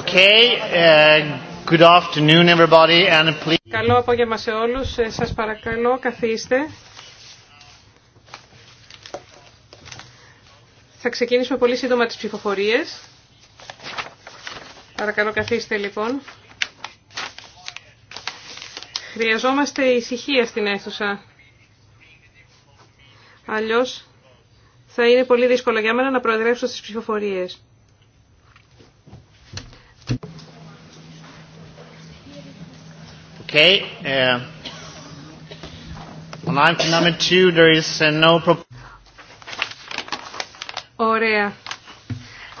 Okay, uh, good afternoon everybody and please... Καλό απόγευμα σε όλους. Ε, σας παρακαλώ καθίστε. Θα ξεκινήσουμε πολύ σύντομα τις ψηφοφορίες. Παρακαλώ καθίστε λοιπόν. Χρειαζόμαστε ησυχία στην αίθουσα. Αλλιώς θα είναι πολύ δύσκολο για μένα να προεδρεύσω στις ψηφοφορίες. Okay. Uh, on item number two, there is uh, no Ωραία.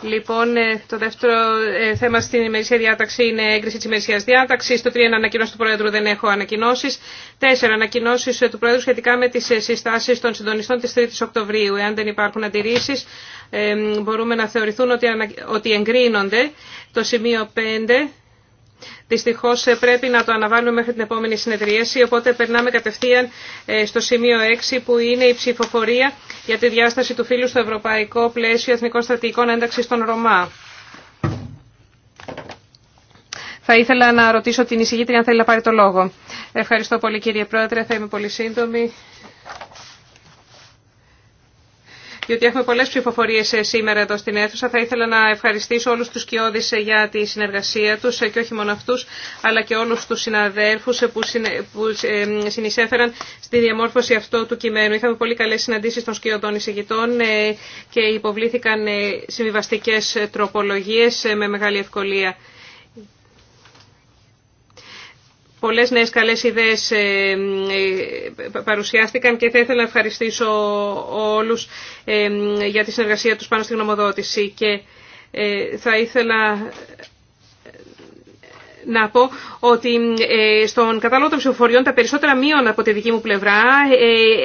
Λοιπόν, ε, το δεύτερο ε, θέμα στην ημερησία διάταξη είναι έγκριση τη ημερησία διάταξη. Το 3 είναι ανακοινώσει του Πρόεδρου, δεν έχω ανακοινώσει. Τέσσερα, ανακοινώσει ε, του Πρόεδρου σχετικά με τι συστάσει των συντονιστών τη 3η Οκτωβρίου. Εάν δεν υπάρχουν αντιρρήσει, μπορούμε να θεωρηθούν ότι εγκρίνονται. Το σημείο 5 Δυστυχώ ε, πρέπει να το αναβάλουμε μέχρι την επόμενη συνεδρίαση, οπότε περνάμε κατευθείαν ε, στο σημείο 6 που είναι η ψηφοφορία για τη διάσταση του φύλου στο ευρωπαϊκό πλαίσιο εθνικών στρατηγικών ένταξης των Ρωμά. Θα ήθελα να ρωτήσω την εισηγήτρια αν θέλει να πάρει το λόγο. Ευχαριστώ πολύ κύριε Πρόεδρε, θα είμαι πολύ σύντομη. διότι έχουμε πολλές ψηφοφορίε ε, σήμερα εδώ στην αίθουσα. Θα ήθελα να ευχαριστήσω όλους τους κοιόδη ε, για τη συνεργασία τους ε, και όχι μόνο αυτού, αλλά και όλους τους συναδέλφου που, συνεισέφεραν στη διαμόρφωση αυτού του κειμένου. Είχαμε πολύ καλέ συναντήσεις των σκιωδών εισηγητών και υποβλήθηκαν συμβιβαστικέ τροπολογίε με μεγάλη ευκολία. Πολλές νέες καλές ιδέες ε, ε, παρουσιάστηκαν και θα ήθελα να ευχαριστήσω όλους ε, για τη συνεργασία τους πάνω στη γνωμοδότηση και θα ήθελα να πω ότι στον κατάλογο των ψηφοφοριών τα περισσότερα μείων από τη δική μου πλευρά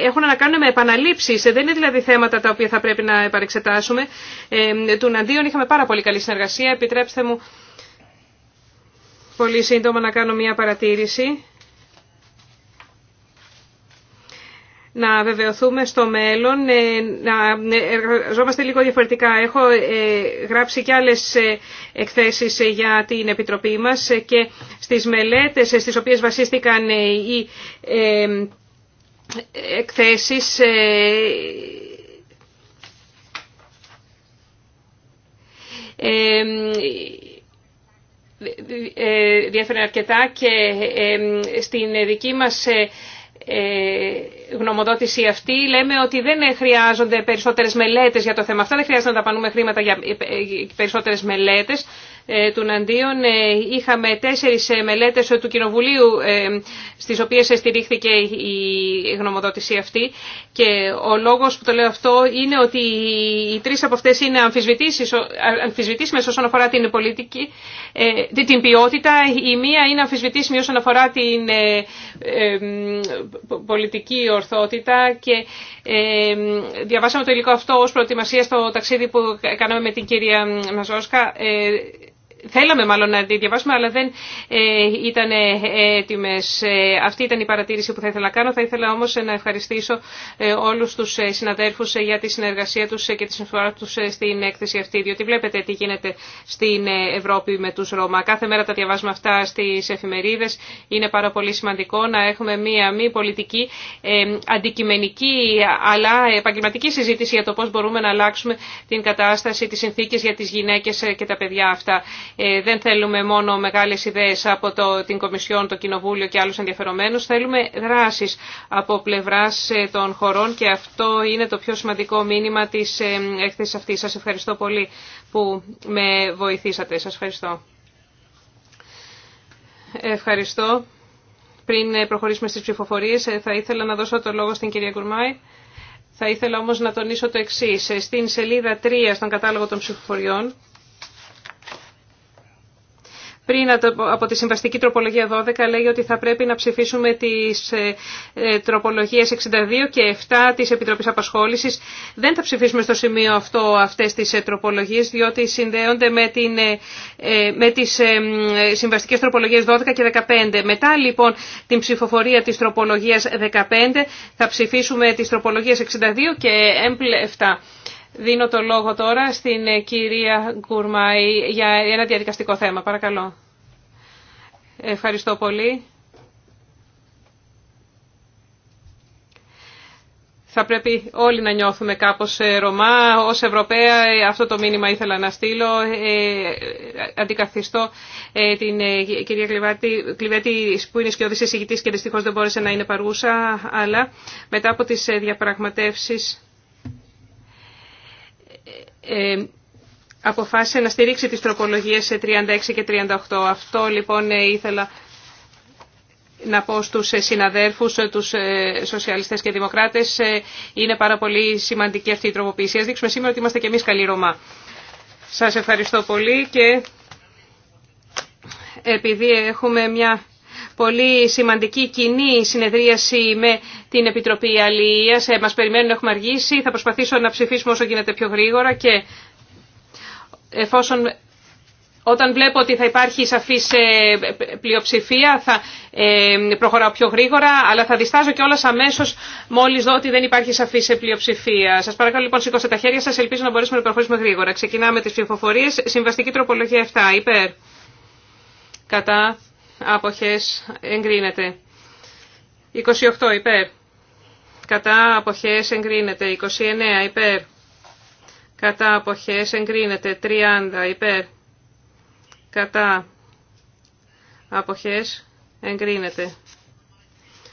έχουν να κάνουν με επαναλήψει. δεν είναι δηλαδή θέματα τα οποία θα πρέπει να επαρεξετάσουμε. Ε, του είχαμε πάρα πολύ καλή συνεργασία. Επιτρέψτε μου πολύ σύντομα να κάνω μια παρατήρηση. να βεβαιωθούμε στο μέλλον, ε, να ε, εργαζόμαστε λίγο διαφορετικά. Έχω ε, γράψει και άλλες εκθέσεις για την Επιτροπή μας και στις μελέτες στις οποίες βασίστηκαν οι εκθέσεις ε, διέφερε αρκετά και ε, στην δική μας ε, γνωμοδότηση αυτή λέμε ότι δεν χρειάζονται περισσότερες μελέτες για το θέμα αυτό, δεν χρειάζεται να τα πανούμε χρήματα για περισσότερες μελέτες. Ε, του αντίων ε, είχαμε τέσσερις ε, μελέτες του Κοινοβουλίου στις οποίες στηρίχθηκε η γνωμοδότηση αυτή και ο λόγος που το λέω αυτό είναι ότι οι τρεις από αυτές είναι αμφισβητήσιμες όσον αφορά την, πολιτική, την ποιότητα, η μία είναι αμφισβητήσιμη όσον αφορά την πολιτική ορθότητα και ε, διαβάσαμε το υλικό αυτό ως προετοιμασία στο ταξίδι που κάναμε με την κυρία Μαζόσκα. Ε, Θέλαμε μάλλον να τη διαβάσουμε, αλλά δεν ε, ήταν ε, έτοιμες. Ε, αυτή ήταν η παρατήρηση που θα ήθελα να κάνω. Θα ήθελα όμως να ευχαριστήσω όλους τους συναδέρφους για τη συνεργασία τους και τη συμφορά τους στην έκθεση αυτή, διότι βλέπετε τι γίνεται στην Ευρώπη με του Ρώμα. Κάθε μέρα τα διαβάζουμε αυτά στι Εφημερίδε. Είναι πάρα πολύ σημαντικό να έχουμε μία μη πολιτική, αντικειμενική, αλλά επαγγελματική συζήτηση για το πώ μπορούμε να αλλάξουμε την κατάσταση, τι συνθήκε για τι γυναίκε και τα παιδιά αυτά. Ε, δεν θέλουμε μόνο μεγάλε ιδέες από την Κομισιόν, το Κοινοβούλιο και άλλου ενδιαφερομένους. Θέλουμε δράσει από πλευρά ε, των χωρών και αυτό είναι το πιο σημαντικό μήνυμα της ε, έκθεσης αυτής. Σας ευχαριστώ πολύ που με βοηθήσατε. Σα ευχαριστώ. Ευχαριστώ. Πριν προχωρήσουμε στις ψηφοφορίες, θα ήθελα να δώσω το λόγο στην κυρία Κουρμάη. Θα ήθελα όμως να τονίσω το εξής. Στην σελίδα 3 στον κατάλογο των ψηφοφοριών πριν από τη συμβαστική τροπολογία 12 λέει ότι θα πρέπει να ψηφίσουμε τις ε, ε, τροπολογίες 62 και 7 της Επιτροπής Απασχόλησης. Δεν θα ψηφίσουμε στο σημείο αυτό αυτές τις ε, τροπολογίες διότι συνδέονται με, την, με τις συμβαστικές τροπολογίες 12 και 15. Μετά λοιπόν την ψηφοφορία της τροπολογίας 15 θα ψηφίσουμε τις τροπολογίες 62 και 7. Δίνω το λόγο τώρα στην ε, κυρία Γκουρμάη για ένα διαδικαστικό θέμα. Παρακαλώ. Ευχαριστώ πολύ. Θα πρέπει όλοι να νιώθουμε κάπως ε, Ρωμά. Ως Ευρωπαία ε, αυτό το μήνυμα ήθελα να στείλω. Αντικαθιστώ την κυρία Κλειβέτη που είναι σκιώδης εισηγητής και δυστυχώς δεν μπόρεσε να είναι παρούσα. Αλλά μετά από τις διαπραγματεύσεις ε, αποφάσισε να στηρίξει τις τροπολογίες σε 36 και 38. Αυτό λοιπόν ε, ήθελα να πω στους ε, συναδέρφους, τους σοσιαλιστές και δημοκράτες, είναι πάρα πολύ σημαντική αυτή η τροποποίηση. Ας δείξουμε σήμερα ότι είμαστε και εμείς καλοί Ρωμά. Σας ευχαριστώ πολύ και επειδή έχουμε μια πολύ σημαντική κοινή συνεδρίαση με την Επιτροπή Αλληλείας. Ε, μας περιμένουν, έχουμε αργήσει. Θα προσπαθήσω να ψηφίσουμε όσο γίνεται πιο γρήγορα και εφόσον όταν βλέπω ότι θα υπάρχει σε πλειοψηφία θα ε, προχωράω πιο γρήγορα, αλλά θα διστάζω κιόλα αμέσω μόλι δω ότι δεν υπάρχει σε πλειοψηφία. Σα παρακαλώ λοιπόν σηκώστε τα χέρια σα, ελπίζω να μπορέσουμε να προχωρήσουμε γρήγορα. Ξεκινάμε τι ψηφοφορίε. Συμβαστική τροπολογία 7. Υπέρ. Κατά αποχές εγκρίνεται. 28 υπέρ. Κατά αποχές εγκρίνεται. 29 υπέρ. Κατά αποχές εγκρίνεται. 30 υπέρ. Κατά αποχές εγκρίνεται.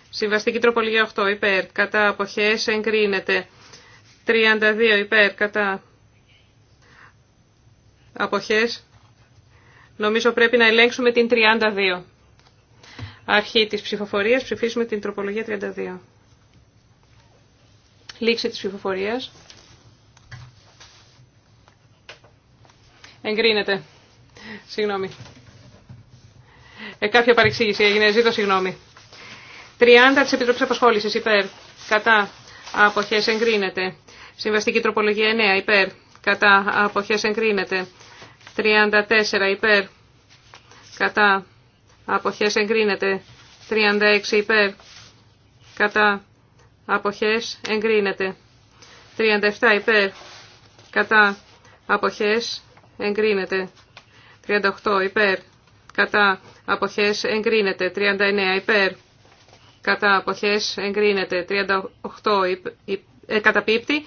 Συμβαστική τροπολογία 8 υπέρ. Κατά αποχές εγκρίνεται. 32 υπέρ. Κατά αποχές. Νομίζω πρέπει να ελέγξουμε την 32. Αρχή της ψηφοφορίας ψηφίσουμε την τροπολογία 32. Λήξη της ψηφοφορίας. Εγκρίνεται. Συγγνώμη. Ε, κάποια παρεξήγηση έγινε. Ζήτω συγγνώμη. 30 της Επιτροπής Απασχόλησης υπέρ. Κατά. Αποχές εγκρίνεται. Συμβαστική τροπολογία 9 υπέρ. Κατά. Αποχές εγκρίνεται. 34 υπέρ. Κατά αποχές εγκρίνεται. 36 υπέρ κατά αποχές εγκρίνεται. 37 υπέρ κατά αποχές εγκρίνεται. 38 υπέρ κατά αποχές εγκρίνεται. 39 υπέρ κατά αποχές εγκρίνεται. 38 υπέρ, ε,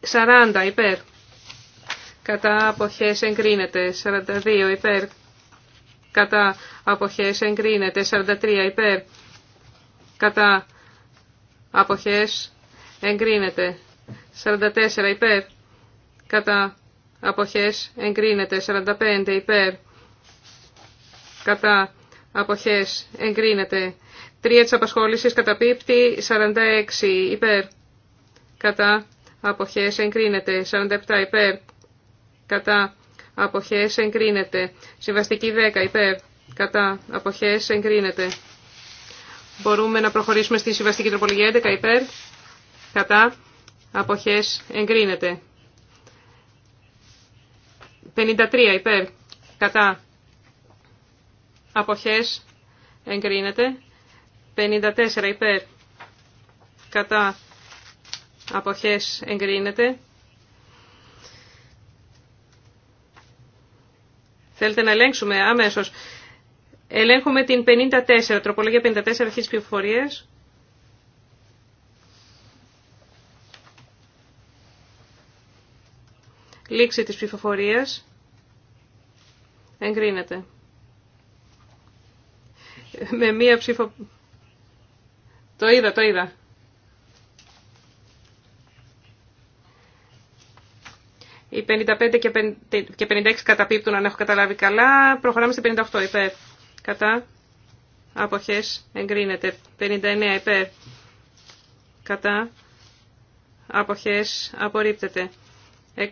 40 υπέρ κατά αποχές εγκρίνεται. 42 υπέρ κατά αποχές εγκρίνεται 43 υπέρ κατά αποχές εγκρίνεται 44 υπέρ κατά αποχές εγκρίνεται 45 υπέρ κατά αποχές εγκρίνεται 3 της απασχόλησης καταπίπτει 46 υπέρ κατά αποχές εγκρίνεται 47 υπέρ κατά αποχές εγκρίνεται. Συμβαστική 10 υπέρ κατά αποχές εγκρίνεται. Μπορούμε να προχωρήσουμε στη συμβαστική τροπολογία 11 υπέρ κατά αποχές εγκρίνεται. 53 υπέρ κατά αποχές εγκρίνεται. 54 υπέρ κατά αποχές εγκρίνεται. Θέλετε να ελέγξουμε αμέσως. Ελέγχουμε την 54, τροπολογία 54 αρχής πληροφορίας. λήξη της ψηφοφορία. εγκρίνεται. Με μία ψηφο... Το είδα, το είδα. Οι 55 και 56 καταπίπτουν αν έχω καταλάβει καλά. Προχωράμε στη 58 υπέρ. Κατά. Αποχές εγκρίνεται. 59 υπέρ. Κατά. Αποχές απορρίπτεται. 60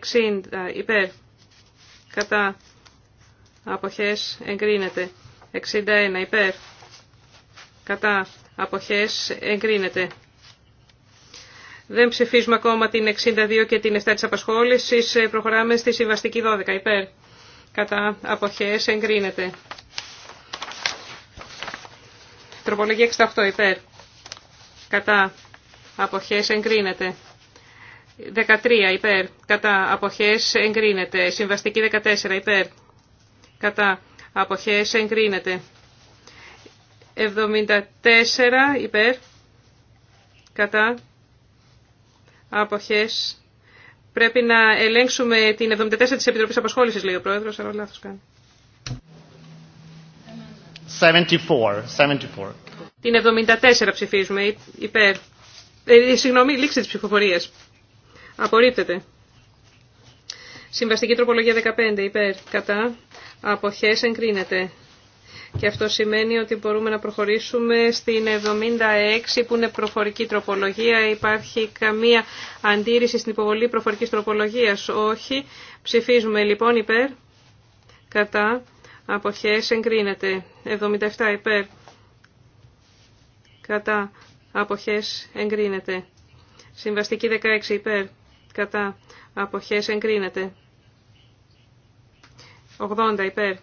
υπέρ. Κατά. Αποχές εγκρίνεται. 61 υπέρ. Κατά. Αποχές εγκρίνεται. Δεν ψηφίζουμε ακόμα την 62 και την 7 της απασχόλησης. Ε, προχωράμε στη συμβαστική 12 υπέρ. Κατά αποχές εγκρίνεται. Τροπολογία 68 υπέρ. Κατά αποχές εγκρίνεται. 13 υπέρ. Κατά αποχές εγκρίνεται. Συμβαστική 14 υπέρ. Κατά αποχές εγκρίνεται. 74 υπέρ. Κατά αποχές. Πρέπει να ελέγξουμε την 74 της Επιτροπής Απασχόλησης, λέει ο Πρόεδρος, αλλά λάθος κάνει. 74, Την 74 ψηφίζουμε υπέρ. Ε, ε, συγγνώμη, λήξη της ψηφοφορίας. Απορρίπτεται. Συμβαστική τροπολογία 15 υπέρ. Κατά. Αποχές εγκρίνεται. Και αυτό σημαίνει ότι μπορούμε να προχωρήσουμε στην 76 που είναι προφορική τροπολογία. Υπάρχει καμία αντίρρηση στην υποβολή προφορικής τροπολογίας. Όχι. Ψηφίζουμε λοιπόν υπέρ. Κατά. Αποχές εγκρίνεται. 77 υπέρ. Κατά. Αποχές εγκρίνεται. Συμβαστική 16 υπέρ. Κατά. Αποχές εγκρίνεται. 80 υπέρ.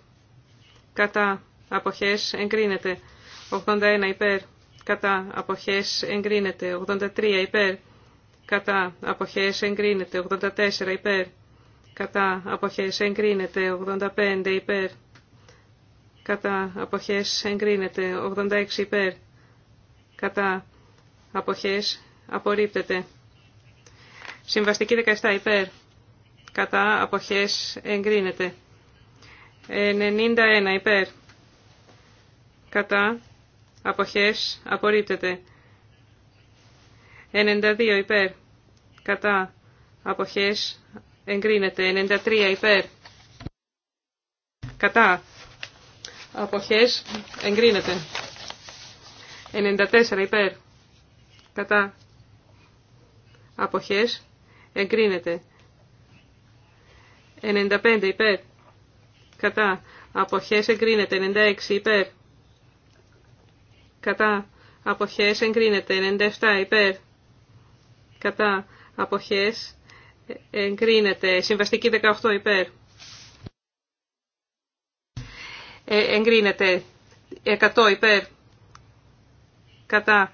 Κατά αποχές εγκρίνεται. 81 υπέρ κατά αποχές εγκρίνεται. 83 υπέρ κατά αποχές εγκρίνεται. 84 υπέρ κατά αποχές εγκρίνεται. 85 υπέρ κατά αποχές εγκρίνεται. 86 υπέρ κατά αποχές απορρίπτεται. Συμβαστική 17 υπέρ κατά αποχές εγκρίνεται. 91 υπέρ κατά, αποχές, απορρίπτεται. 92 υπέρ, κατά, αποχές, εγκρίνεται. 93 υπέρ, κατά, αποχές, εγκρίνεται. 94 υπέρ, κατά, αποχές, εγκρίνεται. 95 υπέρ, κατά, αποχές, εγκρίνεται. 96 υπέρ, κατά αποχές εγκρίνεται 97 υπέρ κατά αποχές εγκρίνεται συμβαστική 18 υπέρ ε, εγκρίνεται 100 υπέρ κατά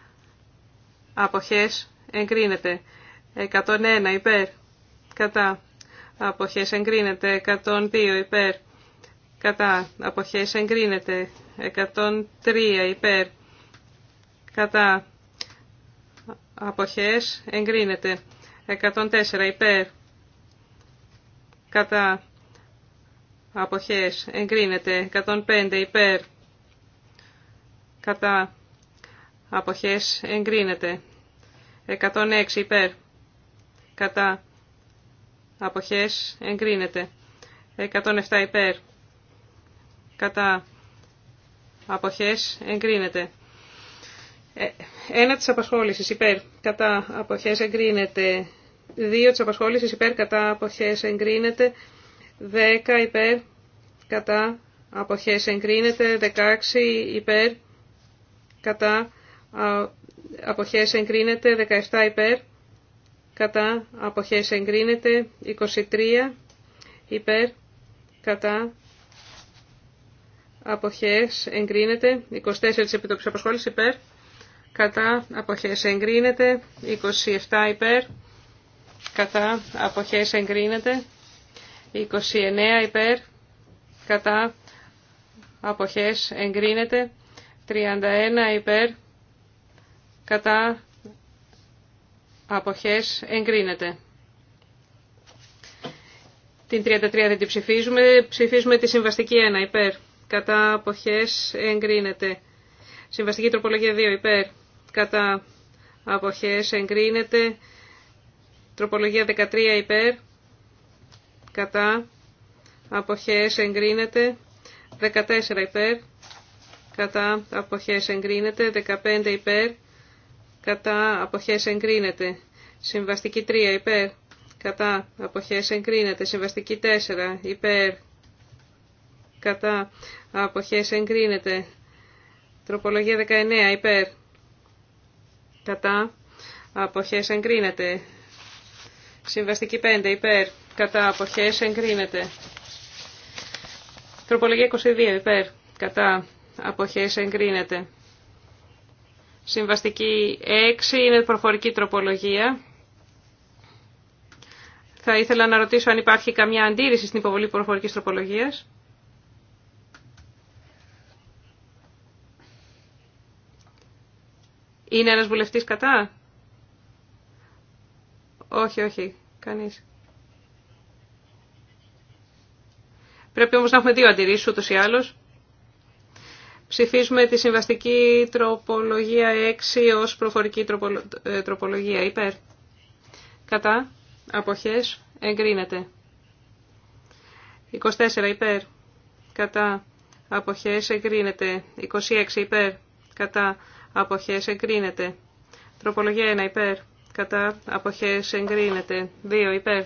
αποχές εγκρίνεται 101 υπέρ κατά αποχές εγκρίνεται 102 υπέρ κατά αποχές εγκρίνεται 103 υπέρ κατά αποχές εγκρίνεται 104 υπέρ κατά αποχές εγκρίνεται 105 υπέρ κατά αποχές εγκρίνεται 106 υπέρ κατά αποχές εγκρίνεται 107 υπέρ κατά αποχές εγκρίνεται ε, ένα της απασχόλησης υπέρ κατά αποχές εγκρίνεται. Δύο της απασχόλησης υπέρ κατά αποχές εγκρίνεται. Δέκα υπέρ κατά αποχές εγκρίνεται. Δεκάξι υπέρ κατά αποχές εγκρίνεται. Δεκαεφτά υπέρ κατά αποχές εγκρίνεται. 23 υπέρ κατά αποχές εγκρίνεται. 24 της επιτροπής απασχόλησης υπέρ κατά αποχές εγκρίνεται, 27 υπέρ, κατά αποχές εγκρίνεται, 29 υπέρ, κατά αποχές εγκρίνεται, 31 υπέρ, κατά αποχές εγκρίνεται. Την 33 δεν την ψηφίζουμε, ψηφίζουμε τη συμβαστική 1 υπέρ, κατά αποχές εγκρίνεται. Συμβαστική τροπολογία 2 υπέρ, κατά αποχές εγκρίνεται. Τροπολογία 13 υπέρ κατά αποχές εγκρίνεται. 14 υπέρ κατά αποχές εγκρίνεται. 15 υπέρ κατά αποχές εγκρίνεται. Συμβαστική 3 υπέρ κατά αποχές εγκρίνεται. Συμβαστική 4 υπέρ κατά αποχές εγκρίνεται. Τροπολογία 19 υπέρ κατά αποχές εγκρίνεται. Συμβαστική 5 υπέρ κατά αποχές εγκρίνεται. Τροπολογία 22 υπέρ κατά αποχές εγκρίνεται. Συμβαστική 6 είναι προφορική τροπολογία. Θα ήθελα να ρωτήσω αν υπάρχει καμιά αντίρρηση στην υποβολή προφορικής τροπολογίας. Είναι ένας βουλευτής κατά. Όχι, όχι, κανείς. Πρέπει όμως να έχουμε δύο αντιρρήσεις ούτως ή άλλως. Ψηφίζουμε τη συμβαστική τροπολογία 6 ως προφορική ε, τροπολογία. Υπέρ. Κατά. Αποχές. Εγκρίνεται. 24. Υπέρ. Κατά. Αποχές. Εγκρίνεται. 26. Υπέρ. Κατά αποχές εγκρίνεται. Τροπολογία 1 υπέρ, κατά αποχές εγκρίνεται. 2 υπέρ,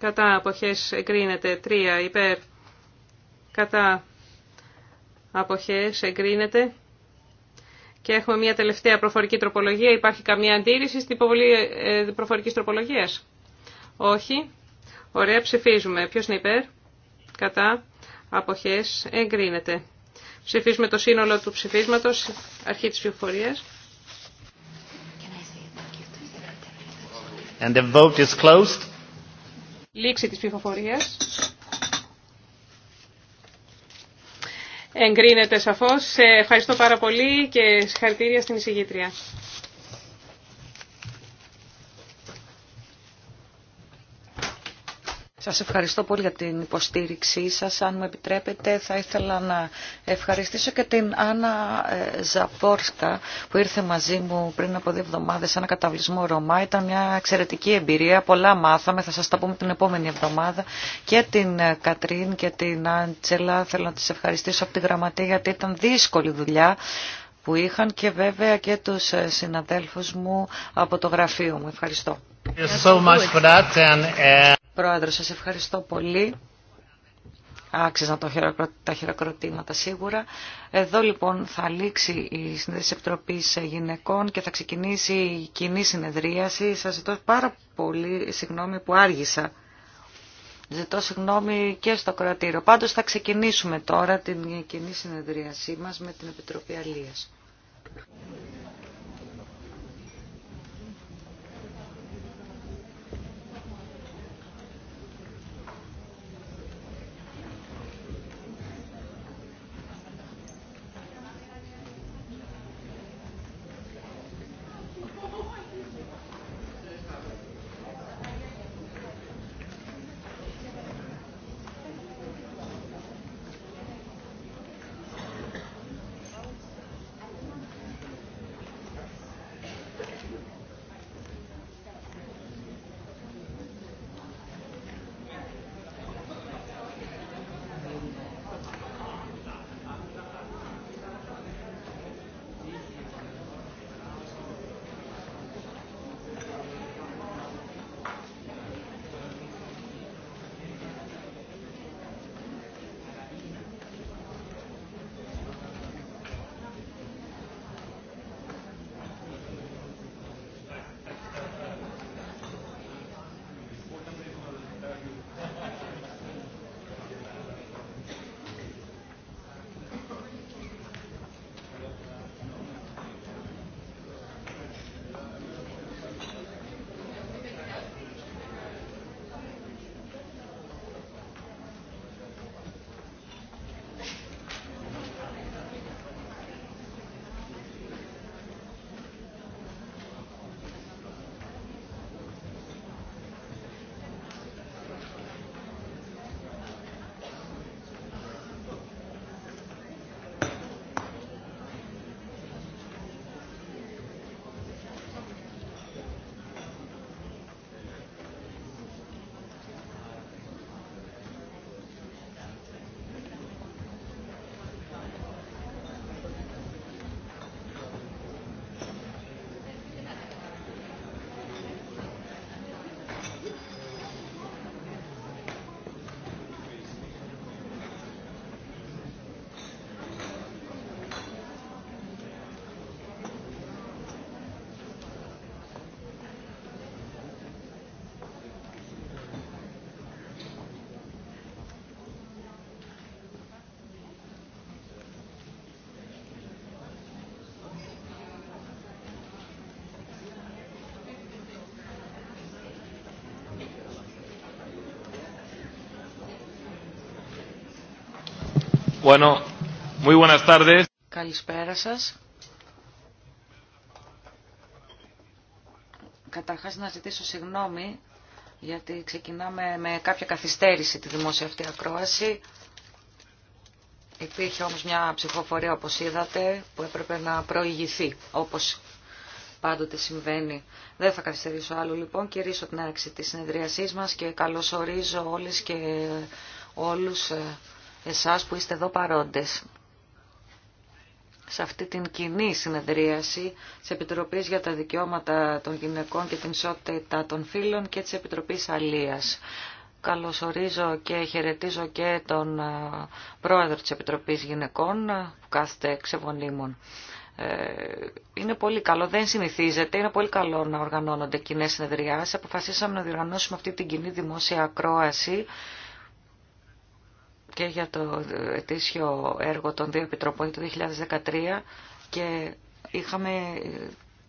κατά αποχές εγκρίνεται. 3 υπέρ, κατά αποχές εγκρίνεται. Και έχουμε μια τελευταία προφορική τροπολογία. Υπάρχει καμία αντίρρηση στην υποβολή ε, προφορική τροπολογίας. Όχι. Ωραία, ψηφίζουμε. Ποιος είναι υπέρ, κατά αποχές εγκρίνεται. Ψηφίσουμε το σύνολο του ψηφίσματος, αρχή της ψηφοφορίας. And the vote is closed. Λήξη της ψηφοφορίας. Εγκρίνεται σαφώς. Ευχαριστώ πάρα πολύ και συγχαρητήρια στην εισηγήτρια. Σας ευχαριστώ πολύ για την υποστήριξή σας. Αν μου επιτρέπετε θα ήθελα να ευχαριστήσω και την Άννα ε, Ζαπόρσκα που ήρθε μαζί μου πριν από δύο εβδομάδες σε ένα καταβλισμό Ρωμά. Ήταν μια εξαιρετική εμπειρία. Πολλά μάθαμε. Θα σας τα πούμε την επόμενη εβδομάδα. Και την ε, Κατρίν και την Άντσελα θέλω να τις ευχαριστήσω από τη γραμματεία γιατί ήταν δύσκολη δουλειά που είχαν και βέβαια και τους ε, συναδέλφους μου από το γραφείο μου. Ευχαριστώ. Πρόεδρο, σας ευχαριστώ πολύ. Άξιζαν τα χειροκροτήματα σίγουρα. Εδώ λοιπόν θα λήξει η Συνδέση Επιτροπή Γυναικών και θα ξεκινήσει η κοινή συνεδρίαση. Σας ζητώ πάρα πολύ συγγνώμη που άργησα. Ζητώ συγγνώμη και στο κρατήριο. Πάντως θα ξεκινήσουμε τώρα την κοινή συνεδρίασή μας με την Επιτροπή Αλίας. Bueno, muy buenas tardes. Καλησπέρα σας. Καταρχά να ζητήσω συγγνώμη γιατί ξεκινάμε με κάποια καθυστέρηση τη δημόσια αυτή ακρόαση. Υπήρχε όμως μια ψηφοφορία όπως είδατε που έπρεπε να προηγηθεί όπως πάντοτε συμβαίνει. Δεν θα καθυστερήσω άλλο λοιπόν. Κυρίσω την έναρξη τη συνεδρίασής μας και καλωσορίζω όλες και όλους ε, εσάς που είστε εδώ παρόντες σε αυτή την κοινή συνεδρίαση της Επιτροπής για τα Δικαιώματα των Γυναικών και την Ισότητα των Φίλων και της Επιτροπής Αλίας. Καλωσορίζω και χαιρετίζω και τον ε, πρόεδρο της Επιτροπής Γυναικών που κάθεται ξεβονίμων. Ε, είναι πολύ καλό, δεν συνηθίζεται, είναι πολύ καλό να οργανώνονται κοινέ συνεδριάσεις. Αποφασίσαμε να διοργανώσουμε αυτή την κοινή δημόσια ακρόαση και για το ετήσιο έργο των δύο επιτροπών του 2013 και είχαμε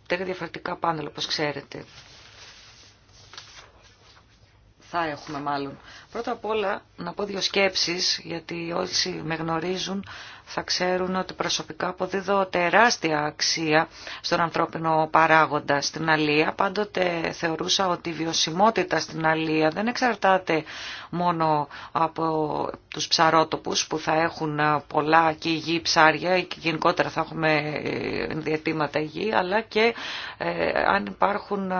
τρία διαφορετικά πάνελ, όπως ξέρετε. Θα έχουμε μάλλον. Πρώτα απ' όλα να πω δύο σκέψεις, γιατί όσοι με γνωρίζουν θα ξέρουν ότι προσωπικά αποδίδω τεράστια αξία στον ανθρώπινο παράγοντα στην αλία. Πάντοτε θεωρούσα ότι η βιωσιμότητα στην αλία δεν εξαρτάται μόνο από τους ψαρότοπους που θα έχουν πολλά και υγιή ψάρια και γενικότερα θα έχουμε ενδιατήματα υγιή, αλλά και ε, αν υπάρχουν ε,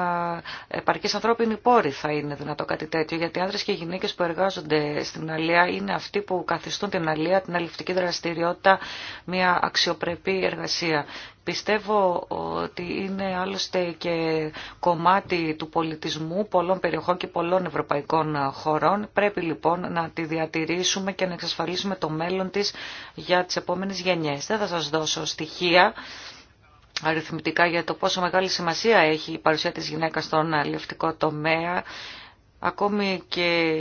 επαρκείς ανθρώπινοι πόροι θα είναι δυνατό κάτι τέτοιο, γιατί οι άνδρες και οι γυναίκες που εργάζονται στην αλία είναι αυτοί που καθιστούν την αλία την αληφτική δραστηριότητα μια αξιοπρεπή εργασία. Πιστεύω ότι είναι άλλωστε και κομμάτι του πολιτισμού πολλών περιοχών και πολλών ευρωπαϊκών χωρών. Πρέπει λοιπόν να τη διατηρήσουμε και να εξασφαλίσουμε το μέλλον της για τις επόμενες γενιές. Δεν θα σας δώσω στοιχεία αριθμητικά για το πόσο μεγάλη σημασία έχει η παρουσία της γυναίκας στον αλληλευτικό τομέα. Ακόμη και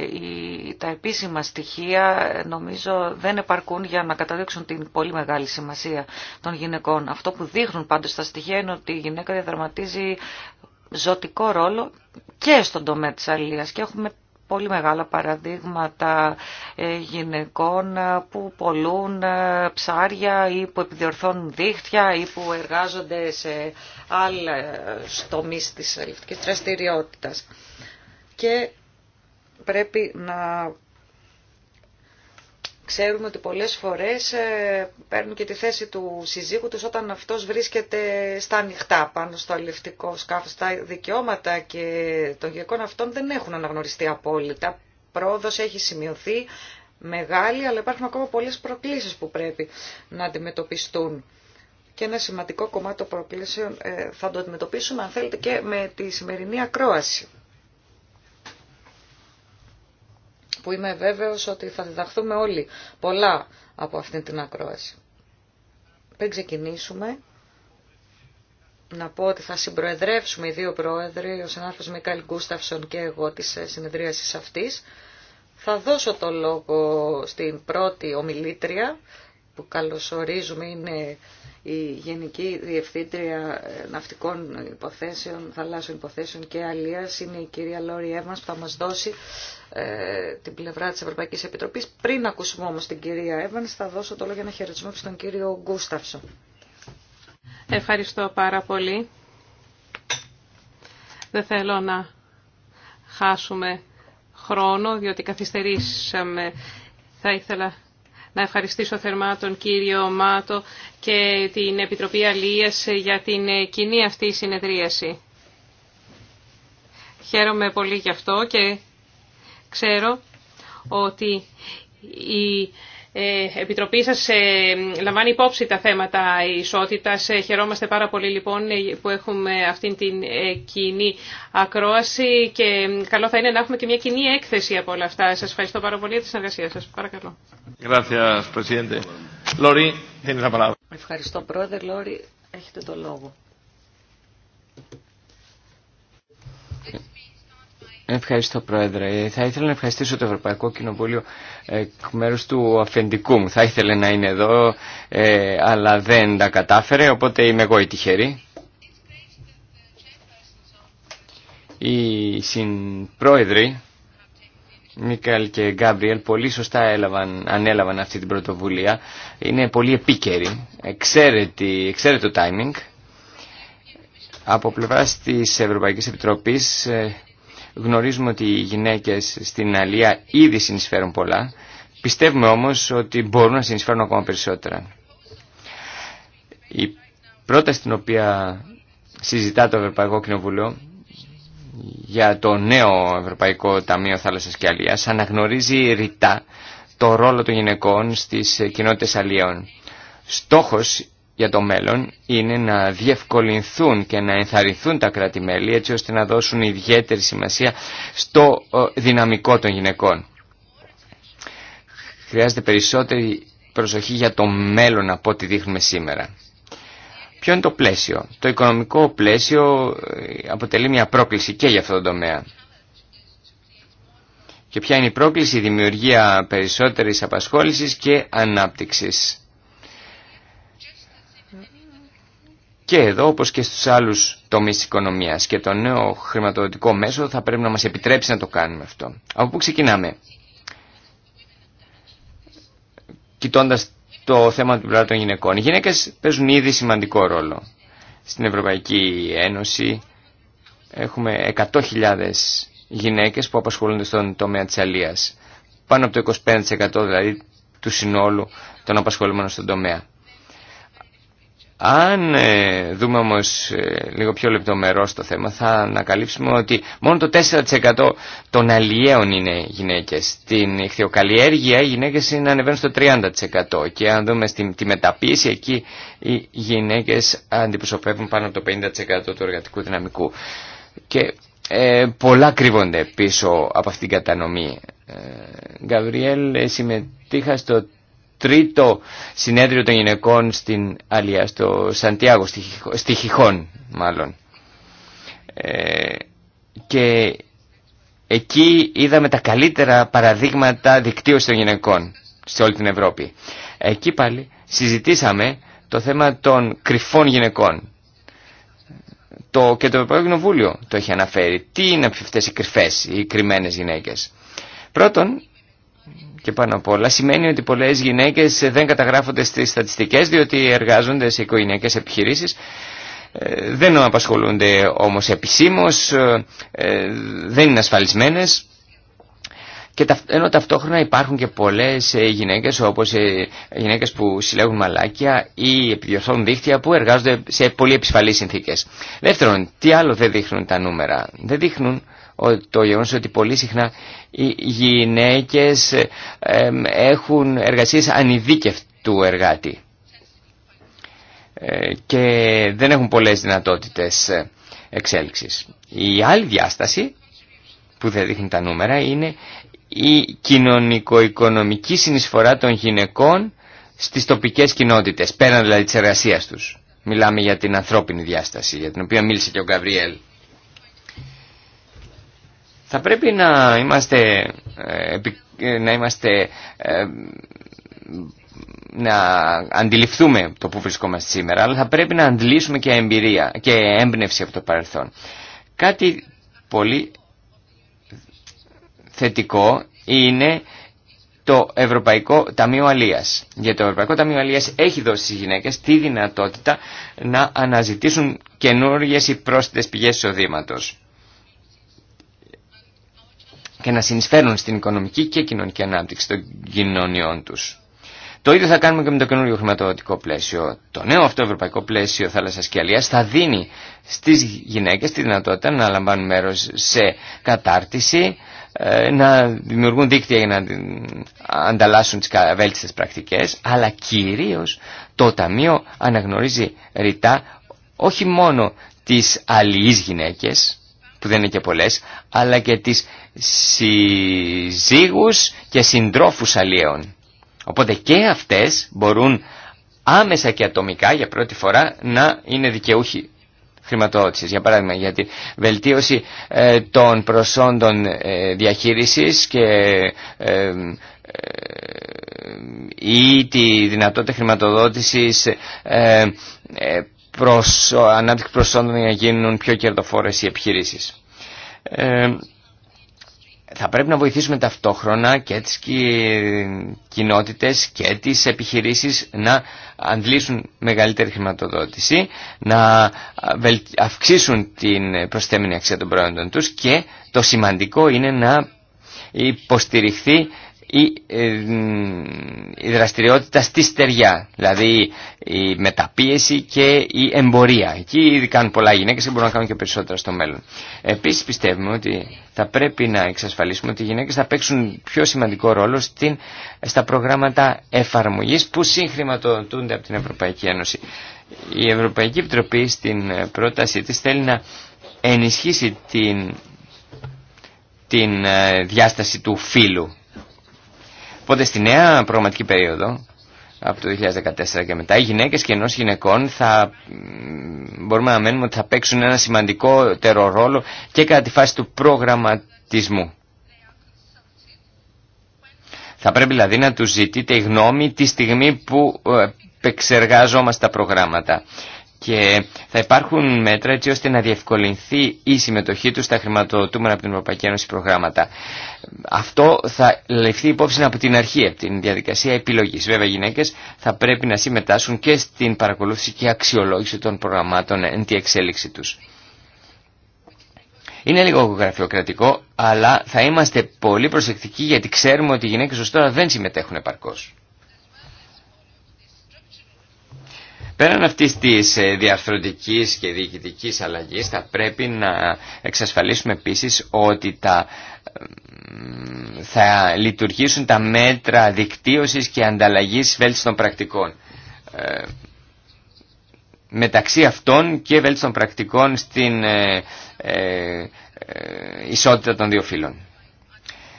τα επίσημα στοιχεία νομίζω δεν επαρκούν για να καταδείξουν την πολύ μεγάλη σημασία των γυναικών. Αυτό που δείχνουν πάντως τα στοιχεία είναι ότι η γυναίκα διαδραματίζει ζωτικό ρόλο και στον τομέα της αλληλείας και έχουμε πολύ μεγάλα παραδείγματα ε, γυναικών ε, που πολλούν ε, ψάρια ή που επιδιορθώνουν δίχτυα ή που εργάζονται σε άλλες τομείς της αλληλευτικής δραστηριότητας και πρέπει να ξέρουμε ότι πολλές φορές ε, παίρνουν και τη θέση του συζύγου τους όταν αυτός βρίσκεται στα ανοιχτά πάνω στο αλληλευτικό σκάφος. Τα δικαιώματα και των γυναικών αυτών δεν έχουν αναγνωριστεί απόλυτα. Πρόοδος έχει σημειωθεί μεγάλη, αλλά υπάρχουν ακόμα πολλές προκλήσεις που πρέπει να αντιμετωπιστούν. Και ένα σημαντικό κομμάτι των προκλήσεων ε, θα το αντιμετωπίσουμε, αν θέλετε, και με τη σημερινή ακρόαση. που είμαι βέβαιος ότι θα διδαχθούμε όλοι πολλά από αυτήν την ακρόαση. Πριν ξεκινήσουμε, να πω ότι θα συμπροεδρεύσουμε οι δύο πρόεδροι, ο συνάδελφος Μικάλη Γκούσταυσον και εγώ της συνεδρίασης αυτής. Θα δώσω το λόγο στην πρώτη ομιλήτρια, που καλωσορίζουμε είναι η Γενική Διευθύντρια Ναυτικών Υποθέσεων, Θαλάσσιων Υποθέσεων και Αλίας είναι η κυρία Λόρι Εύμας που θα μας δώσει ε, την πλευρά της Ευρωπαϊκής Επιτροπής. Πριν ακούσουμε όμως την κυρία Εύμας θα δώσω το λόγο για να χαιρετισμό στον κύριο Γκούσταυσο. Ευχαριστώ πάρα πολύ. Δεν θέλω να χάσουμε χρόνο διότι καθυστερήσαμε. Θα ήθελα να ευχαριστήσω θερμά τον κύριο Μάτο και την Επιτροπή Αλίας για την κοινή αυτή συνεδρίαση. Χαίρομαι πολύ γι' αυτό και ξέρω ότι η ε, Επιτροπή σας ε, λαμβάνει υπόψη τα θέματα ισότητας. Ε, χαιρόμαστε πάρα πολύ λοιπόν που έχουμε αυτήν την κοινή ακρόαση και καλό θα είναι να έχουμε και μια κοινή έκθεση από όλα αυτά. Σας ευχαριστώ πάρα πολύ για τη συνεργασία σας. Παρακαλώ. Ευχαριστώ πρόεδρε. Λόρι, έχετε το λόγο. Ευχαριστώ Πρόεδρε. Θα ήθελα να ευχαριστήσω το Ευρωπαϊκό Κοινοβούλιο εκ του αφεντικού μου. Θα ήθελε να είναι εδώ ε, αλλά δεν τα κατάφερε οπότε είμαι εγώ η τυχερή. Οι συμπρόεδροι Μίκαλ και Γκάμπριελ πολύ σωστά έλαβαν, ανέλαβαν αυτή την πρωτοβουλία. Είναι πολύ επίκαιρη. εξαίρετο timing. Από πλευράς της Ευρωπαϊκής Επιτροπής ε, Γνωρίζουμε ότι οι γυναίκες στην Αλία ήδη συνεισφέρουν πολλά. Πιστεύουμε όμως ότι μπορούν να συνεισφέρουν ακόμα περισσότερα. Η πρόταση την οποία συζητά το Ευρωπαϊκό Κοινοβούλιο για το νέο Ευρωπαϊκό Ταμείο Θάλασσας και Αλίας αναγνωρίζει ρητά το ρόλο των γυναικών στις κοινότητες αλίων. Στόχος για το μέλλον είναι να διευκολυνθούν και να ενθαρρυνθούν τα κράτη-μέλη έτσι ώστε να δώσουν ιδιαίτερη σημασία στο ε, δυναμικό των γυναικών. Χρειάζεται περισσότερη προσοχή για το μέλλον από ό,τι δείχνουμε σήμερα. Ποιο είναι το πλαίσιο. Το οικονομικό πλαίσιο ε, αποτελεί μια πρόκληση και για αυτό το τομέα. Και ποια είναι η πρόκληση, η δημιουργία περισσότερης απασχόλησης και ανάπτυξης. Και εδώ, όπως και στους άλλους τομείς οικονομίας και το νέο χρηματοδοτικό μέσο θα πρέπει να μας επιτρέψει να το κάνουμε αυτό. Από πού ξεκινάμε. Κοιτώντας το θέμα του πλευρά των γυναικών. Οι γυναίκες παίζουν ήδη σημαντικό ρόλο. Στην Ευρωπαϊκή Ένωση έχουμε 100.000 γυναίκες που ξεκιναμε κοιτωντας το θεμα του πλατών των γυναικων οι γυναικες παιζουν ηδη σημαντικο ρολο στην ευρωπαικη ενωση εχουμε 100000 γυναικες που απασχολουνται στον τομέα της αλίας. Πάνω από το 25% δηλαδή του συνόλου των απασχολούμενων στον τομέα. Αν ε, δούμε όμως ε, λίγο πιο λεπτομερό το θέμα θα ανακαλύψουμε ότι μόνο το 4% των αλλιέων είναι γυναίκες. Στην ηχθειοκαλλιέργεια οι γυναίκες είναι ανεβαίνουν στο 30% και αν δούμε στη, τη μεταποίηση εκεί οι γυναίκες αντιπροσωπεύουν πάνω από το 50% του εργατικού δυναμικού. Και ε, πολλά κρύβονται πίσω από αυτήν την κατανομή. Ε, Γκαβριέλ, ε, συμμετείχα στο τρίτο συνέδριο των γυναικών στην Αλία, στο Σαντιάγο, στη Χιχόν μάλλον. Ε, και εκεί είδαμε τα καλύτερα παραδείγματα δικτύωση των γυναικών σε όλη την Ευρώπη. Εκεί πάλι συζητήσαμε το θέμα των κρυφών γυναικών. Το, και το Ευρωπαϊκό Κοινοβούλιο το έχει αναφέρει. Τι είναι αυτές οι κρυφές, οι κρυμμένες γυναίκες. Πρώτον, και πάνω απ' όλα σημαίνει ότι πολλές γυναίκες δεν καταγράφονται στις στατιστικές διότι εργάζονται σε οικογενειακές επιχειρήσεις ε, δεν απασχολούνται όμως επισήμως, ε, ε, δεν είναι ασφαλισμένες και ενώ ταυτόχρονα υπάρχουν και πολλές γυναίκες όπως γυναίκες που συλλέγουν μαλάκια ή επιδιορθώνουν δίχτυα που εργάζονται σε πολύ επισφαλείς συνθήκες. Δεύτερον, τι άλλο δεν δείχνουν τα νούμερα. Δεν δείχνουν το γεγονός ότι πολύ συχνά οι γυναίκες έχουν εργασίες ανειδίκευτου εργάτη ε, και δεν έχουν πολλές δυνατότητες εξέλιξης. Η άλλη διάσταση που δεν δείχνει τα νούμερα είναι η κοινωνικο-οικονομική συνεισφορά των γυναικών στις τοπικές κοινότητες, πέραν δηλαδή της εργασίας τους. Μιλάμε για την ανθρώπινη διάσταση, για την οποία μίλησε και ο Γκαβριέλ. Θα πρέπει να είμαστε, ε, ε, να είμαστε ε, να αντιληφθούμε το που βρισκόμαστε σήμερα, αλλά θα πρέπει να αντλήσουμε και εμπειρία και έμπνευση από το παρελθόν. Κάτι πολύ θετικό είναι το Ευρωπαϊκό Ταμείο Αλίας. Για το Ευρωπαϊκό Ταμείο Αλίας έχει δώσει στις γυναίκες τη δυνατότητα να αναζητήσουν καινούργιες ή πρόσθετες πηγές εισοδήματος και να συνεισφέρουν στην οικονομική και κοινωνική ανάπτυξη των κοινωνιών τους. Το ίδιο θα κάνουμε και με το καινούριο χρηματοδοτικό πλαίσιο. Το νέο αυτό ευρωπαϊκό πλαίσιο θάλασσας και αλλιά θα δίνει στις γυναίκες τη δυνατότητα να λαμβάνουν μέρος σε κατάρτιση, ε, να δημιουργούν δίκτυα για να ανταλλάσσουν τις βέλτιστες πρακτικές, αλλά κυρίως το Ταμείο αναγνωρίζει ρητά όχι μόνο τις αλληλείς γυναίκες, που δεν είναι και πολλέ, αλλά και συζύγους και συντρόφους αλλιέων. Οπότε και αυτές μπορούν άμεσα και ατομικά για πρώτη φορά να είναι δικαιούχοι χρηματοδότησης. Για παράδειγμα για τη βελτίωση ε, των προσόντων ε, διαχείρισης και ε, ή τη δυνατότητα χρηματοδότησης προς, ανάπτυξη προσόντων για να γίνουν πιο κερδοφόρες οι επιχειρήσεις θα πρέπει να βοηθήσουμε ταυτόχρονα και τις κοινότητες και τις επιχειρήσεις να αντλήσουν μεγαλύτερη χρηματοδότηση, να αυξήσουν την προσθέμενη αξία των προϊόντων τους και το σημαντικό είναι να υποστηριχθεί η, ε, η δραστηριότητα στη στεριά, δηλαδή η μεταπίεση και η εμπορία. Εκεί ήδη κάνουν πολλά γυναίκες και μπορούν να κάνουν και περισσότερα στο μέλλον. Επίσης πιστεύουμε ότι θα πρέπει να εξασφαλίσουμε ότι οι γυναίκες θα παίξουν πιο σημαντικό ρόλο στην, στα προγράμματα εφαρμογής που συγχρηματοδοτούνται από την Ευρωπαϊκή Ένωση. Η Ευρωπαϊκή Επιτροπή στην πρότασή της θέλει να ενισχύσει την, την ε, διάσταση του φύλου Οπότε στη νέα προγραμματική περίοδο, από το 2014 και μετά, οι γυναίκε και ενό γυναικών θα μπορούμε να μένουμε ότι θα παίξουν ένα σημαντικότερο ρόλο και κατά τη φάση του προγραμματισμού. Θα πρέπει δηλαδή να του ζητείτε γνώμη τη στιγμή που ε, επεξεργάζομαστε τα προγράμματα και θα υπάρχουν μέτρα έτσι ώστε να διευκολυνθεί η συμμετοχή του στα χρηματοδοτούμενα από την Ευρωπαϊκή Ένωση προγράμματα. Αυτό θα ληφθεί υπόψη από την αρχή, από την διαδικασία επιλογή. Βέβαια, οι γυναίκε θα πρέπει να συμμετάσχουν και στην παρακολούθηση και αξιολόγηση των προγραμμάτων εν τη εξέλιξη του. Είναι λίγο γραφειοκρατικό, αλλά θα είμαστε πολύ προσεκτικοί γιατί ξέρουμε ότι οι γυναίκε ω τώρα δεν συμμετέχουν επαρκώ. Πέραν αυτή τη ε, διαρθρωτική και διοικητική αλλαγή θα πρέπει να εξασφαλίσουμε επίση ότι τα, θα λειτουργήσουν τα μέτρα δικτύωση και ανταλλαγής βέλτιστων πρακτικών. Ε, μεταξύ αυτών και βέλτιστων πρακτικών στην ε, ε, ισότητα των δύο φύλων.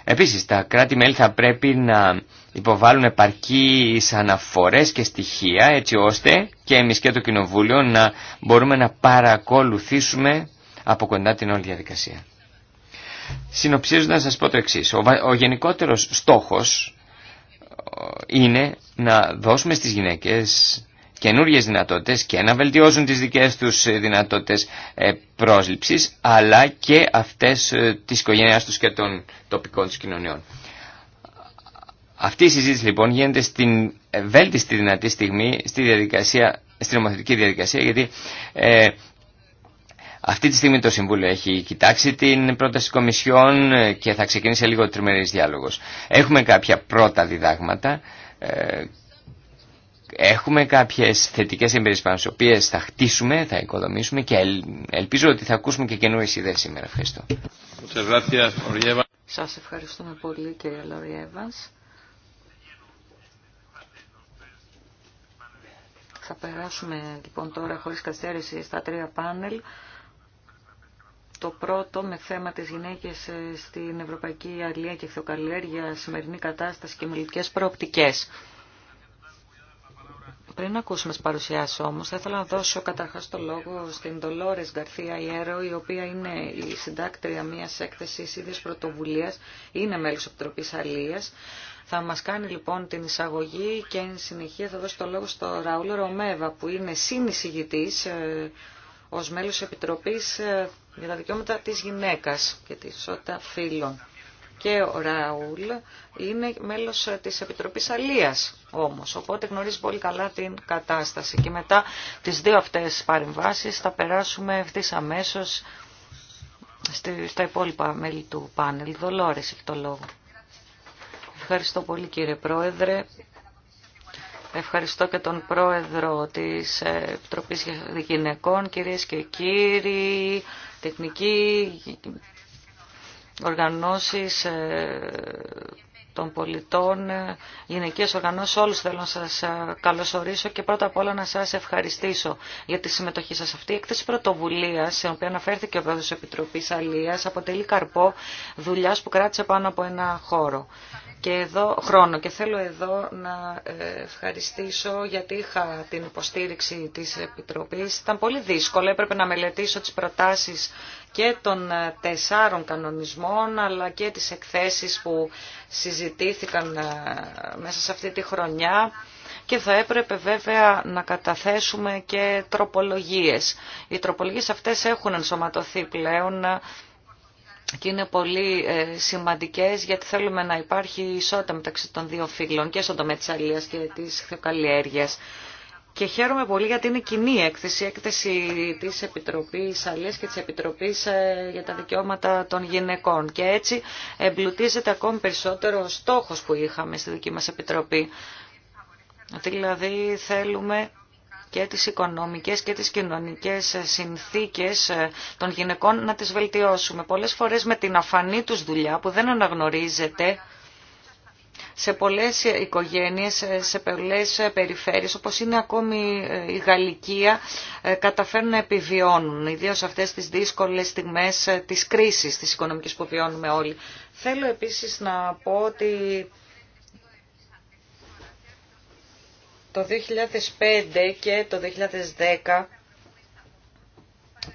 Επίσης, τα κράτη-μέλη θα πρέπει να υποβάλουν επαρκείς αναφορές και στοιχεία έτσι ώστε και εμείς και το Κοινοβούλιο να μπορούμε να παρακολουθήσουμε από κοντά την όλη διαδικασία. Συνοψίζοντας να σας πω το εξής. Ο, ο γενικότερος στόχος ε, είναι να δώσουμε στις γυναίκες καινούριε δυνατότητες και να βελτιώσουν τις δικές τους ε, δυνατότητες ε, πρόσληψης αλλά και αυτές της οικογένειάς τους και των τοπικών τους κοινωνιών. Αυτή η συζήτηση λοιπόν γίνεται στην βέλτιστη δυνατή στιγμή στη διαδικασία, στην νομοθετική διαδικασία γιατί ε, αυτή τη στιγμή το Συμβούλιο έχει κοιτάξει την πρόταση κομισιών ε, και θα ξεκινήσει λίγο τριμερή τριμερής Έχουμε κάποια πρώτα διδάγματα, ε, έχουμε κάποιες θετικές εμπειρίες πάνω στις οποίες θα χτίσουμε, θα οικοδομήσουμε και ελπίζω ότι θα ακούσουμε και καινούριες ιδέες σήμερα. Ευχαριστώ. Σας ευχαριστούμε πολύ κύριε Evans. Θα περάσουμε λοιπόν τώρα χωρίς καθυστέρηση στα τρία πάνελ. Το πρώτο με θέμα τις γυναίκες ε, στην Ευρωπαϊκή Αλία και Θεοκαλλιέργεια, σημερινή κατάσταση και μελλοντικές προοπτικές. Πριν ακούσουμε τι παρουσιάσει όμω. θα ήθελα να δώσω καταρχά το λόγο στην Ντολόρε Γκαρθία Ιέρο, η οποία είναι η συντάκτρια μια έκθεση ίδια πρωτοβουλία, είναι μέλος επιτροπή Αλία. Θα μα κάνει λοιπόν την εισαγωγή και εν συνεχεία θα δώσω το λόγο στο Ραούλ Ρομέβα, που είναι συνεισηγητής ε, μέλο επιτροπή ε, για τα δικαιώματα τη γυναίκα και τη ισότητα φίλων και ο Ραούλ είναι μέλος της Επιτροπής Αλίας όμως, οπότε γνωρίζει πολύ καλά την κατάσταση. Και μετά τις δύο αυτές παρεμβάσεις θα περάσουμε ευθύ αμέσως στα υπόλοιπα μέλη του πάνελ. Δολόρες έχει το λόγο. Ευχαριστώ πολύ κύριε Πρόεδρε. Ευχαριστώ και τον Πρόεδρο της Επιτροπής Γυναικών, κυρίες και κύριοι, τεχνική οργανώσεις ε, των πολιτών, ε, γυναικείες οργανώσεις, όλους θέλω να σας ε, καλωσορίσω και πρώτα απ' όλα να σας ευχαριστήσω για τη συμμετοχή σας αυτή. Η έκθεση πρωτοβουλίας, σε οποία αναφέρθηκε ο πρόεδρος Επιτροπής Αλίας, αποτελεί καρπό δουλειάς που κράτησε πάνω από ένα χώρο. Και εδώ, χρόνο και θέλω εδώ να ευχαριστήσω γιατί είχα την υποστήριξη της Επιτροπής. Ήταν πολύ δύσκολο, έπρεπε να μελετήσω τις προτάσεις και των ε, τεσσάρων κανονισμών αλλά και τις εκθέσεις που συζητήθηκαν ε, μέσα σε αυτή τη χρονιά και θα έπρεπε βέβαια να καταθέσουμε και τροπολογίες. Οι τροπολογίες αυτές έχουν ενσωματωθεί πλέον και είναι πολύ ε, σημαντικές γιατί θέλουμε να υπάρχει ισότητα μεταξύ των δύο φύλων και στον τομέα της αλίας και της χθεκαλλιέργειας και χαίρομαι πολύ γιατί είναι κοινή έκθεση, έκθεση της Επιτροπής Αλίας και της Επιτροπής ε, για τα Δικαιώματα των Γυναικών. Και έτσι εμπλουτίζεται ακόμη περισσότερο ο στόχος που είχαμε στη δική μας Επιτροπή. Δηλαδή θέλουμε και τις οικονομικές και τις κοινωνικές συνθήκες ε, των γυναικών να τις βελτιώσουμε. Πολλές φορές με την αφανή τους δουλειά που δεν αναγνωρίζεται σε πολλές οικογένειες, σε πολλές περιφέρειες, όπως είναι ακόμη η Γαλλικία, ε, καταφέρνουν να επιβιώνουν, ιδίως αυτές τις δύσκολες στιγμές ε, της κρίσης της οικονομικής που βιώνουμε όλοι. Θέλω επίσης να πω ότι το 2005 και το 2010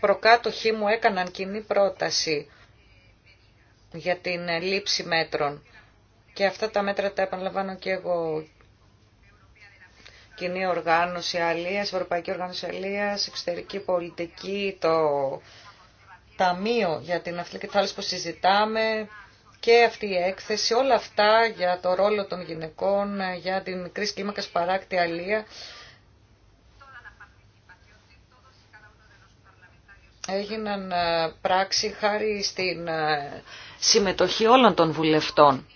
προκάτοχοί μου έκαναν κοινή πρόταση για την λήψη μέτρων και αυτά τα μέτρα τα επαναλαμβάνω και εγώ. Κοινή οργάνωση αλίας, Ευρωπαϊκή Οργάνωση Αλίας, εξωτερική πολιτική, το Ταμείο για την Αθλητική Θάλασσα που συζητάμε και αυτή η έκθεση, όλα αυτά για το ρόλο των γυναικών, για την κρίση κλίμακα παράκτη αλία. έγιναν ε, πράξη χάρη στην ε, συμμετοχή όλων των βουλευτών.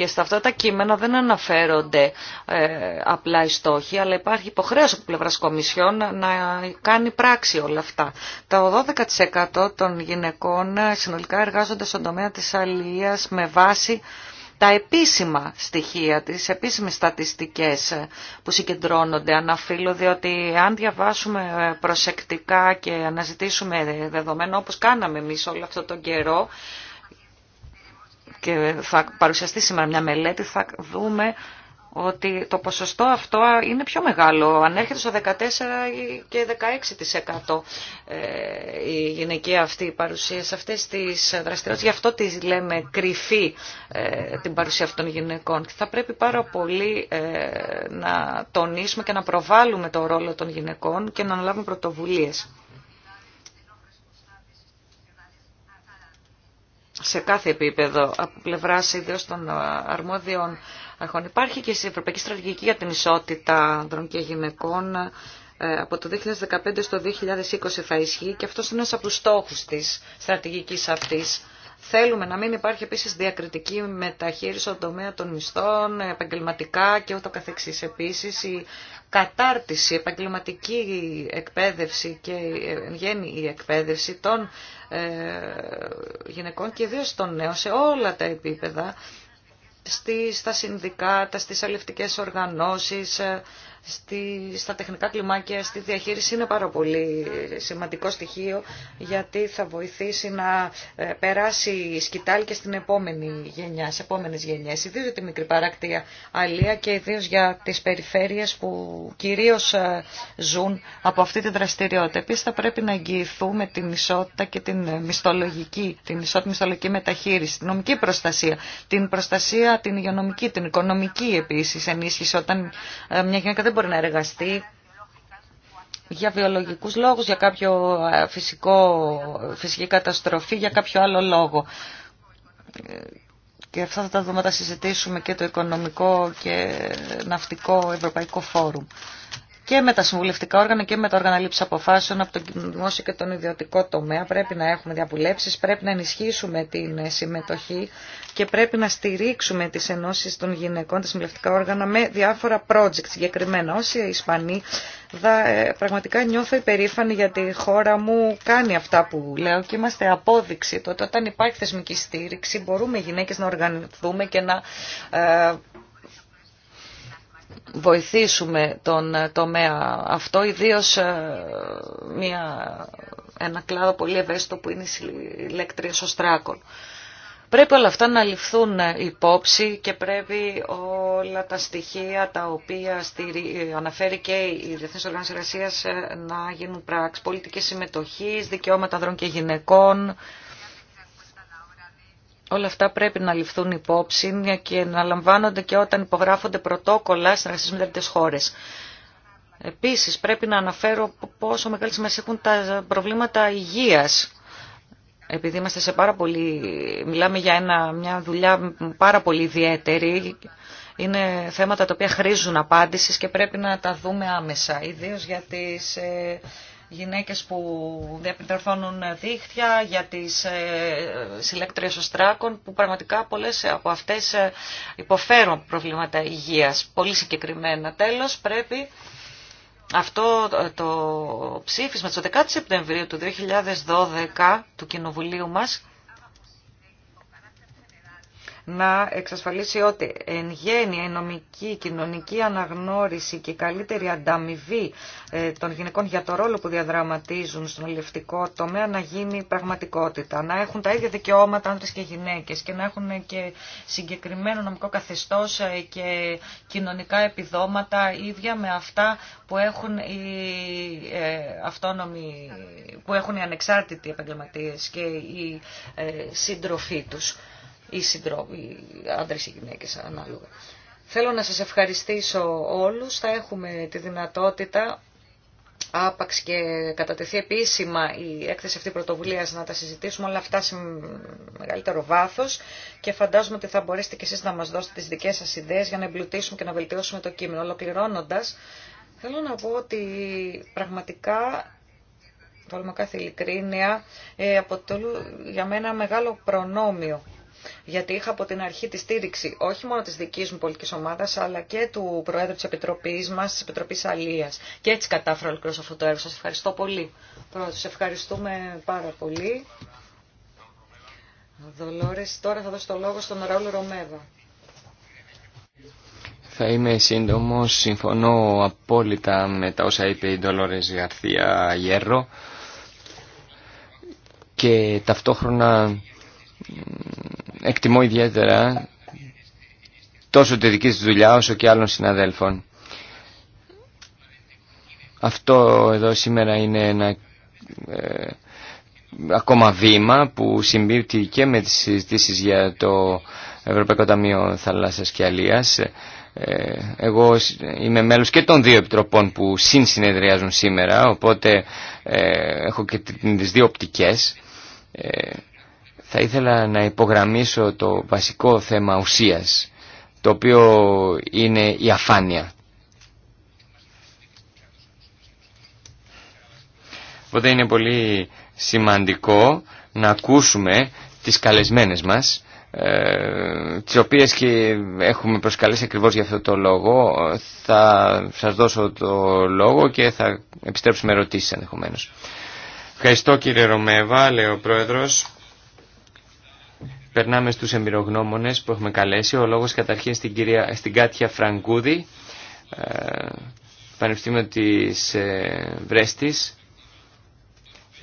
Και σε αυτά τα κείμενα δεν αναφέρονται ε, απλά οι στόχοι, αλλά υπάρχει υποχρέωση από πλευρά Κομισιόν να κάνει πράξη όλα αυτά. Τα 12% των γυναικών ε, συνολικά εργάζονται στον τομέα της αλληλείας με βάση τα επίσημα στοιχεία, της, επίσημες στατιστικές ε, που συγκεντρώνονται αναφύλλω, διότι αν διαβάσουμε προσεκτικά και αναζητήσουμε δεδομένα όπως κάναμε εμείς όλο αυτό τον καιρό, και θα παρουσιαστεί σήμερα μια μελέτη, θα δούμε ότι το ποσοστό αυτό είναι πιο μεγάλο. Ανέρχεται στο 14% και 16% ε, η γυναικεία αυτή η παρουσία σε αυτές τις δραστηριότητες. Γι' αυτό τις λέμε κρυφή ε, την παρουσία αυτών των γυναικών. Και θα πρέπει πάρα πολύ ε, να τονίσουμε και να προβάλλουμε το ρόλο των γυναικών και να αναλάβουμε πρωτοβουλίες. σε κάθε επίπεδο από πλευρά ιδίω των ε, αρμόδιων αρχών. Υπάρχει και η Ευρωπαϊκή Στρατηγική για την Ισότητα Ανδρών και Γυναικών ε, από το 2015 στο 2020 θα ισχύει και αυτός είναι ένας από τους στόχους της στρατηγικής αυτής. Θέλουμε να μην υπάρχει επίση διακριτική μεταχείριση στον τομέα των μισθών, επαγγελματικά και ούτω καθεξή επίση η κατάρτιση, επαγγελματική εκπαίδευση και ε, γέννη η εκπαίδευση των ε, γυναικών και ιδίω των νέων σε όλα τα επίπεδα, στα συνδικάτα, στις αλευτικές οργανώσεις, ε, στη, στα τεχνικά κλιμάκια, στη διαχείριση είναι πάρα πολύ σημαντικό στοιχείο γιατί θα βοηθήσει να ε, περάσει η σκητάλη και στην επόμενη γενιά, σε επόμενες γενιές, ιδίως για τη μικρή παρακτία αλία και ιδίως για τις περιφέρειες που κυρίως ε, ζουν από αυτή τη δραστηριότητα. Επίσης θα πρέπει να εγγυηθούμε την ισότητα και την μισθολογική, την ισότητα μισθολογική μεταχείριση, την νομική προστασία, την προστασία την υγειονομική, την οικονομική επίσης ενίσχυση όταν ε, μια γυναίκα δεν μπορεί να εργαστεί για βιολογικούς λόγους, για κάποιο ε, φυσικό, φυσική καταστροφή, για κάποιο άλλο λόγο. Ε, και αυτά θα τα δούμε, θα συζητήσουμε και το Οικονομικό και Ναυτικό Ευρωπαϊκό Φόρουμ και με τα συμβουλευτικά όργανα και με τα όργανα λήψη αποφάσεων από τον δημόσιο και τον ιδιωτικό τομέα. Πρέπει να έχουμε διαβουλεύσει, πρέπει να ενισχύσουμε την συμμετοχή και πρέπει να στηρίξουμε τι ενώσει των γυναικών, τα συμβουλευτικά όργανα με διάφορα project συγκεκριμένα. Όσοι οι Ισπανοί ε, πραγματικά νιώθω υπερήφανοι γιατί η χώρα μου κάνει αυτά που λέω και είμαστε απόδειξη τότε όταν υπάρχει θεσμική στήριξη μπορούμε οι γυναίκες να οργανωθούμε και να ε, βοηθήσουμε τον ε, τομέα αυτό, ιδίως ε, μια, ένα κλάδο πολύ ευαίσθητο που είναι η ηλεκτρία σωστράκων. Πρέπει όλα αυτά να ληφθούν ε, υπόψη και πρέπει όλα τα στοιχεία τα οποία αναφέρει και η Διεθνής Οργάνωση να γίνουν πράξη. Πολιτική συμμετοχής, δικαιώματα ανδρών και γυναικών, Όλα αυτά πρέπει να ληφθούν υπόψη και να λαμβάνονται και όταν υπογράφονται πρωτόκολλα στι με χώρε. Επίσης πρέπει να αναφέρω πόσο μεγάλη σημασία έχουν τα προβλήματα υγείας. Επειδή είμαστε σε πάρα πολύ, μιλάμε για ένα, μια δουλειά πάρα πολύ ιδιαίτερη, είναι θέματα τα οποία χρήζουν απάντησης και πρέπει να τα δούμε άμεσα, ιδίως για τις ε, γυναίκες που διαπληρώνουν δίχτυα, για τις ε, συλλέκτριες οστράκων, που πραγματικά πολλές από αυτές ε, υποφέρουν προβλήματα υγείας. Πολύ συγκεκριμένα. Τέλος, πρέπει αυτό το ψήφισμα της 10 Σεπτεμβρίου του 2012 του Κοινοβουλίου μας να εξασφαλίσει ότι εν γέννη η νομική, η κοινωνική αναγνώριση και η καλύτερη ανταμοιβή ε, των γυναικών για το ρόλο που διαδραματίζουν στον ελευτικό τομέα να γίνει πραγματικότητα. Να έχουν τα ίδια δικαιώματα άντρες και γυναίκες και να έχουν και συγκεκριμένο νομικό καθεστώς ε, και κοινωνικά επιδόματα ίδια με αυτά που έχουν οι, ε, που έχουν οι ανεξάρτητοι επαγγελματίε και οι σύντροφοί τους ή συντρό... άντρε άντρες και ανάλογα. Θέλω να σα ευχαριστήσω όλου. Θα έχουμε τη δυνατότητα άπαξ και κατατεθεί επίσημα η έκθεση αυτή πρωτοβουλία να τα συζητήσουμε όλα αυτά σε μεγαλύτερο βάθο και φαντάζομαι ότι θα μπορέσετε κι εσεί να μα δώσετε τι δικέ σα ιδέε για να εμπλουτίσουμε και να βελτιώσουμε το κείμενο. Ολοκληρώνοντα, θέλω να πω ότι πραγματικά το κάθε ειλικρίνεια ε, αποτελούν για μένα μεγάλο προνόμιο γιατί είχα από την αρχή τη στήριξη όχι μόνο τη δική μου πολιτική ομάδα, αλλά και του Προέδρου τη Επιτροπή μα, τη Επιτροπή Αλία. Και έτσι κατάφερα ολοκληρώσω αυτό το έργο. Σα ευχαριστώ πολύ. Πρώτα, ευχαριστούμε πάρα πολύ. Δολόρες, τώρα θα δώσω το λόγο στον Ραούλ Ρομέβα. Θα είμαι σύντομο. συμφωνώ απόλυτα με τα όσα είπε η Ντολόρε Γαρθία Γέρο και ταυτόχρονα εκτιμώ ιδιαίτερα τόσο τη δική της δουλειά όσο και άλλων συναδέλφων. Αυτό εδώ σήμερα είναι ένα ε, ακόμα βήμα που συμπίπτει και με τις συζητήσεις για το Ευρωπαϊκό Ταμείο Θαλάσσας και Αλίας. Ε, εγώ είμαι μέλος και των δύο επιτροπών που συνσυνεδριάζουν σήμερα, οπότε ε, έχω και τις δύο οπτικές. Θα ήθελα να υπογραμμίσω το βασικό θέμα ουσίας, το οποίο είναι η αφάνεια. Οπότε είναι πολύ σημαντικό να ακούσουμε τις καλεσμένες μας, ε, τις οποίες και έχουμε προσκαλέσει ακριβώς για αυτό το λόγο. Θα σας δώσω το λόγο και θα επιστρέψουμε ερωτήσεις ενδεχομένω. Ευχαριστώ κύριε Ρωμέβα, λέει ο Πρόεδρος. Περνάμε στους εμπειρογνώμονες που έχουμε καλέσει. Ο λόγος καταρχήν στην, κυρία, στην Κάτια Φραγκούδη, ε, Πανεπιστήμιο της ε, Βρέστης.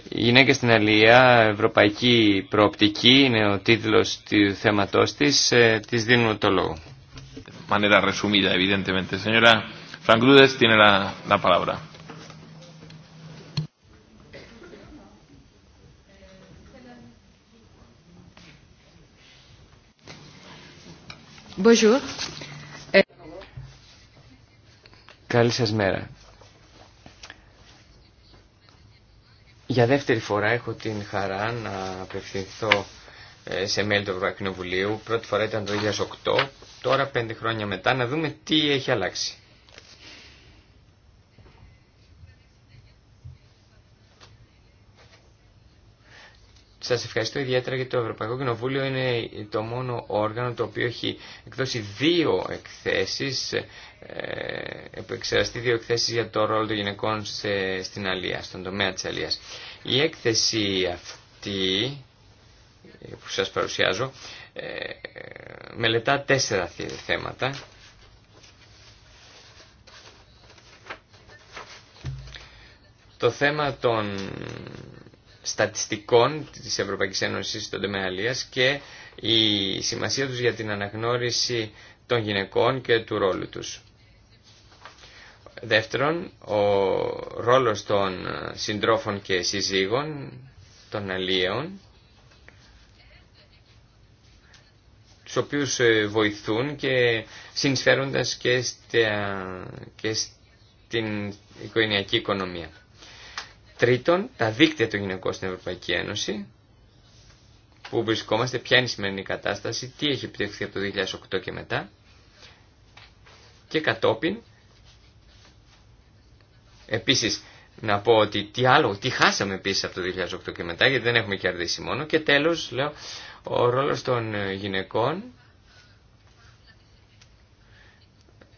Η γυναίκα στην Αλία, Ευρωπαϊκή Προοπτική, είναι ο τίτλος του θέματός της. Ε, της δίνουμε το λόγο. Μανέρα resumida, evidentemente. Señora Francrudes, tiene la, la palabra. Bonjour. Euh, Καλή σας μέρα. Για δεύτερη φορά έχω την χαρά να απευθυνθώ ε, σε μέλη του Κοινοβουλίου. Πρώτη φορά ήταν το 2008, τώρα πέντε χρόνια μετά να δούμε τι έχει αλλάξει. Σα ευχαριστώ ιδιαίτερα γιατί το Ευρωπαϊκό Κοινοβούλιο είναι το μόνο όργανο το οποίο έχει εκδώσει δύο εκθέσεις, ε, εξεραστεί δύο εκθέσεις για το ρόλο των γυναικών στην Αλία, στον τομέα της Αλία. Η έκθεση αυτή ε, που σας παρουσιάζω ε, μελετά τέσσερα θέματα. Το θέμα των στατιστικών της Ευρωπαϊκής Ένωσης στον τομέα και η σημασία τους για την αναγνώριση των γυναικών και του ρόλου τους. Δεύτερον, ο ρόλος των συντρόφων και συζύγων, των αλίων, τους οποίους ε, βοηθούν και συνεισφέροντας και, και στην οικογενειακή οικονομία. Τρίτον, τα δίκτυα των γυναικών στην Ευρωπαϊκή Ένωση. Πού βρισκόμαστε, ποια είναι η σημερινή κατάσταση, τι έχει επιτευχθεί από το 2008 και μετά. Και κατόπιν, επίσης να πω ότι τι άλλο, τι χάσαμε επίσης από το 2008 και μετά, γιατί δεν έχουμε κερδίσει μόνο. Και τέλος, λέω, ο ρόλος των ε, γυναικών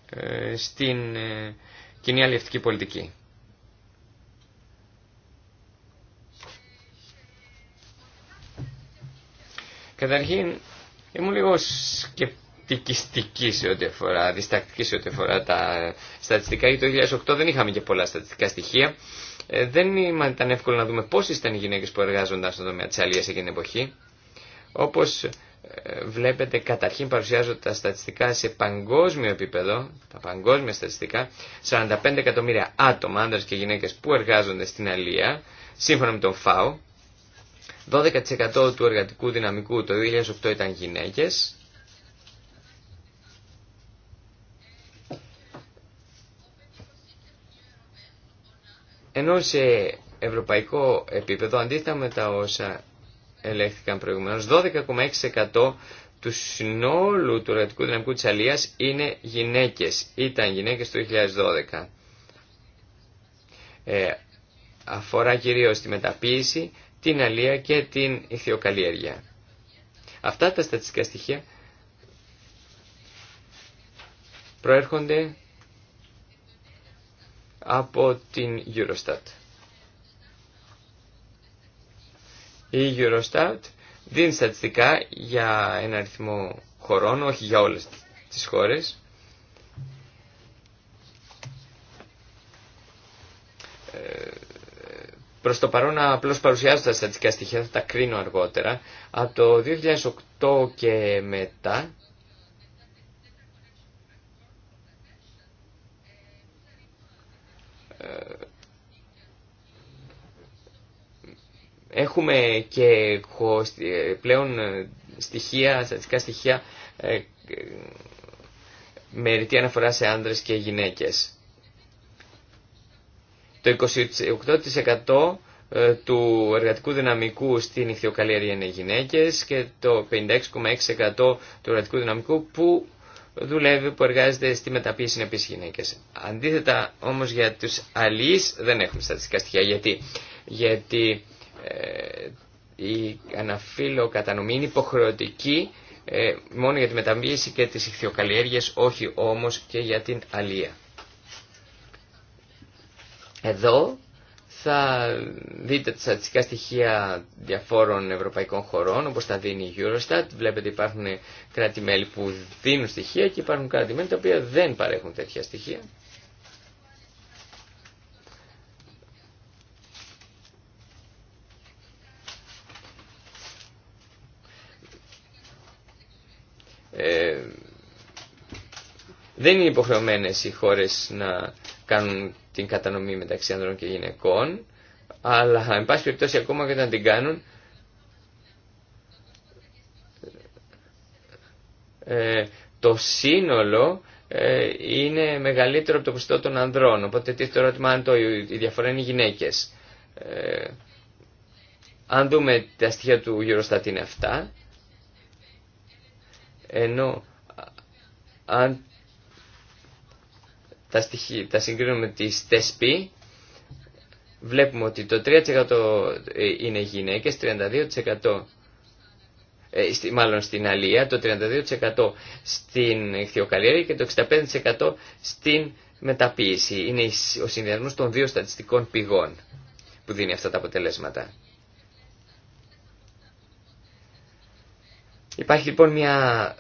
ε, στην ε, κοινή αλληλευτική πολιτική. Καταρχήν, ήμουν λίγο σκεπτικιστική σε ό,τι αφορά, διστακτική σε ό,τι αφορά τα στατιστικά, γιατί το 2008 δεν είχαμε και πολλά στατιστικά στοιχεία. Ε, δεν ήταν εύκολο να δούμε πόσε ήταν οι γυναίκε που εργάζονταν στον τομέα τη αλληλεία εκείνη την εποχή. Όπω ε, βλέπετε, καταρχήν παρουσιάζω τα στατιστικά σε παγκόσμιο επίπεδο, τα παγκόσμια στατιστικά, 45 εκατομμύρια άτομα, άνδρες και γυναίκε που εργάζονται στην Αλία, σύμφωνα με τον ΦΑΟ, 12% του εργατικού δυναμικού το 2008 ήταν γυναίκες. Ενώ σε ευρωπαϊκό επίπεδο, αντίθετα με τα όσα ελέγχθηκαν προηγουμένως, 12,6% του συνόλου του εργατικού δυναμικού της Αλίας είναι γυναίκες. Ήταν γυναίκες το 2012. Ε, αφορά κυρίως τη μεταποίηση, την αλία και την ηθιοκαλλιέργεια. Αυτά τα στατιστικά στοιχεία προέρχονται από την Eurostat. Η Eurostat δίνει στατιστικά για ένα αριθμό χωρών, όχι για όλες τις χώρες. Προς το παρόν απλώς παρουσιάζω τα στατιστικά στοιχεία, θα τα κρίνω αργότερα. Από το 2008 και μετά ε, έχουμε και ε, πλέον ε, στοιχεία, στατιστικά στοιχεία με ρητή αναφορά σε άνδρες και γυναίκες. Το 28% ε, του εργατικού δυναμικού στην ηχθειοκαλλιέργεια είναι γυναίκες και το 56,6% του εργατικού δυναμικού που δουλεύει, που εργάζεται στη μεταποίηση είναι επίσης γυναίκες. Αντίθετα όμως για τους αλληλείς δεν έχουμε στατιστικά στοιχεία. Γιατί, Γιατί ε, η αναφύλλο κατανομή είναι υποχρεωτική ε, μόνο για τη μεταποίηση και τις ηχθειοκαλλιέργειες, όχι όμως και για την αλλία. Εδώ θα δείτε τα στατιστικά στοιχεία διαφόρων ευρωπαϊκών χωρών, όπως τα δίνει η Eurostat. Βλέπετε υπάρχουν κράτη-μέλη που δίνουν στοιχεία και υπάρχουν κράτη-μέλη τα οποία δεν παρέχουν τέτοια στοιχεία. Ε, δεν είναι υποχρεωμένες οι χώρες να κάνουν την κατανομή μεταξύ ανδρών και γυναικών, αλλά εν πάση περιπτώσει ακόμα και όταν την κάνουν, ε, το σύνολο ε, είναι μεγαλύτερο από το ποσοστό των ανδρών. Οπότε τι το ερώτημα αν το, η διαφορά είναι οι γυναίκες. Ε, αν δούμε τα στοιχεία του Eurostat είναι αυτά, ενώ αν τα, συγκρίνουμε με τις ΤΕΣΠΗ, βλέπουμε ότι το 3% ε, είναι γυναίκες, 32% ε, μάλλον στην αλία, το 32% στην Χθιοκαλλιέργεια και το 65% στην μεταποίηση. Είναι ο συνδυασμός των δύο στατιστικών πηγών που δίνει αυτά τα αποτελέσματα. Υπάρχει λοιπόν μια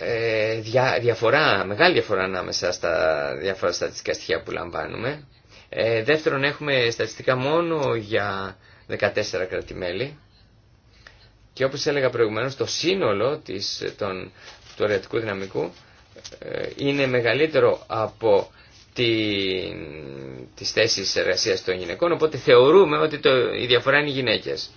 ε, διαφορά, μεγάλη διαφορά ανάμεσα στα διάφορα στατιστικά στοιχεία που λαμβάνουμε. Ε, δεύτερον, έχουμε στατιστικά μόνο για 14 κρατημέλη. Και όπως έλεγα προηγουμένως, το σύνολο της, των, του εργατικού δυναμικού ε, είναι μεγαλύτερο από τη, τις θέσεις εργασίας των γυναικών, οπότε θεωρούμε ότι το, η διαφορά είναι οι γυναίκες.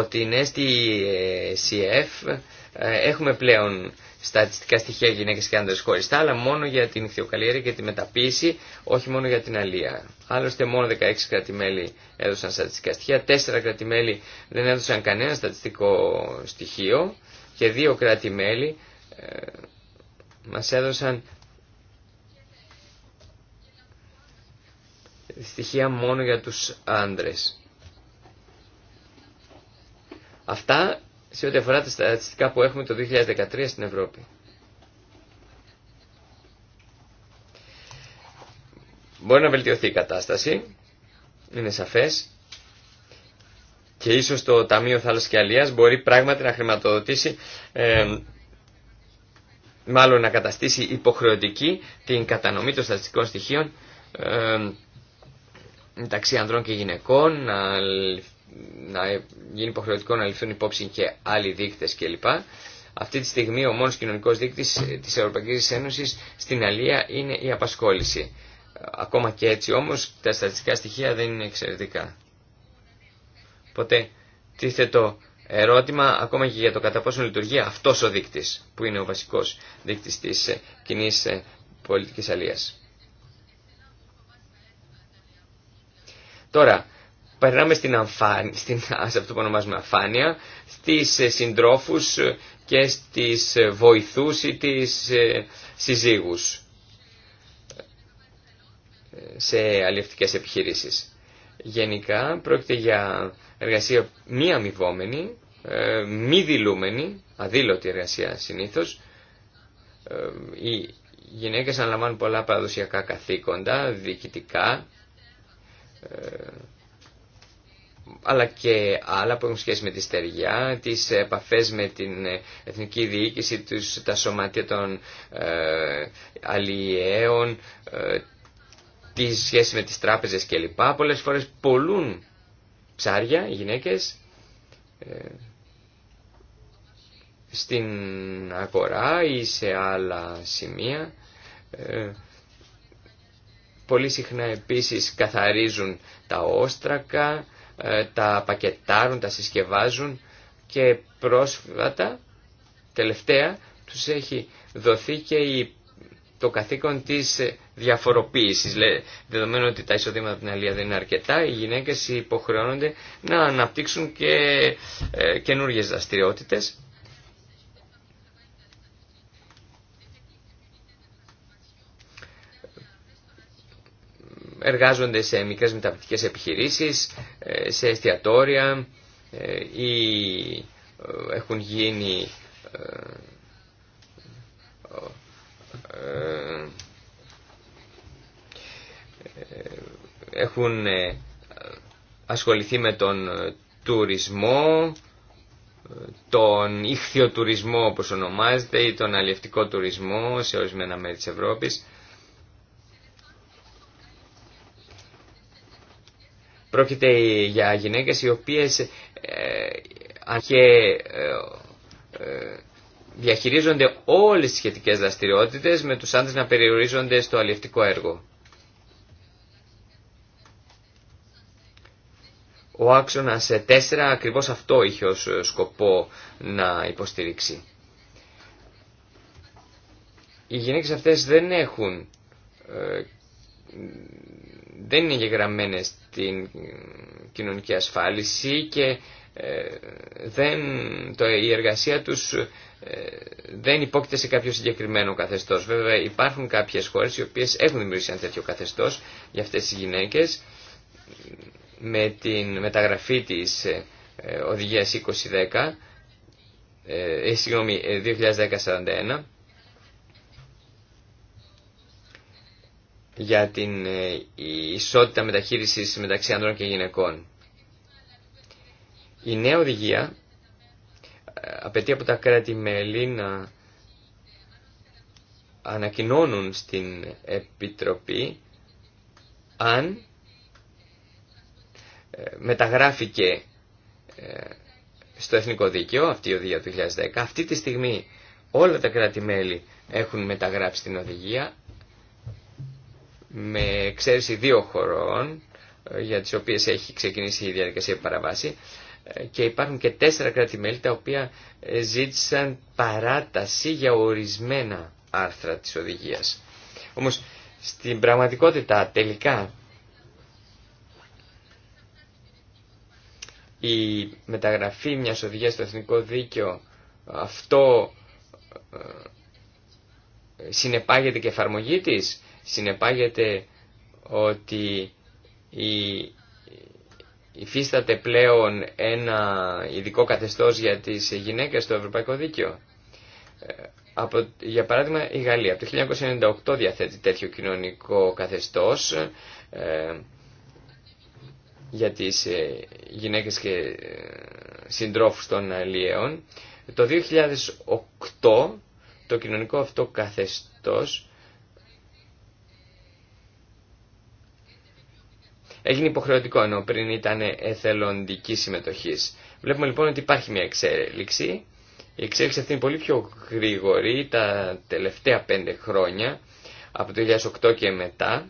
Από την STCF ε, έχουμε πλέον στατιστικά στοιχεία γυναίκες και άντρες χωριστά, αλλά μόνο για την ηχθειοκαλλιέργεια και τη μεταποίηση, όχι μόνο για την αλία. Άλλωστε μόνο 16 κρατημέλη έδωσαν στατιστικά στοιχεία, 4 κρατημέλη δεν έδωσαν κανένα στατιστικό στοιχείο και 2 κρατημέλη ε, μας έδωσαν στοιχεία μόνο για τους άνδρες. Αυτά σε ό,τι αφορά τα στατιστικά που έχουμε το 2013 στην Ευρώπη. Μπορεί να βελτιωθεί η κατάσταση, είναι σαφές, και ίσως το Ταμείο Θάλασσας και Αλίας μπορεί πράγματι να χρηματοδοτήσει, ε, μάλλον να καταστήσει υποχρεωτική την κατανομή των στατιστικών στοιχείων ε, μεταξύ ανδρών και γυναικών, να να γίνει υποχρεωτικό να ληφθούν υπόψη και άλλοι δείκτες κλπ. Αυτή τη στιγμή ο μόνο κοινωνικό δείκτης ε, τη Ευρωπαϊκής Ένωσης στην Αλία είναι η απασχόληση. Ακόμα και έτσι όμω, τα στατιστικά στοιχεία δεν είναι εξαιρετικά. Οπότε τίθετο ερώτημα ακόμα και για το κατά πόσο λειτουργεί αυτό ο δείκτης που είναι ο βασικό δείκτη τη ε, κοινή ε, πολιτική Αλία. Τώρα, περνάμε στην αμφάνεια, σε αυτό που ονομάζουμε αφάνεια, στις ε, συντρόφους ε, και στις ε, βοηθούς ή τις συζύγους σε αλληλευτικές επιχειρήσεις. Γενικά πρόκειται για εργασία μη αμοιβόμενη, μη δηλούμενη, αδήλωτη εργασία συνήθως. Οι γυναίκες αναλαμβάνουν πολλά παραδοσιακά καθήκοντα, διοικητικά, αλλά και άλλα που έχουν σχέση με τη στεριά, τις επαφές με την εθνική διοίκηση, τους, τα σωματεία των ε, αλλιέων, ε, με τις τράπεζες κλπ. Πολλές φορές πολλούν ψάρια οι γυναίκες ε, στην αγορά ή σε άλλα σημεία. Ε, πολύ συχνά επίσης καθαρίζουν τα όστρακα, ε, τα πακετάρουν, τα συσκευάζουν και πρόσφατα, τελευταία, τους έχει δοθεί και το καθήκον της διαφοροποίησης. λέει δεδομένου ότι τα εισοδήματα από την Αλία δεν είναι αρκετά, οι γυναίκες υποχρεώνονται να αναπτύξουν και ε, καινούργιες δραστηριότητες εργάζονται σε μικρές μεταπτυχικές επιχειρήσεις, ε, σε εστιατόρια ε, ή ε, έχουν γίνει έχουν ασχοληθεί με τον τουρισμό, τον τουρισμό όπως ονομάζεται ή τον αλλιευτικό τουρισμό σε ορισμένα μέρη της Ευρώπης. Πρόκειται για γυναίκες οι οποίες ε, ε, ε, διαχειρίζονται όλες τις σχετικές δραστηριότητες με τους άντρες να περιορίζονται στο αλληλευτικό έργο. Ο άξονας 4 ακριβώς αυτό είχε ως σκοπό να υποστηρίξει. Οι γυναίκες αυτές δεν έχουν ε, δεν είναι γεγραμμένες στην κοινωνική ασφάλιση και ε, δεν, το, η εργασία τους ε, δεν υπόκειται σε κάποιο συγκεκριμένο καθεστώς. Βέβαια υπάρχουν κάποιες χώρες οι οποίες έχουν δημιουργήσει ένα τέτοιο καθεστώς για αυτές τις γυναίκες με την μεταγραφή της ε, οδηγίας 2010, ε, συγγνώμη, 2010-41 για την ε, ισότητα μεταχείρισης μεταξύ ανδρών και γυναικών. Η νέα οδηγία ε, απαιτεί από τα κράτη-μέλη να ανακοινώνουν στην Επιτροπή αν ε, μεταγράφηκε στο Εθνικό Δίκαιο αυτή η οδηγία του 2010. Αυτή τη στιγμή όλα τα κράτη-μέλη έχουν μεταγράψει την οδηγία με εξαίρεση δύο χωρών ε, για τις οποίες έχει ξεκινήσει η διαδικασία παραβάση ε, και υπάρχουν και τέσσερα κράτη-μέλη τα οποία ε, ζήτησαν παράταση για ορισμένα άρθρα της οδηγίας. Όμως στην πραγματικότητα τελικά η μεταγραφή μιας οδηγίας στο εθνικό δίκαιο αυτό συνεπάγεται και εφαρμογή της συνεπάγεται ότι η, υφίσταται πλέον ένα ειδικό καθεστώς για τις γυναίκες στο Ευρωπαϊκό Δίκαιο. Ε, από, για παράδειγμα η Γαλλία από το 1998 διαθέτει τέτοιο κοινωνικό καθεστώς ε, για τις ε, γυναίκες και ε, συντρόφους των αλλιέων. Το 2008 το κοινωνικό αυτό καθεστώς Έγινε υποχρεωτικό ενώ πριν ήταν εθελοντική συμμετοχή. Βλέπουμε λοιπόν ότι υπάρχει μια εξέλιξη. Η εξέλιξη αυτή είναι πολύ πιο γρήγορη τα τελευταία πέντε χρόνια, από το 2008 και μετά.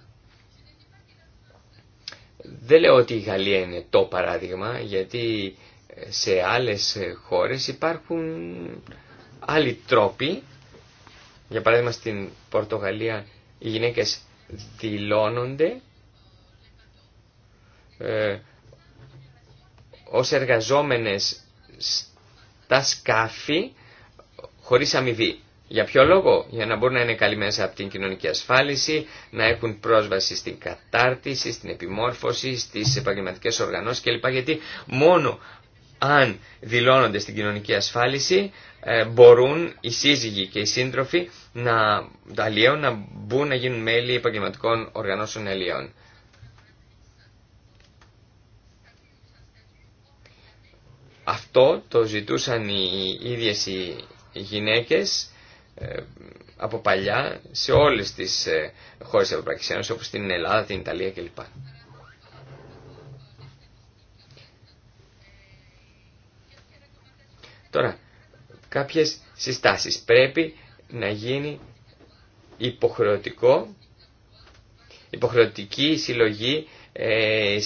Δεν λέω ότι η Γαλλία είναι το παράδειγμα, γιατί σε άλλες χώρες υπάρχουν άλλοι τρόποι. Για παράδειγμα στην Πορτογαλία οι γυναίκες δηλώνονται ε, ως εργαζόμενες στα σκάφη χωρίς αμοιβή. Για ποιο λόγο? Για να μπορούν να είναι καλοί μέσα από την κοινωνική ασφάλιση, να έχουν πρόσβαση στην κατάρτιση, στην επιμόρφωση, στις επαγγελματικές οργανώσεις κλπ. Γιατί μόνο αν δηλώνονται στην κοινωνική ασφάλιση ε, μπορούν οι σύζυγοι και οι σύντροφοι να, αλλιέων να μπουν να γίνουν μέλη επαγγελματικών οργανώσεων αλλιών. Αυτό το ζητούσαν οι ίδιες οι γυναίκες ε, από παλιά σε όλες τις ε, χώρες της Ευρωπαϊκής Ένωσης όπως την Ελλάδα, την Ιταλία κλπ. Τώρα, κάποιες συστάσεις. Πρέπει να γίνει υποχρεωτικό, υποχρεωτική συλλογή ε,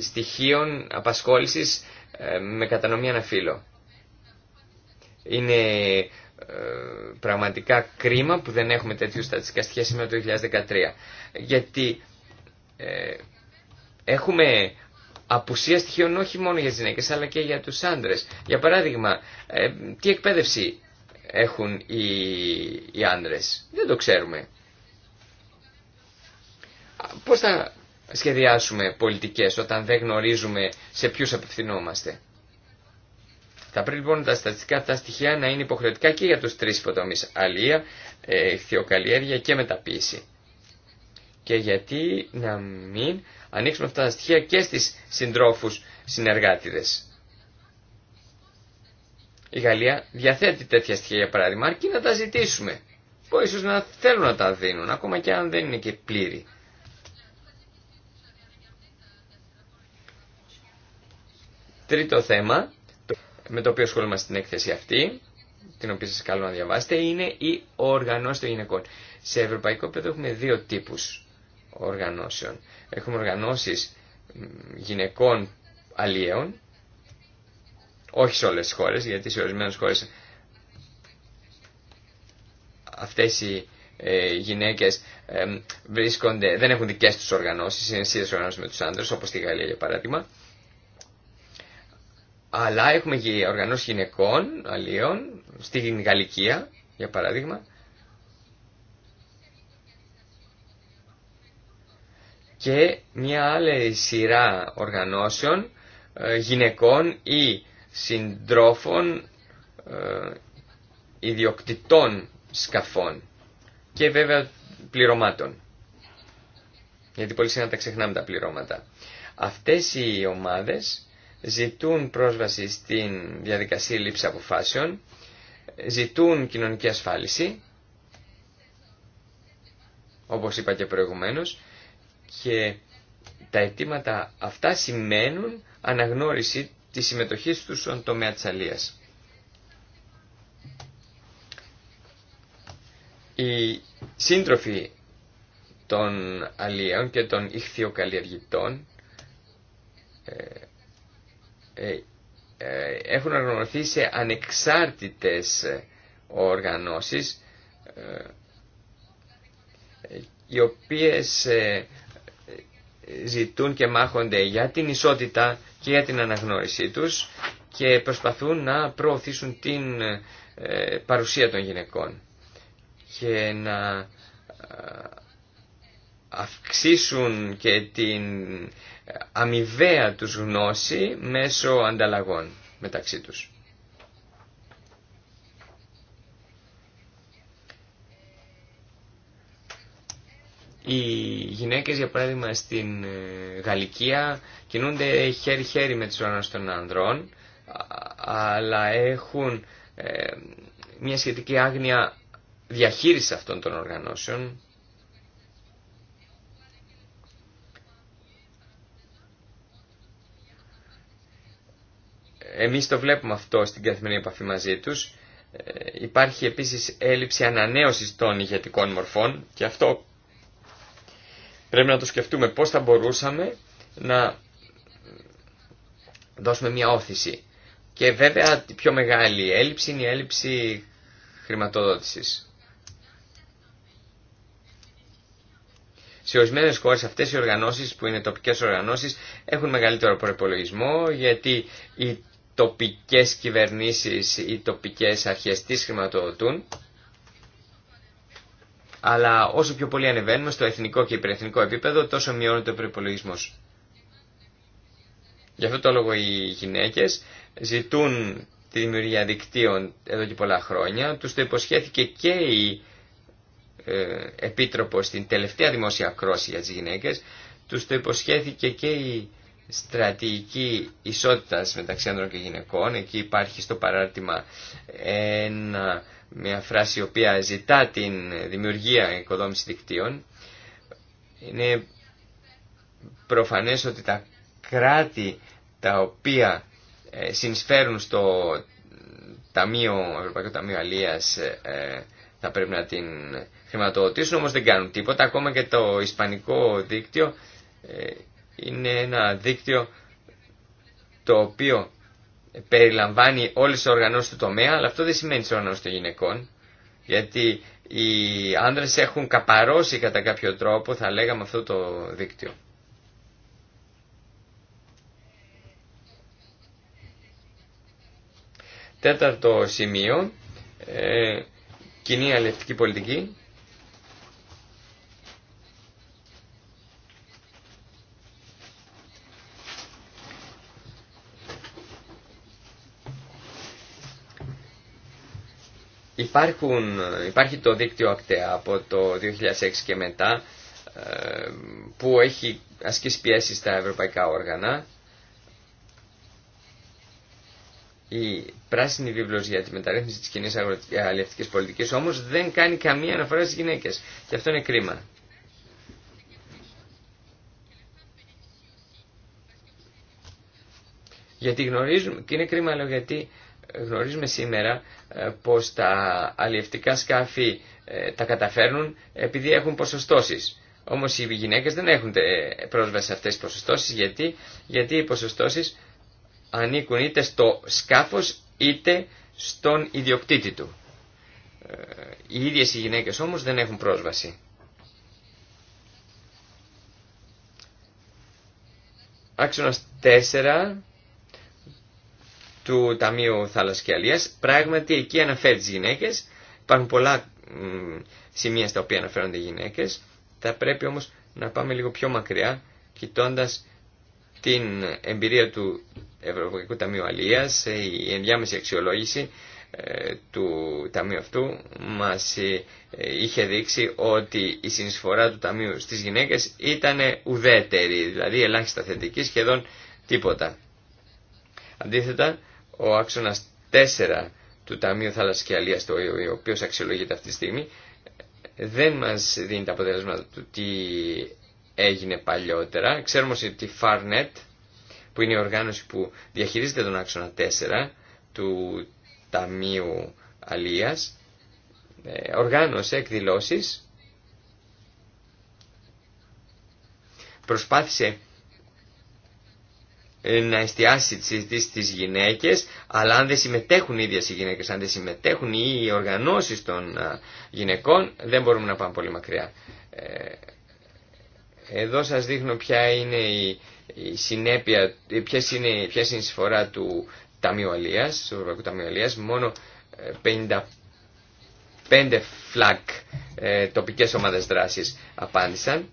στοιχείων απασχόλησης ε, με κατανομή φίλο. Είναι ε, πραγματικά κρίμα που δεν έχουμε τέτοιου στατιστικά στοιχεία σήμερα το 2013. Γιατί ε, έχουμε απουσία στοιχείων όχι μόνο για τις γυναίκες αλλά και για τους άντρες. Για παράδειγμα, τι εκπαίδευση έχουν οι, οι άντρες. Δεν το ξέρουμε. Πώς θα σχεδιάσουμε πολιτικές όταν δεν γνωρίζουμε σε ποιους απευθυνόμαστε. Θα πρέπει λοιπόν τα στατιστικά αυτά στοιχεία να είναι υποχρεωτικά και για τους τρεις υποτομείς. Αλία, ε, χθιοκαλλιέργεια και μεταποίηση. Και γιατί να μην ανοίξουμε αυτά τα στοιχεία και στις συντρόφους συνεργάτηδες. Η Γαλλία διαθέτει τέτοια στοιχεία για παράδειγμα αρκεί να τα ζητήσουμε. Που ίσως να θέλουν να τα δίνουν ακόμα και αν δεν είναι και πλήρη. Τρίτο θέμα με το οποίο ασχολούμαστε στην έκθεση αυτή, την οποία σας καλώ να διαβάσετε, είναι η οργανώση των γυναικών. Σε ευρωπαϊκό επίπεδο έχουμε δύο τύπους οργανώσεων. Έχουμε οργανώσεις γυναικών αλλιέων, όχι σε όλες τις χώρες, γιατί σε ορισμένες χώρες αυτές οι ε, γυναίκες ε, βρίσκονται, δεν έχουν δικές τους οργανώσεις, είναι σύνδεσες οργανώσεις με τους άντρες, όπως στη Γαλλία για παράδειγμα. Αλλά έχουμε οργανώσει γυναικών, αλλιών, στη Γαλλικία, για παράδειγμα. Και μια άλλη σειρά οργανώσεων ε, γυναικών ή συντρόφων ε, ιδιοκτητών σκαφών και βέβαια πληρωμάτων. Γιατί πολύ συχνά τα ξεχνάμε τα πληρώματα. Αυτές οι ομάδες ζητούν πρόσβαση στην διαδικασία λήψη αποφάσεων, ζητούν κοινωνική ασφάλιση, όπως είπα και προηγουμένως, και τα αιτήματα αυτά σημαίνουν αναγνώριση της συμμετοχής τους στον τομέα της αλίας. Οι σύντροφοι των αλίων και των ηχθειοκαλλιεργητών ε, ε, ε, έχουν οργανωθεί σε ανεξάρτητες οργανώσεις ε, οι οποίες ζητούν και μάχονται για την ισότητα και για την αναγνώρισή τους και προσπαθούν να προωθήσουν την παρουσία των γυναικών και να αυξήσουν και την αμοιβαία τους γνώση μέσω ανταλλαγών μεταξύ τους. Οι γυναίκες, για παράδειγμα, στην ε, Γαλλικία κινούνται χέρι-χέρι με τους ουρανούς των ανδρών, αλλά έχουν ε, μια σχετική άγνοια διαχείριση αυτών των οργανώσεων Εμείς το βλέπουμε αυτό στην καθημερινή επαφή μαζί τους. Ε, υπάρχει επίσης έλλειψη ανανέωσης των ηγετικών μορφών και αυτό πρέπει να το σκεφτούμε πώς θα μπορούσαμε να δώσουμε μια όθηση. Και βέβαια η πιο μεγάλη έλλειψη είναι η έλλειψη χρηματοδότησης. Σε ορισμένε χώρε αυτέ οι οργανώσει που είναι τοπικέ οργανώσει έχουν μεγαλύτερο προπολογισμό γιατί οι τοπικές κυβερνήσεις ή τοπικές αρχές τις χρηματοδοτούν, αλλά όσο πιο πολύ ανεβαίνουμε στο εθνικό και υπερεθνικό επίπεδο, τόσο μειώνεται ο προπολογισμό. Γι' αυτό το λόγο οι γυναίκες ζητούν τη δημιουργία δικτύων εδώ και πολλά χρόνια. Τους το υποσχέθηκε και η ε, Επίτροπος στην τελευταία δημόσια κρόση για τις γυναίκες. Τους το υποσχέθηκε και η στρατηγική ισότητας μεταξύ άνδρων και γυναικών. Εκεί υπάρχει στο παράρτημα ένα, μια φράση η οποία ζητά την δημιουργία οικοδόμηση δικτύων. Είναι προφανές ότι τα κράτη τα οποία ε, συνεισφέρουν στο ταμείο, Ευρωπαϊκό Ταμείο Αλίας ε, θα πρέπει να την χρηματοδοτήσουν, όμως δεν κάνουν τίποτα. Ακόμα και το Ισπανικό δίκτυο ε, είναι ένα δίκτυο το οποίο περιλαμβάνει όλες τις οργανώσεις του τομέα, αλλά αυτό δεν σημαίνει τις οργανώσεις των γυναικών, γιατί οι άνδρες έχουν καπαρώσει κατά κάποιο τρόπο, θα λέγαμε, αυτό το δίκτυο. Τέταρτο σημείο, ε, κοινή αλληλευτική πολιτική. Υπάρχουν, υπάρχει το δίκτυο ΑΚΤΕΑ από το 2006 και μετά ε, που έχει ασκήσει πιέσει στα ευρωπαϊκά όργανα. Η πράσινη βίβλος για τη μεταρρύθμιση της κοινής αλληλευτικής πολιτικής όμως δεν κάνει καμία αναφορά στις γυναίκες και αυτό είναι κρίμα. Γιατί γνωρίζουμε, και είναι κρίμα λέω γιατί γνωρίζουμε σήμερα ε, πως τα αλλιευτικά σκάφη ε, τα καταφέρνουν επειδή έχουν ποσοστώσεις. Όμως οι γυναίκες δεν έχουν ε, πρόσβαση σε αυτές τις ποσοστώσεις γιατί, γιατί οι ποσοστώσεις ανήκουν είτε στο σκάφος είτε στον ιδιοκτήτη του. Οι ίδιες οι γυναίκες όμως δεν έχουν πρόσβαση. Άξονας 4 του Ταμείου και Αλίας. Πράγματι εκεί αναφέρει τις γυναίκες. Υπάρχουν πολλά σημεία στα οποία αναφέρονται οι γυναίκες. Θα πρέπει όμως να πάμε λίγο πιο μακριά κοιτώντας την εμπειρία του Ευρωπαϊκού Ταμείου Αλίας, ε, η ενδιάμεση αξιολόγηση ε, του Ταμείου αυτού μας ε, είχε δείξει ότι η συνεισφορά του Ταμείου στις γυναίκες ήταν ουδέτερη, δηλαδή ελάχιστα θετική, σχεδόν τίποτα. Αντίθετα, ο άξονας 4 του Ταμείου Θάλασσης και Αλίας, το, ο οποίος αξιολογείται αυτή τη στιγμή, δεν μας δίνει τα αποτελέσματα του τι έγινε παλιότερα. Ξέρουμε ότι η Farnet, που είναι η οργάνωση που διαχειρίζεται τον άξονα 4 του Ταμείου Αλίας, ε, οργάνωσε εκδηλώσεις, προσπάθησε ε, να εστιάσει τις συζητήσεις στις γυναίκες, αλλά αν δεν συμμετέχουν οι ίδιες οι γυναίκες, αν δεν συμμετέχουν οι οργανώσεις των ε, γυναικών, δεν μπορούμε να πάμε πολύ μακριά. Ε, εδώ σας δείχνω ποια είναι η, συνέπεια, ποιες είναι, ποια είναι η συμφορά του Ταμείου Αλίας, του Ευρωπαϊκού Ταμείου Αλίας, μόνο 55 φλακ τοπικές ομάδες δράσης απάντησαν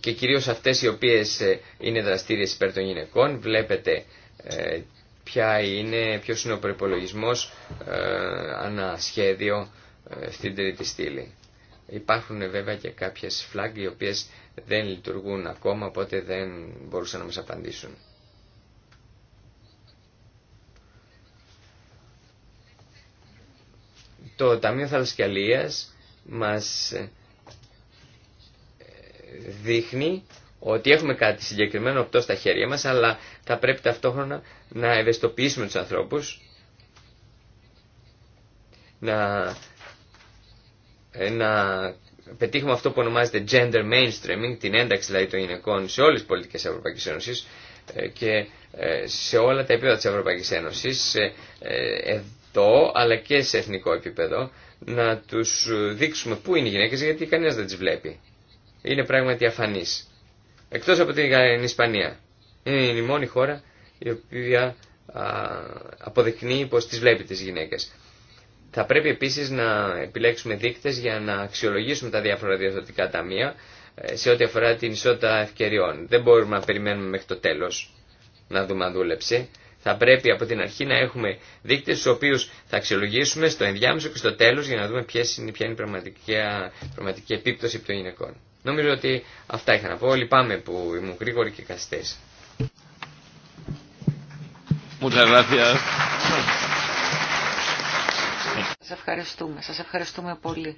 και κυρίως αυτές οι οποίες ε, είναι δραστήριες υπέρ των γυναικών. Βλέπετε ε, ποια είναι, ποιος είναι ο προπολογισμό ε, ανά σχέδιο στην τρίτη στήλη. Υπάρχουν βέβαια και κάποιες φλάγκ οι οποίες δεν λειτουργούν ακόμα, οπότε δεν μπορούσαν να μας απαντήσουν. Το Ταμείο Θαλασσιαλίας μας δείχνει ότι έχουμε κάτι συγκεκριμένο αυτό στα χέρια μας, αλλά θα πρέπει ταυτόχρονα να ευαισθητοποιήσουμε τους ανθρώπους, ε, να, πετύχουμε αυτό που ονομάζεται gender mainstreaming, την ένταξη δηλαδή των γυναικών σε όλες τις πολιτικές της Ευρωπαϊκής Ένωσης ε, και ε, σε όλα τα επίπεδα της Ευρωπαϊκής Ένωσης, εδώ αλλά και σε εθνικό επίπεδο, να τους δείξουμε πού είναι οι γυναίκες γιατί κανένας δεν τις βλέπει είναι πράγματι αφανή. Εκτό από την Ισπανία. Είναι η μόνη χώρα η οποία αποδεικνύει πω τι βλέπει τι γυναίκε. Θα πρέπει επίση να επιλέξουμε δείκτε για να αξιολογήσουμε τα διάφορα διαδοτικά ταμεία ε, σε ό,τι αφορά την ισότητα ευκαιριών. Δεν μπορούμε να περιμένουμε μέχρι το τέλο, να δούμε αν δούλεψε. Θα πρέπει από την αρχή να έχουμε δείκτε στους οποίου θα αξιολογήσουμε στο ενδιάμεσο και στο τέλο για να δούμε ποια είναι η πραγματική, πραγματική επίπτωση των γυναικών. Νομίζω ότι αυτά είχα να πω. Λυπάμαι που ήμουν γρήγοροι και καστές. Σας ευχαριστούμε. Σας ευχαριστούμε πολύ.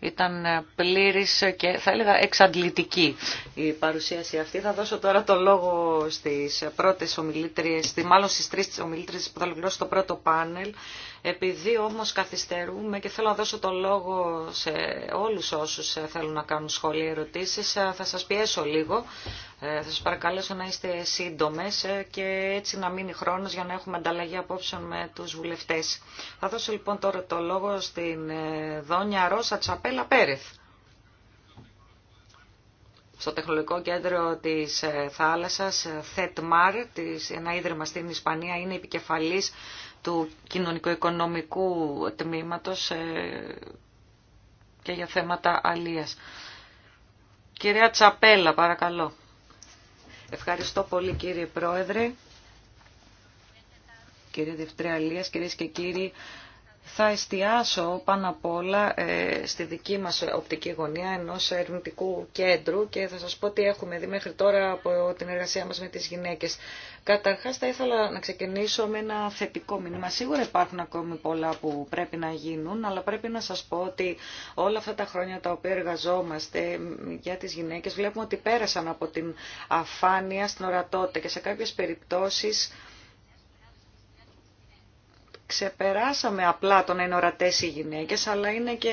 Ήταν πλήρης και θα έλεγα εξαντλητική η παρουσίαση αυτή. Θα δώσω τώρα το λόγο στις πρώτες ομιλήτριες, μάλλον στις τρεις ομιλήτριες που θα ολοκληρώσω το πρώτο πάνελ. Επειδή όμως καθυστερούμε και θέλω να δώσω το λόγο σε όλους όσους θέλουν να κάνουν σχόλια ερωτήσεις, θα σας πιέσω λίγο ε, θα σας παρακαλέσω να είστε σύντομες ε, και έτσι να μείνει χρόνος για να έχουμε ανταλλαγή απόψεων με τους βουλευτές. Θα δώσω λοιπόν τώρα το λόγο στην ε, Δόνια Ρώσα Τσαπέλα Πέρεθ στο Τεχνολογικό Κέντρο της Θάλασσας, ΘΕΤΜΑΡ, ένα ίδρυμα στην Ισπανία, είναι επικεφαλής του κοινωνικο-οικονομικού τμήματος και για θέματα αλίας. Κυρία Τσαπέλα, παρακαλώ. Ευχαριστώ πολύ κύριε Πρόεδρε, κύριε Δευτρέα Λίας, κυρίες και κύριοι θα εστιάσω πάνω απ' όλα ε, στη δική μας οπτική γωνία ενός ερευνητικού κέντρου και θα σας πω τι έχουμε δει μέχρι τώρα από την εργασία μας με τις γυναίκες. Καταρχάς θα ήθελα να ξεκινήσω με ένα θετικό μήνυμα. Σίγουρα υπάρχουν ακόμη πολλά που πρέπει να γίνουν, αλλά πρέπει να σας πω ότι όλα αυτά τα χρόνια τα οποία εργαζόμαστε για τις γυναίκες βλέπουμε ότι πέρασαν από την αφάνεια στην ορατότητα και σε κάποιες περιπτώσεις ξεπεράσαμε απλά το να είναι ορατέ οι γυναίκε, αλλά είναι και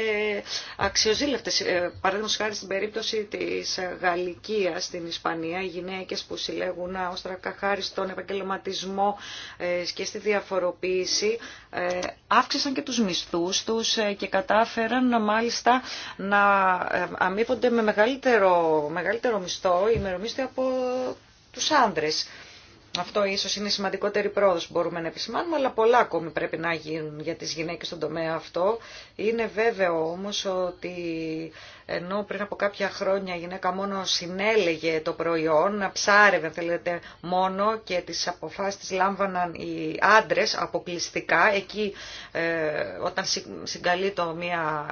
αξιοζήλευτε. Παραδείγματο χάρη στην περίπτωση τη Γαλλικία στην Ισπανία, οι γυναίκε που συλλέγουν να χάρη στον επαγγελματισμό ε, και στη διαφοροποίηση, ε, αύξησαν και του μισθού του ε, και κατάφεραν μάλιστα να αμείβονται με μεγαλύτερο, μεγαλύτερο μισθό, ημερομίσθη από τους άντρες. Αυτό ίσως είναι η σημαντικότερη πρόοδος που μπορούμε να επισημάνουμε, αλλά πολλά ακόμη πρέπει να γίνουν για τις γυναίκες στον τομέα αυτό. Είναι βέβαιο όμως ότι ενώ πριν από κάποια χρόνια η γυναίκα μόνο συνέλεγε το προϊόν, να ψάρευε, θέλετε, μόνο και τις αποφάσεις τις λάμβαναν οι άντρες αποκλειστικά. Εκεί ε, όταν συγκαλεί το μία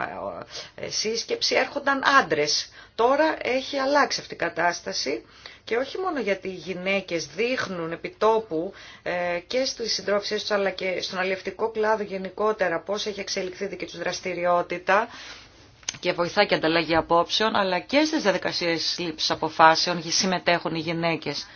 ε, σύσκεψη έρχονταν άντρες. Τώρα έχει αλλάξει αυτή η κατάσταση και όχι μόνο γιατί οι γυναίκες δείχνουν επιτόπου ε, και στι συντρόφισσές του, αλλά και στον αλληλευτικό κλάδο γενικότερα πώς έχει εξελιχθεί δική του δραστηριότητα και βοηθά και ανταλλαγή απόψεων, αλλά και στις διαδικασίες λήψης αποφάσεων συμμετέχουν οι γυναίκες.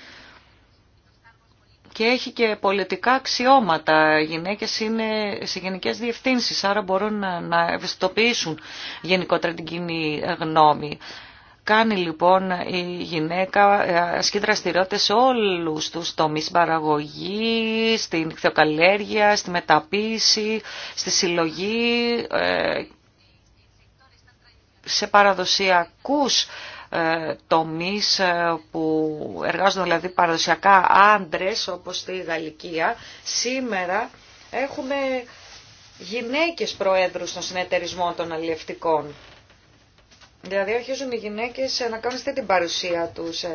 Και έχει και πολιτικά αξιώματα. Οι γυναίκες είναι σε γενικές διευθύνσεις, άρα μπορούν να ευαισθητοποιήσουν γενικότερα την κοινή γνώμη κάνει λοιπόν η γυναίκα, ε, ασκεί δραστηριότητες σε όλους τους τομείς παραγωγή, στην χθιοκαλλιέργεια, στη μεταποίηση, στη συλλογή, ε, σε παραδοσιακούς ε, τομείς που εργάζονται δηλαδή παραδοσιακά άντρες όπως στη Γαλλικία. Σήμερα έχουμε γυναίκες προέδρους των συνεταιρισμών των αλληλευτικών. Δηλαδή αρχίζουν οι γυναίκες ε, να κάνουν την παρουσία τους ε,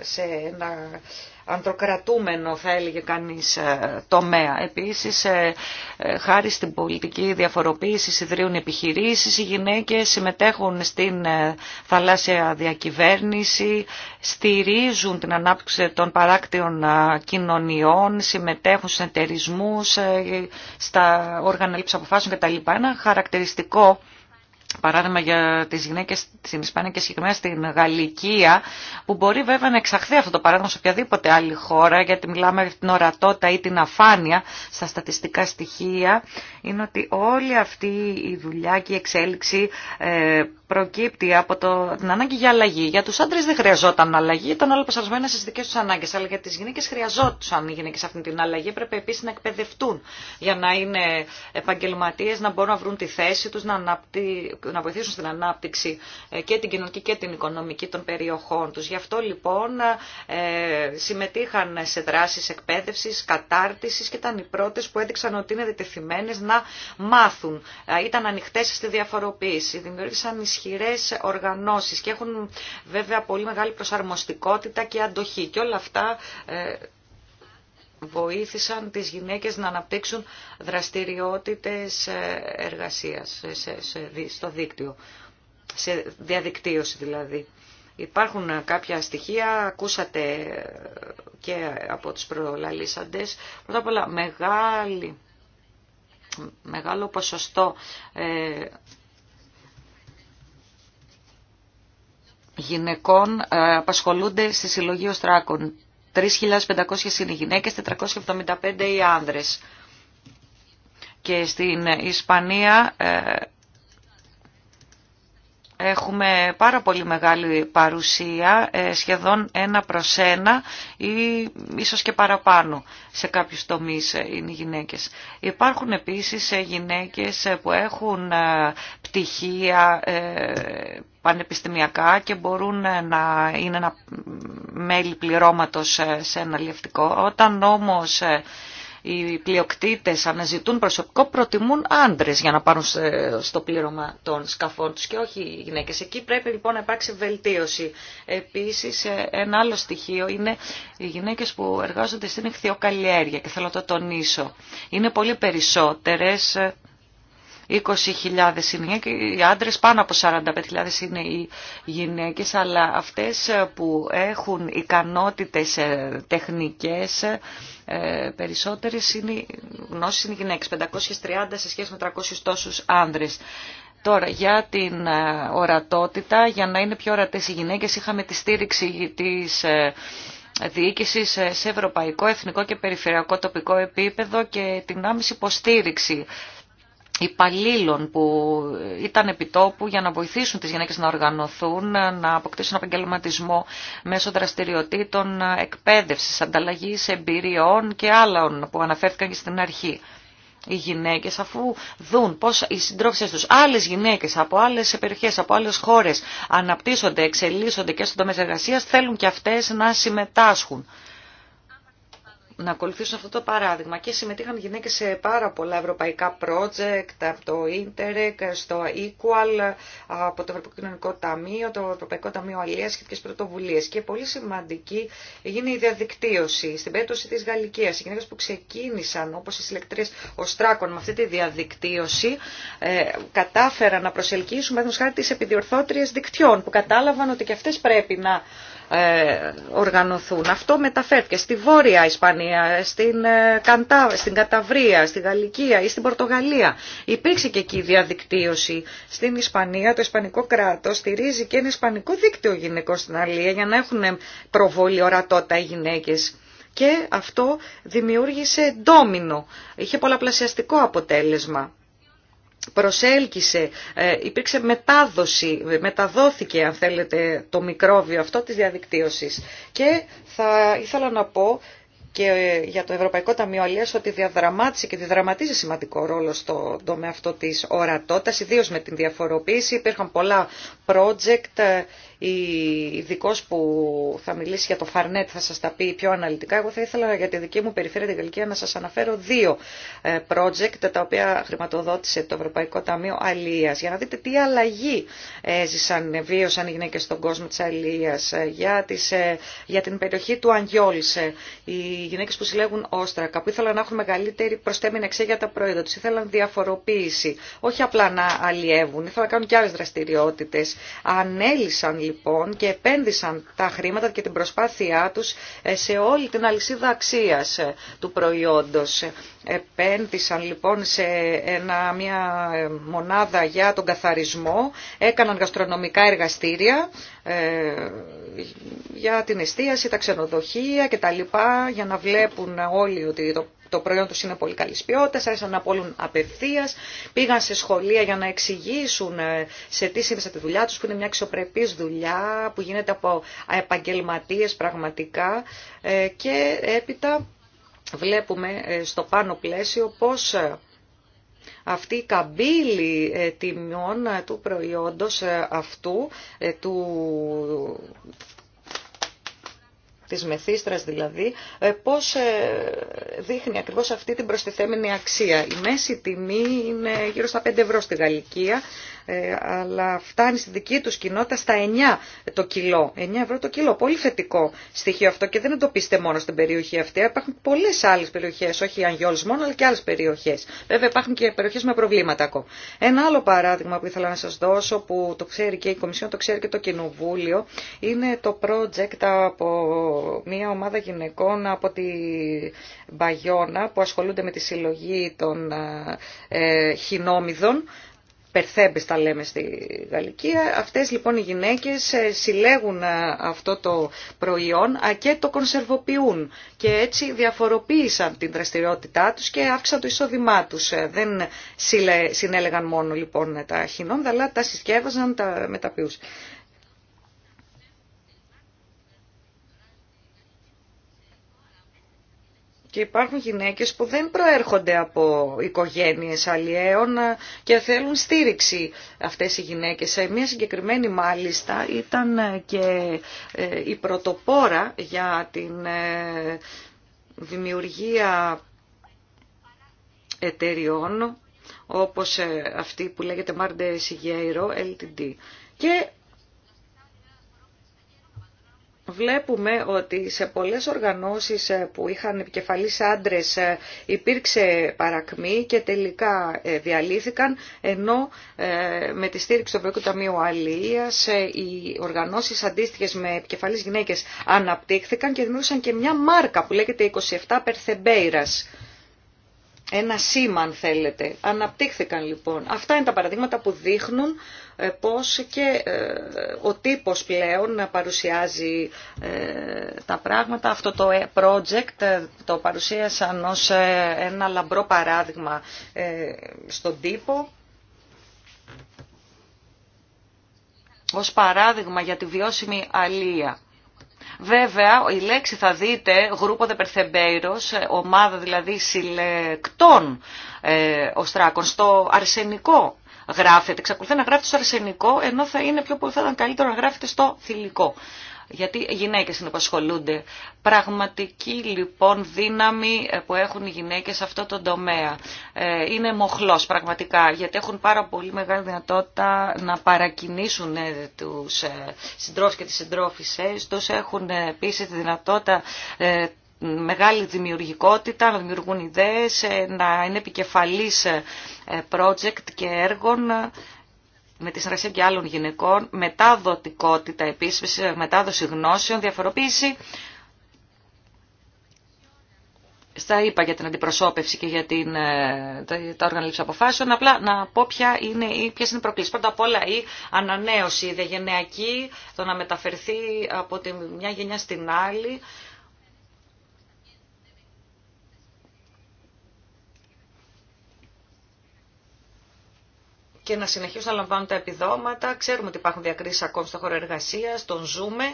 σε ένα αντροκρατούμενο θα έλεγε κανείς ε, τομέα. Επίσης χάρη στην πολιτική διαφοροποίηση ιδρύουν επιχειρήσεις, οι γυναίκες συμμετέχουν στην θαλάσσια διακυβέρνηση, στηρίζουν την ανάπτυξη των παράκτιων κοινωνιών, συμμετέχουν στους εταιρισμού, στα όργανα λήψη αποφάσεων κτλ. Ένα χαρακτηριστικό παράδειγμα για τις γυναίκες στην Ισπανία και συγκεκριμένα στην Γαλλικία, που μπορεί βέβαια να εξαχθεί αυτό το παράδειγμα σε οποιαδήποτε άλλη χώρα, γιατί μιλάμε για την ορατότητα ή την αφάνεια στα στατιστικά στοιχεία, είναι ότι όλη αυτή η δουλειά και η εξέλιξη ε, προκύπτει από το, την ανάγκη για αλλαγή. Για τους άντρες δεν χρειαζόταν αλλαγή, ήταν όλο προσαρμοσμένα στις δικές τους ανάγκες, αλλά για τις γυναίκες χρειαζόταν οι γυναίκες αυτή την αλλαγή, πρέπει επίσης να εκπαιδευτούν για να είναι επαγγελματίες, να μπορούν να βρουν τη θέση τους, να αναπτύ, να βοηθήσουν στην ανάπτυξη ε, και την κοινωνική και την οικονομική των περιοχών τους. Γι' αυτό λοιπόν ε, συμμετείχαν σε δράσεις εκπαίδευσης, κατάρτισης και ήταν οι πρώτες που έδειξαν ότι είναι διτεθειμένες να μάθουν. Ε, ήταν ανοιχτές στη διαφοροποίηση, δημιούργησαν ισχυρές οργανώσεις και έχουν βέβαια πολύ μεγάλη προσαρμοστικότητα και αντοχή. Και όλα αυτά βοήθησαν τις γυναίκες να αναπτύξουν δραστηριότητες ε, εργασίας στο δίκτυο, σε διαδικτύωση δηλαδή. Υπάρχουν κάποια στοιχεία, ακούσατε και από τους προλαλήσαντες. Πρώτα απ' όλα, μεγάλη, μεγάλο ποσοστό ε, γυναικών ε, απασχολούνται στη συλλογή οστράκων. 3.500 είναι οι γυναίκες, 475 οι άνδρες. Και στην Ισπανία ε, έχουμε πάρα πολύ μεγάλη παρουσία, ε, σχεδόν ένα προς ένα ή ίσως και παραπάνω σε κάποιους τομείς ε, είναι οι γυναίκες. Υπάρχουν επίσης γυναίκες που έχουν πτυχία πανεπιστημιακά και μπορούν ε, να είναι ένα μέλη πληρώματος ε, σε ένα λευτικό. Όταν όμως ε, οι πλειοκτήτες αναζητούν προσωπικό προτιμούν άντρες για να πάρουν στο πλήρωμα των σκαφών τους και όχι οι γυναίκες. Εκεί πρέπει λοιπόν να υπάρξει βελτίωση. Επίσης ένα άλλο στοιχείο είναι οι γυναίκες που εργάζονται στην ηχθειοκαλλιέργεια και θέλω να το τονίσω. Είναι πολύ περισσότερες 20.000 είναι οι άντρες, πάνω από 45.000 είναι οι γυναίκες, αλλά αυτές ε, που έχουν ικανότητες ε, τεχνικές ε, περισσότερες είναι, γνώσεις είναι οι γυναίκες, 530 σε σχέση με 300 τόσους άντρες. Τώρα, για την ορατότητα, για να είναι πιο ορατές οι γυναίκες, είχαμε τη στήριξη της διοίκηση σε ευρωπαϊκό, εθνικό και περιφερειακό τοπικό επίπεδο και την άμεση υποστήριξη υπαλλήλων που ήταν επιτόπου για να βοηθήσουν τις γυναίκες να οργανωθούν, να αποκτήσουν επαγγελματισμό μέσω δραστηριοτήτων εκπαίδευσης, ανταλλαγής εμπειριών και άλλων που αναφέρθηκαν και στην αρχή. Οι γυναίκες αφού δουν πώς οι συντρόφισσες τους, άλλες γυναίκες από άλλες περιοχές, από άλλες χώρες αναπτύσσονται, εξελίσσονται και στον τομέα εργασίας, θέλουν και αυτές να συμμετάσχουν να ακολουθήσουν αυτό το παράδειγμα και συμμετείχαν γυναίκες σε πάρα πολλά ευρωπαϊκά project, από το Interreg, στο Equal, από το Ευρωπαϊκό Κοινωνικό Ταμείο, το Ευρωπαϊκό Ταμείο Αλίας, τις πρωτοβουλίες. Και πολύ σημαντική έγινε η διαδικτύωση. Στην περίπτωση της Γαλλικίας, οι γυναίκες που ξεκίνησαν, όπως οι συλλεκτρίες Οστράκων, με αυτή τη διαδικτύωση, ε, κατάφεραν να προσελκύσουν, με χάρη τις επιδιορθώτριες δικτυών, που κατάλαβαν ότι και αυτές πρέπει να ε, οργανωθούν. Αυτό μεταφέρθηκε στη Βόρεια Ισπανία, στην, ε, στην Καταβρία, στη Γαλλικία ή στην Πορτογαλία. Υπήρξε και εκεί διαδικτύωση. Στην Ισπανία το Ισπανικό κράτος στηρίζει και ένα Ισπανικό δίκτυο γυναικών στην Αλία για να έχουν προβολή ορατότητα οι γυναίκες. Και αυτό δημιούργησε ντόμινο. Είχε πολλαπλασιαστικό αποτέλεσμα προσέλκυσε, ε, υπήρξε μετάδοση, μεταδόθηκε αν θέλετε το μικρόβιο αυτό της διαδικτύωσης. Και θα ήθελα να πω και για το Ευρωπαϊκό Ταμείο Αλίας ότι διαδραμάτισε και διαδραματίζει σημαντικό ρόλο στο τομέα αυτό της ορατότητας, ιδίως με την διαφοροποίηση. Υπήρχαν πολλά project ε, ειδικό που θα μιλήσει για το Φαρνέτ θα σας τα πει πιο αναλυτικά. Εγώ θα ήθελα για τη δική μου περιφέρεια την Γαλλική, να σας αναφέρω δύο ε, project τα οποία χρηματοδότησε το Ευρωπαϊκό Ταμείο Αλίας. Για να δείτε τι αλλαγή έζησαν, βίωσαν οι γυναίκες στον κόσμο της Αλίας. Ε, για, τις, ε, για την περιοχή του Αγγιόλισε, οι γυναίκες που συλλέγουν όστρακα, που ήθελαν να έχουν μεγαλύτερη προστέμινη αξία για τα προϊόντα τους, ήθελαν διαφοροποίηση, όχι απλά να αλλιεύουν, ήθελαν να κάνουν και άλλες δραστηριότητες. Ανέλησαν λοιπόν, λοιπόν και επένδυσαν τα χρήματα και την προσπάθειά τους ε, σε όλη την αλυσίδα αξίας ε, του προϊόντος. Επένδυσαν λοιπόν σε ένα, μια ε, μονάδα για τον καθαρισμό, έκαναν γαστρονομικά εργαστήρια για την εστίαση, τα ξενοδοχεία λοιπά για να βλέπουν όλοι ότι το το προϊόν τους είναι πολύ καλής ποιότητας, άρχισαν να πόλουν απευθείας, πήγαν σε σχολεία για να εξηγήσουν ε, σε τι σύνδεσε τη δουλειά τους, που είναι μια αξιοπρεπής δουλειά που γίνεται από επαγγελματίε πραγματικά ε, και έπειτα βλέπουμε ε, στο πάνω πλαίσιο πώς αυτή η καμπύλη τιμιών του προϊόντος αυτού, του της μεθύστρας δηλαδή, ε, πώς ε, δείχνει ακριβώς αυτή την προστιθέμενη αξία. Η μέση τιμή είναι γύρω στα 5 ευρώ στη Γαλλικία ε, αλλά φτάνει στη δική του κοινότητα στα 9 το κιλό. 9 ευρώ το κιλό. Πολύ θετικό στοιχείο αυτό και δεν εντοπίστε μόνο στην περιοχή αυτή. Υπάρχουν πολλέ άλλε περιοχέ, όχι Αγιόλς μόνο, αλλά και άλλε περιοχέ. Βέβαια υπάρχουν και περιοχέ με προβλήματα ακόμα. Ένα άλλο παράδειγμα που ήθελα να σα δώσω, που το ξέρει και η Κομισιόν, το ξέρει και το Κοινοβούλιο, είναι το project από μια ομάδα γυναικών από τη Μπαγιώνα που ασχολούνται με τη συλλογή των ε, ε, χινόμιδων περθέμπες τα λέμε στη Γαλλικία. Αυτές λοιπόν οι γυναίκες ε, συλλέγουν ε, αυτό το προϊόν και το κονσερβοποιούν και έτσι διαφοροποίησαν την δραστηριότητά τους και αύξαν το εισόδημά τους. Ε, δεν συνέλεγαν μόνο λοιπόν τα χινόντα αλλά τα συσκεύαζαν, τα μεταποιούσαν. Και υπάρχουν γυναίκες που δεν προέρχονται από οικογένειες αλλιέων ε, και θέλουν στήριξη αυτές οι γυναίκες. Σε μια συγκεκριμένη μάλιστα ήταν ε, και ε, η πρωτοπόρα για την δημιουργία εταιριών όπως αυτή που λέγεται Μάρντε Σιγέιρο, LTD. Και βλέπουμε ότι σε πολλές οργανώσεις ε, που είχαν επικεφαλής άντρες ε, υπήρξε παρακμή και τελικά ε, διαλύθηκαν, ενώ με τη στήριξη του Ευρωπαϊκού Ταμείου Αλληλείας οι οργανώσεις αντίστοιχες με επικεφαλής γυναίκες αναπτύχθηκαν και δημιούργησαν και μια μάρκα που λέγεται 27 Περθεμπέιρας. Ένα σήμα αν θέλετε. Αναπτύχθηκαν λοιπόν. Αυτά είναι τα παραδείγματα που δείχνουν ε, πώς και ε, ο τύπος πλέον να παρουσιάζει ε, τα πράγματα. Αυτό το project το παρουσίασαν ως ένα λαμπρό παράδειγμα στον τύπο. Ως παράδειγμα για τη βιώσιμη αλία. Βέβαια, η λέξη θα δείτε, γρούπο δε ομάδα δηλαδή συλλεκτών ε, οστράκων, στο αρσενικό γράφεται. Εξακολουθεί να γράφεται στο αρσενικό, ενώ θα είναι πιο πολύ θα ήταν καλύτερο να γράφεται στο θηλυκό. Γιατί οι γυναίκες είναι που ασχολούνται. Πραγματική λοιπόν δύναμη ε, που έχουν οι γυναίκες σε αυτό το τομέα. Ε, είναι μοχλός πραγματικά, γιατί έχουν πάρα πολύ μεγάλη δυνατότητα να παρακινήσουν ε, τους συντρόφους και τις συντρόφισσές τους. Έχουν επίσης τη δυνατότητα μεγάλη δημιουργικότητα, να δημιουργούν ιδέες, ε, να είναι επικεφαλής ε, project και έργων ε, με τη συνεργασία και άλλων γυναικών, μεταδοτικότητα επίσης, μετάδοση γνώσεων, διαφοροποίηση. Στα είπα για την αντιπροσώπευση και για την, τα όργανα αποφάσεων. Απλά να πω ποια είναι, ποιες είναι οι προκλήσεις. Πρώτα απ' όλα η ανανέωση, η διαγενειακή, το να μεταφερθεί από τη μια γενιά στην άλλη και να συνεχίσουν να λαμβάνουν τα επιδόματα. Ξέρουμε ότι υπάρχουν διακρίσεις ακόμη στο χώρο εργασίας, τον ζούμε.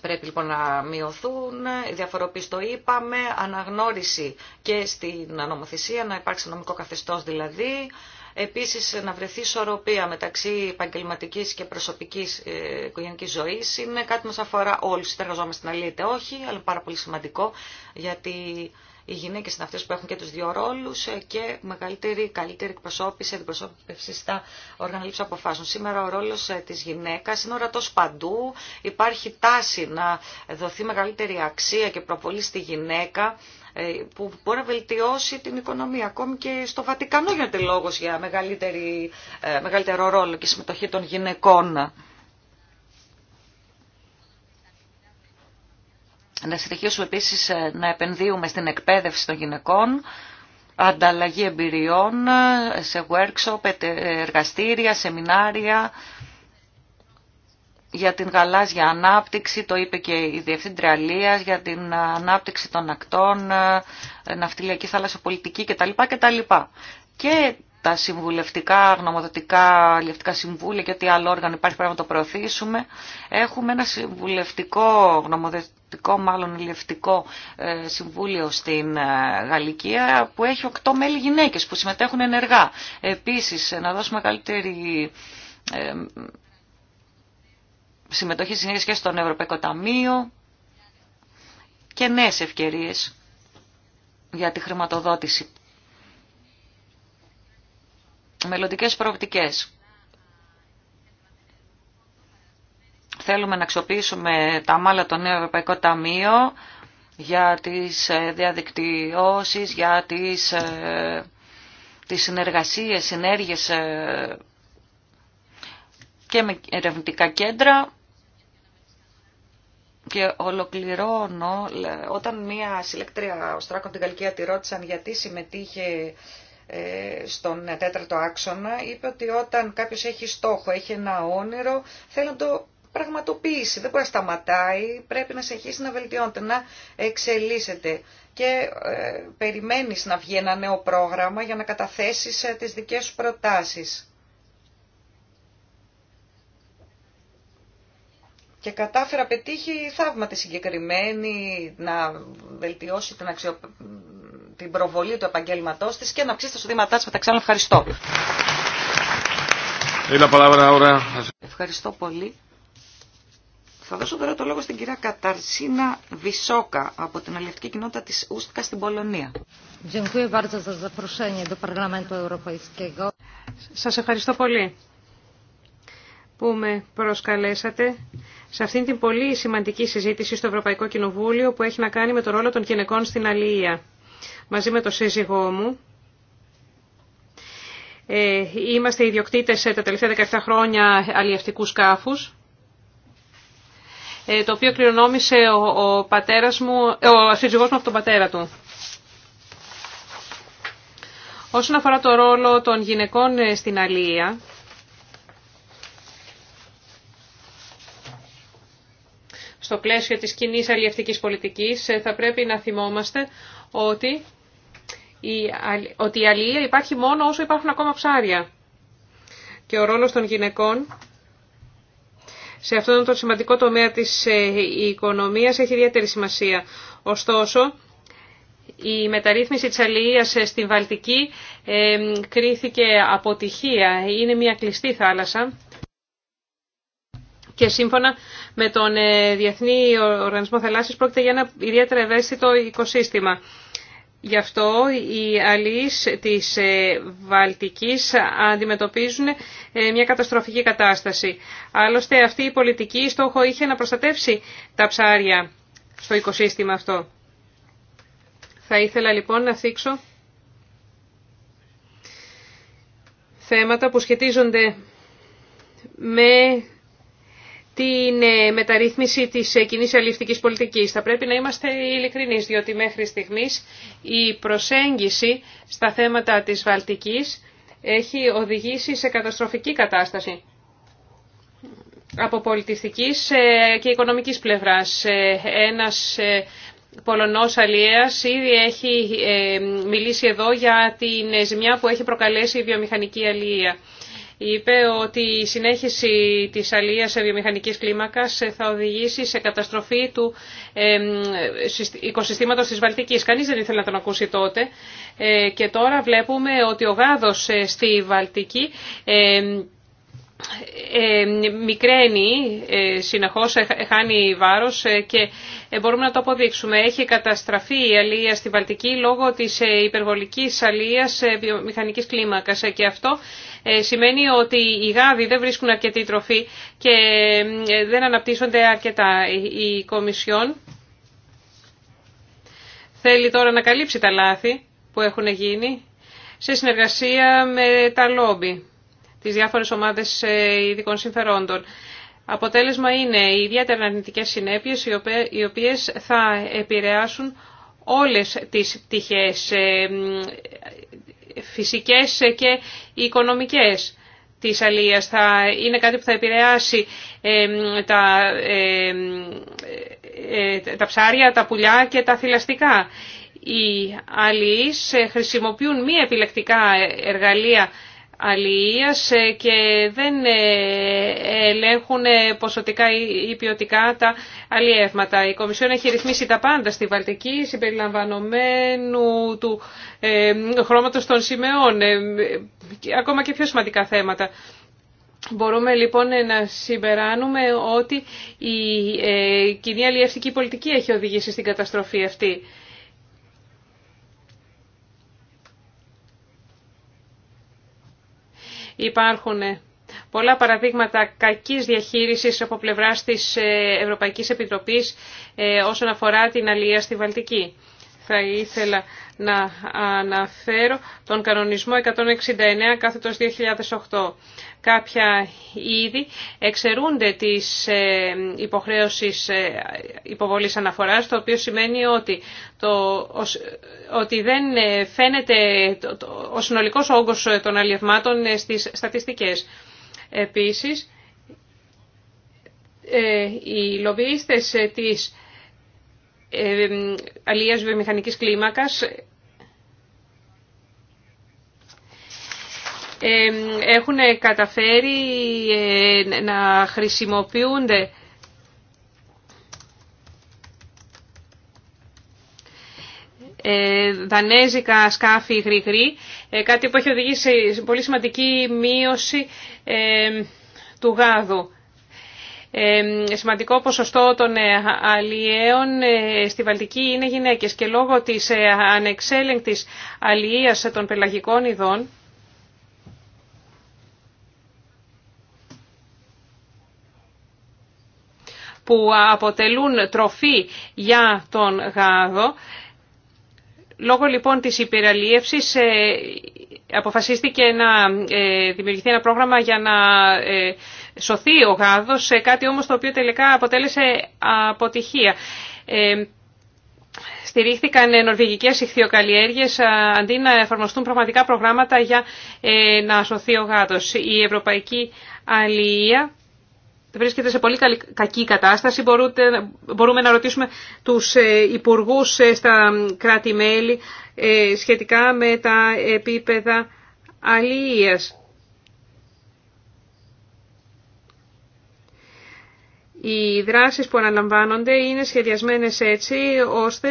Πρέπει λοιπόν να μειωθούν, διαφοροποίηση το είπαμε, αναγνώριση και στην νομοθεσία, να υπάρξει νομικό καθεστώς δηλαδή. Επίσης να βρεθεί ισορροπία μεταξύ επαγγελματική και προσωπικής ε, οικογενικής ζωής είναι κάτι που μας αφορά όλους. Συνεργαζόμαστε να λέτε όχι, αλλά πάρα πολύ σημαντικό γιατί οι γυναίκες είναι αυτές που έχουν και τους δύο ρόλους ε, και μεγαλύτερη, καλύτερη εκπροσώπηση, αντιπροσώπηση στα όργανα λήψη αποφάσεων. Σήμερα ο ρόλος ε, της γυναίκας είναι ορατός παντού, υπάρχει τάση να δοθεί μεγαλύτερη αξία και προβολή στη γυναίκα ε, που μπορεί να βελτιώσει την οικονομία. Ακόμη και στο Βατικανό γίνεται λόγος για μεγαλύτερο ρόλο και συμμετοχή των γυναικών Να συνεχίσουμε επίσης ε, να επενδύουμε στην εκπαίδευση των γυναικών, ανταλλαγή εμπειριών ε, σε workshop, ε, εργαστήρια, σεμινάρια για την γαλάζια ανάπτυξη, το είπε και η Διευθύντρια για την ανάπτυξη των ακτών, ναυτιλιακή θάλασσα πολιτική κτλ. κτλ. Και τα συμβουλευτικά, γνωμοδοτικά, λευτικά συμβούλια και ό,τι άλλο όργανο υπάρχει πρέπει να το προωθήσουμε. Έχουμε ένα συμβουλευτικό, γνωμοδοτικό μάλλον λευτικό ε, συμβούλιο στην ε, Γαλλικία που έχει οκτώ μέλη γυναίκες που συμμετέχουν ενεργά. Επίσης, να δώσουμε καλύτερη ε, συμμετοχή συνέχεια και στον Ευρωπαϊκό Ταμείο και νέες ευκαιρίες για τη χρηματοδότηση μελλοντικές προοπτικές. Θέλουμε να αξιοποιήσουμε τα μάλα το νέο Ευρωπαϊκό Ταμείο για τις ε, διαδικτυώσεις, για τις, ε, τις συνεργασίες, συνέργειες ε, και με ερευνητικά κέντρα και ολοκληρώνω όταν μία συλλέκτρια από την Γαλλικία τη ρώτησαν γιατί συμμετείχε ε, στον τέταρτο άξονα είπε ότι όταν κάποιος έχει στόχο, έχει ένα όνειρο, θέλει να το πραγματοποιήσει Δεν μπορεί να σταματάει, πρέπει να συνεχίσει να βελτιώνεται, να εξελίσσεται και ε, περιμένεις να βγει ένα νέο πρόγραμμα για να καταθέσεις ε, τις δικές σου προτάσεις. Και κατάφερα πετύχει θαύματα συγκεκριμένη να βελτιώσει την αξιο την προβολή του επαγγέλματό τη και να αυξήσει τα εισοδήματά τη μεταξύ άλλων. Ευχαριστώ. Ευχαριστώ πολύ. Θα δώσω τώρα το λόγο στην κυρία Καταρσίνα Βυσόκα από την αλληλευτική κοινότητα της Ούστκα στην Πολωνία. Σας ευχαριστώ πολύ που με προσκαλέσατε σε αυτήν την πολύ σημαντική συζήτηση στο Ευρωπαϊκό Κοινοβούλιο που έχει να κάνει με το ρόλο των γυναικών στην αλληλεία μαζί με το σύζυγό μου. Ε, είμαστε ιδιοκτήτες ε, τα τελευταία 17 χρόνια αλλιευτικού σκάφους ε, το οποίο κληρονόμησε ο, πατέρας μου, ο σύζυγός μου από τον πατέρα του. Όσον αφορά το ρόλο των γυναικών στην αλληλεία, στο πλαίσιο της κοινή αλληλευτικής πολιτικής θα πρέπει να θυμόμαστε ότι η, ότι η αλληλεία υπάρχει μόνο όσο υπάρχουν ακόμα ψάρια. Και ο ρόλος των γυναικών σε αυτόν τον σημαντικό τομέα της ε, οικονομίας έχει ιδιαίτερη σημασία. Ωστόσο, η μεταρρύθμιση της αλληλείας ε, στην Βαλτική ε, κρίθηκε αποτυχία. Είναι μια κλειστή θάλασσα και σύμφωνα με τον Διεθνή Οργανισμό Θαλάσσης πρόκειται για ένα ιδιαίτερα ευαίσθητο οικοσύστημα. Γι' αυτό οι αλείς της ε, Βαλτικής αντιμετωπίζουν ε, μια καταστροφική κατάσταση. Άλλωστε αυτή η πολιτική στόχο είχε να προστατεύσει τα ψάρια στο οικοσύστημα αυτό. Θα ήθελα λοιπόν να θίξω θέματα που σχετίζονται με την ε, μεταρρύθμιση της ε, κοινή αλληλευτικής πολιτικής. Θα πρέπει να είμαστε ειλικρινείς, διότι μέχρι στιγμής η προσέγγιση στα θέματα της Βαλτικής έχει οδηγήσει σε καταστροφική κατάσταση από πολιτιστικής ε, και οικονομικής πλευράς. Ένας Πολωνός Αλιέας ήδη έχει μιλήσει εδώ για την ζημιά που έχει προκαλέσει η βιομηχανική αλληλεία είπε ότι η συνέχιση της αλίας σε βιομηχανικής κλίμακας θα οδηγήσει σε καταστροφή του οικοσυστήματος της Βαλτικής. Κανείς δεν ήθελε να τον ακούσει τότε ε, και τώρα βλέπουμε ότι ο γάδος ε, στη Βαλτική μικραίνει ε, συνεχώς, χάνει βάρος και μπορούμε να το αποδείξουμε. Έχει καταστραφεί η αλία στη Βαλτική λόγω της υπερβολικής αλίας βιομηχανικής κλίμακας και αυτό ε, σημαίνει ότι οι γάβοι δεν βρίσκουν αρκετή τροφή και ε, δεν αναπτύσσονται αρκετά. Η Κομισιόν θέλει τώρα να καλύψει τα λάθη που έχουν γίνει σε συνεργασία με τα λόμπι, τις διάφορες ομάδες ε, ειδικών συμφερόντων. Αποτέλεσμα είναι οι ιδιαίτερα αρνητικέ συνέπειες οι οποίες θα επηρεάσουν όλες τις πτυχές φυσικές και οικονομικές της αλίας. Θα είναι κάτι που θα επηρεάσει τα, ε, ε, τα ψάρια, τα πουλιά και τα θηλαστικά. Οι αλίες ε, χρησιμοποιούν μη επιλεκτικά εργαλεία αλληλείας ε, και δεν ε, ελέγχουν ε, ποσοτικά ή ποιοτικά τα αλλιεύματα. Η Κομισιόν έχει ρυθμίσει τα πάντα στη Βαλτική συμπεριλαμβανομένου του ε, χρώματος των σημαίων, ακόμα και πιο σημαντικά θέματα. Μπορούμε λοιπόν να συμπεράνουμε ότι η κοινή αλλιευτική πολιτική έχει οδηγήσει στην καταστροφή αυτή. Υπάρχουν ε, πολλά παραδείγματα κακής διαχείρισης από πλευράς της ε, Ευρωπαϊκής Επιτροπής ε, όσον αφορά την αλληλεία στη Βαλτική. Θα ήθελα να αναφέρω τον κανονισμό 169 κάθετος 2008. Κάποια είδη εξαιρούνται της ε, υποχρέωσης ε, υποβολής αναφοράς, το οποίο σημαίνει ότι, το, ότι δεν ε, φαίνεται ο συνολικός όγκος των αλλιευμάτων στις στατιστικές. Επίσης, οι λοβιίστες της αλίας βιομηχανικής κλίμακας έχουν καταφέρει ε, να χρησιμοποιούνται ε, δανέζικα σκάφη γρηγρή, ε, κάτι που έχει οδηγήσει σε πολύ σημαντική μείωση του γάδου σημαντικό ποσοστό των ε, αλλιέων ε, στη Βαλτική είναι γυναίκες και λόγω της ε, ανεξέλεγκτης αλλιείας των πελαγικών ειδών που αποτελούν τροφή για τον γάδο, λόγω λοιπόν της υπεραλίευσης αποφασίστηκε να ε, δημιουργηθεί ένα πρόγραμμα για να ε, σωθεί ο γάδος, κάτι όμως το οποίο τελικά αποτέλεσε αποτυχία. Ε, στηρίχθηκαν νορβηγικές ηχθειοκαλλιέργειες αντί να εφαρμοστούν πραγματικά προγράμματα για να σωθεί ο γάδος. Η Ευρωπαϊκή Αλληλεία βρίσκεται σε πολύ κακή κατάσταση. μπορούμε να ρωτήσουμε τους ε, υπουργούς ε, στα κράτη-μέλη ε, σχετικά με τα επίπεδα αλληλείας. Οι δράσεις που αναλαμβάνονται είναι σχεδιασμένες έτσι ώστε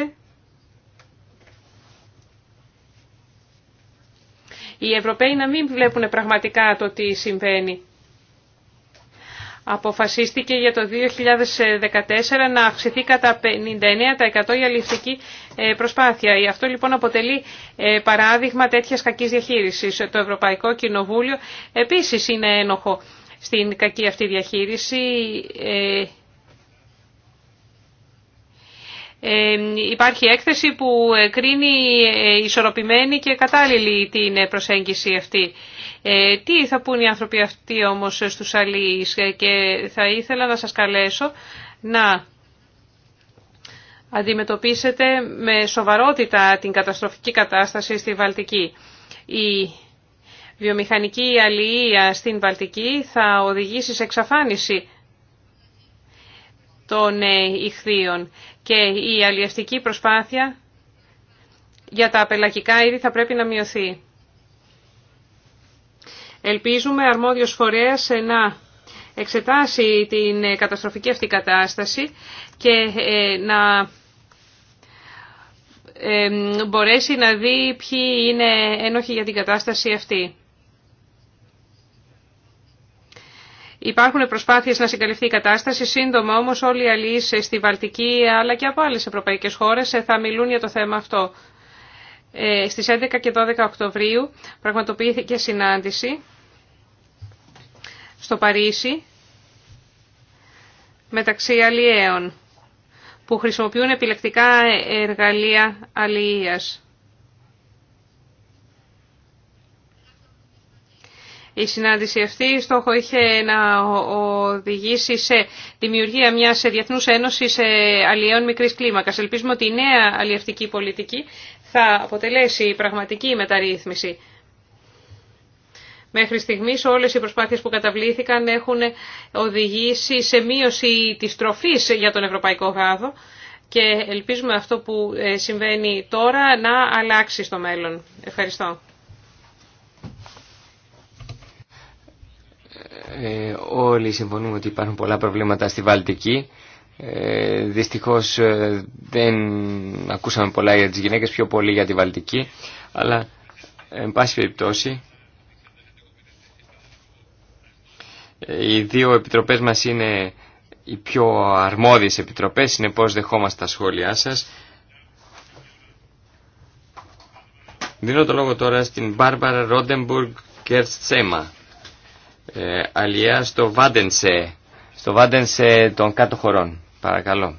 οι Ευρωπαίοι να μην βλέπουν πραγματικά το τι συμβαίνει αποφασίστηκε για το 2014 να αυξηθεί κατά 59% η αληθική ε, προσπάθεια. Ε, αυτό λοιπόν αποτελεί ε, παράδειγμα τέτοιας κακής διαχείρισης. Το Ευρωπαϊκό Κοινοβούλιο επίσης είναι ένοχο στην κακή αυτή διαχείριση. Ε, υπάρχει έκθεση που ε, κρίνει ε, ισορροπημένη και κατάλληλη την προσέγγιση αυτή. Τι θα πούν οι άνθρωποι αυτοί όμως στους αλλοίς και θα ήθελα να σας καλέσω να αντιμετωπίσετε με σοβαρότητα την καταστροφική κατάσταση στη Βαλτική. Η βιομηχανική αλληλεία στην Βαλτική θα οδηγήσει σε εξαφάνιση των ε, ηχθείων και η αλλιευτική προσπάθεια για τα απελακικά είδη θα πρέπει να μειωθεί. Ελπίζουμε αρμόδιος φορέας ε, να εξετάσει την ε, καταστροφική αυτή κατάσταση και να μπορέσει να δει ποιοι είναι ένοχοι για την κατάσταση αυτή. Υπάρχουν προσπάθειες να συγκαλυφθεί η κατάσταση. Σύντομα όμω όλοι οι αλληλεί στη Βαλτική αλλά και από άλλε ευρωπαϊκέ χώρες ε, θα μιλούν για το θέμα αυτό. Ε, στις 11 και 12 Οκτωβρίου πραγματοποιήθηκε συνάντηση στο Παρίσι μεταξύ αλλιέων που χρησιμοποιούν επιλεκτικά εργαλεία αλληλείας. Η συνάντηση αυτή στόχο είχε να οδηγήσει σε δημιουργία μιας Διεθνού Ένωση ε, αλλιέων μικρή κλίμακας. Ελπίζουμε ότι η νέα αλλιευτική πολιτική θα αποτελέσει πραγματική μεταρρύθμιση. Μέχρι στιγμής όλες οι προσπάθειες που καταβλήθηκαν έχουν οδηγήσει σε μείωση της τροφής για τον ευρωπαϊκό γάδο και ελπίζουμε αυτό που ε, συμβαίνει τώρα να αλλάξει στο μέλλον. Ευχαριστώ. Ε, όλοι συμφωνούμε ότι υπάρχουν πολλά προβλήματα στη Βαλτική. Ε, δυστυχώς ε, δεν ακούσαμε πολλά για τις γυναίκες, πιο πολύ για τη Βαλτική. Αλλά, εν πάση περιπτώσει, ε, οι δύο επιτροπές μας είναι οι πιο αρμόδιες επιτροπές, πώς δεχόμαστε τα σχόλιά σας. Δίνω το λόγο τώρα στην Μπάρμπαρα Ρόντεμπουργκ Κερτσέμα ε, στο Βάντενσε, στο Βάντενσε των κάτω χωρών. Παρακαλώ.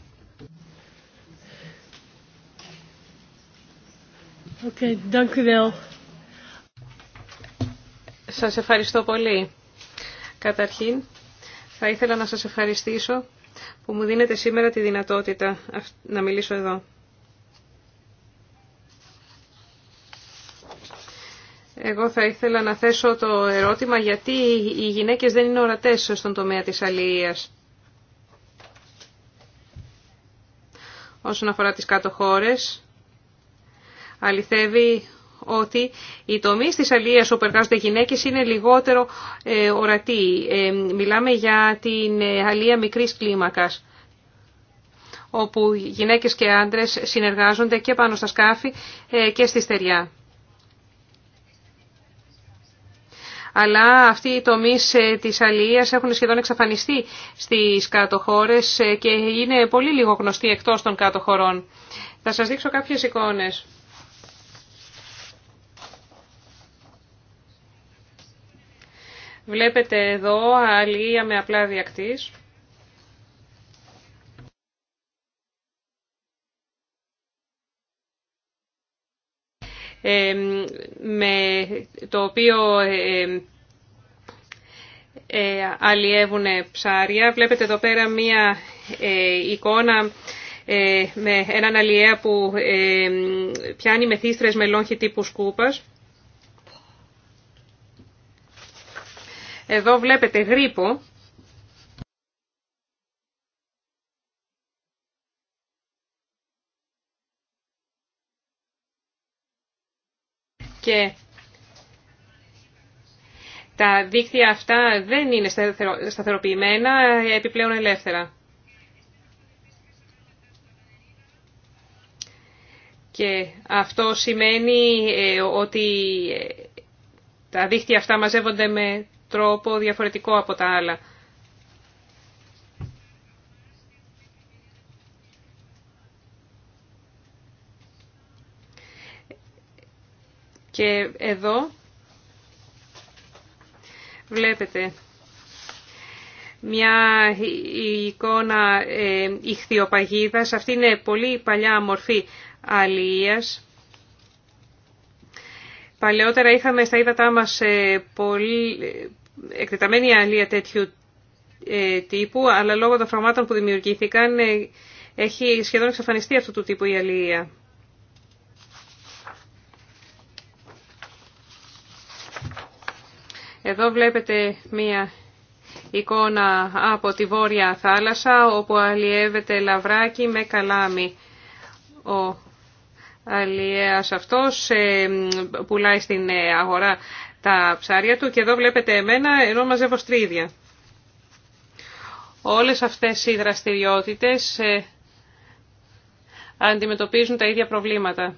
Okay, thank Σας ευχαριστώ πολύ. Καταρχήν, θα ήθελα να σας ευχαριστήσω που μου δίνετε σήμερα τη δυνατότητα να μιλήσω εδώ. Εγώ θα ήθελα να θέσω το ερώτημα γιατί οι γυναίκες δεν είναι ορατές στον τομέα της αλληλείας. Όσον αφορά τις κάτω χώρες, αληθεύει ότι οι τομείς της αλληλείας όπου εργάζονται γυναίκες είναι λιγότερο ε, ορατοί. Ε, μιλάμε για την ε, αλληλεία μικρής κλίμακας όπου γυναίκες και άντρες συνεργάζονται και πάνω στα σκάφη και στη στεριά. αλλά αυτοί οι τομείς ε, της αλληλείας έχουν σχεδόν εξαφανιστεί στις κάτω ε, και είναι πολύ λίγο γνωστοί εκτός των κάτω χωρών. Θα σας δείξω κάποιες εικόνες. Βλέπετε εδώ αλληλεία με απλά διακτής. με το οποίο ε, αλλιεύουν ψάρια. Βλέπετε εδώ πέρα μία ε, εικόνα ε, με έναν αλιέα που πιάνει μεθύστρες με λόγχη τύπου σκούπας. Εδώ βλέπετε γρίπο και τα δίκτυα αυτά δεν είναι σταθεροποιημένα, επιπλέον ελεύθερα. Και αυτό σημαίνει ε, ότι ε, τα δίχτυα αυτά μαζεύονται με τρόπο διαφορετικό από τα άλλα. Και εδώ βλέπετε μια εικόνα ε, ηχθιοπαγίδας. Αυτή είναι πολύ παλιά μορφή αλίας Παλαιότερα είχαμε στα ύδατά μας ε, πολύ ε, εκτεταμένη αλληλεία τέτοιου τύπου, αλλά λόγω των φραγμάτων που δημιουργήθηκαν έχει σχεδόν εξαφανιστεί αυτού του τύπου η αλληλεία. Εδώ βλέπετε μία εικόνα από τη Βόρεια Θάλασσα, όπου αλλιεύεται λαβράκι με καλάμι. Ο αλλιέας αυτός ε, πουλάει στην ε, αγορά τα ψάρια του και εδώ βλέπετε εμένα ενώ μαζεύω στρίδια. Όλες αυτές οι δραστηριότητες ε, αντιμετωπίζουν τα ίδια προβλήματα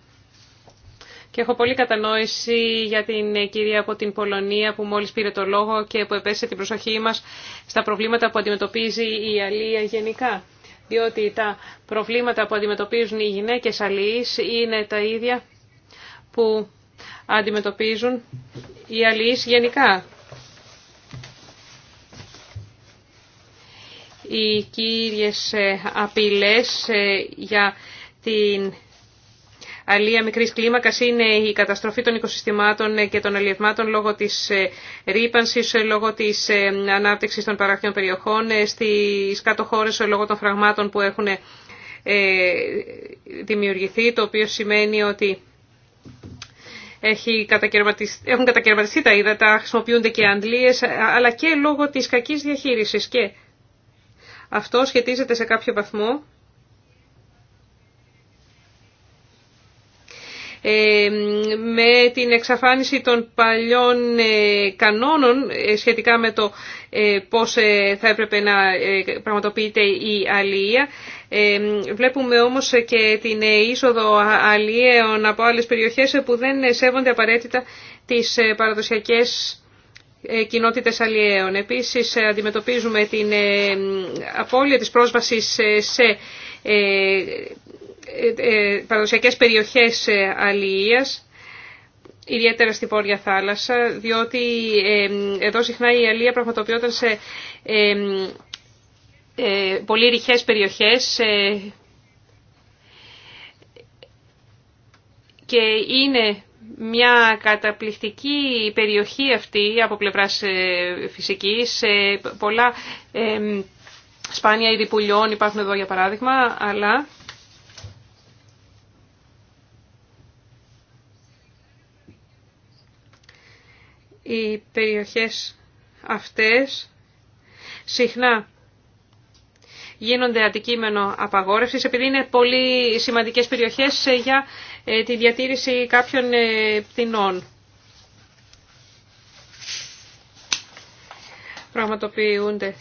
και έχω πολύ κατανόηση για την κυρία από την Πολωνία που μόλις πήρε το λόγο και που επέστησε την προσοχή μας στα προβλήματα που αντιμετωπίζει η αλία γενικά. Διότι τα προβλήματα που αντιμετωπίζουν οι γυναίκες αλληλείς είναι τα ίδια που αντιμετωπίζουν οι αλληλείς γενικά. Οι κύριες ε, απειλές ε, για την αλία μικρή κλίμακα είναι η καταστροφή των οικοσυστημάτων και των αλλιευμάτων λόγω της ε, ρήπανση, ε, λόγω της ε, ανάπτυξη των παράκτιων περιοχών, στι κάτω χώρε λόγω των φραγμάτων που έχουν δημιουργηθεί, το οποίο σημαίνει ότι έχει έχουν κατακαιρματιστεί τα ύδατα, χρησιμοποιούνται και αντλίες, αλλά και λόγω της κακής διαχείρισης. Και αυτό σχετίζεται σε κάποιο βαθμό Ε, με την εξαφάνιση των παλιών ε, κανόνων ε, σχετικά με το πώς θα έπρεπε να πραγματοποιείται η αλληλεία. Βλέπουμε όμως και την είσοδο αλλιέων από άλλες περιοχές που δεν σέβονται απαραίτητα τις παραδοσιακές κοινότητες αλλιέων. Επίσης αντιμετωπίζουμε την απώλεια της πρόσβασης σε ε, ε, παραδοσιακές περιοχές ε, αλληλείας, ιδιαίτερα στην πόρια Θάλασσα, διότι εδώ συχνά η αλληλεία πραγματοποιόταν σε πολύ ρηχές περιοχές και είναι μια καταπληκτική περιοχή αυτή από πλευράς φυσικής, πολλά σπάνια είδη πουλιών υπάρχουν εδώ για παράδειγμα, αλλά Οι περιοχές αυτές συχνά γίνονται αντικείμενο απαγόρευσης επειδή είναι πολύ σημαντικές περιοχές για ε, τη διατήρηση κάποιων ε, πτηνών. Πραγματοποιούνται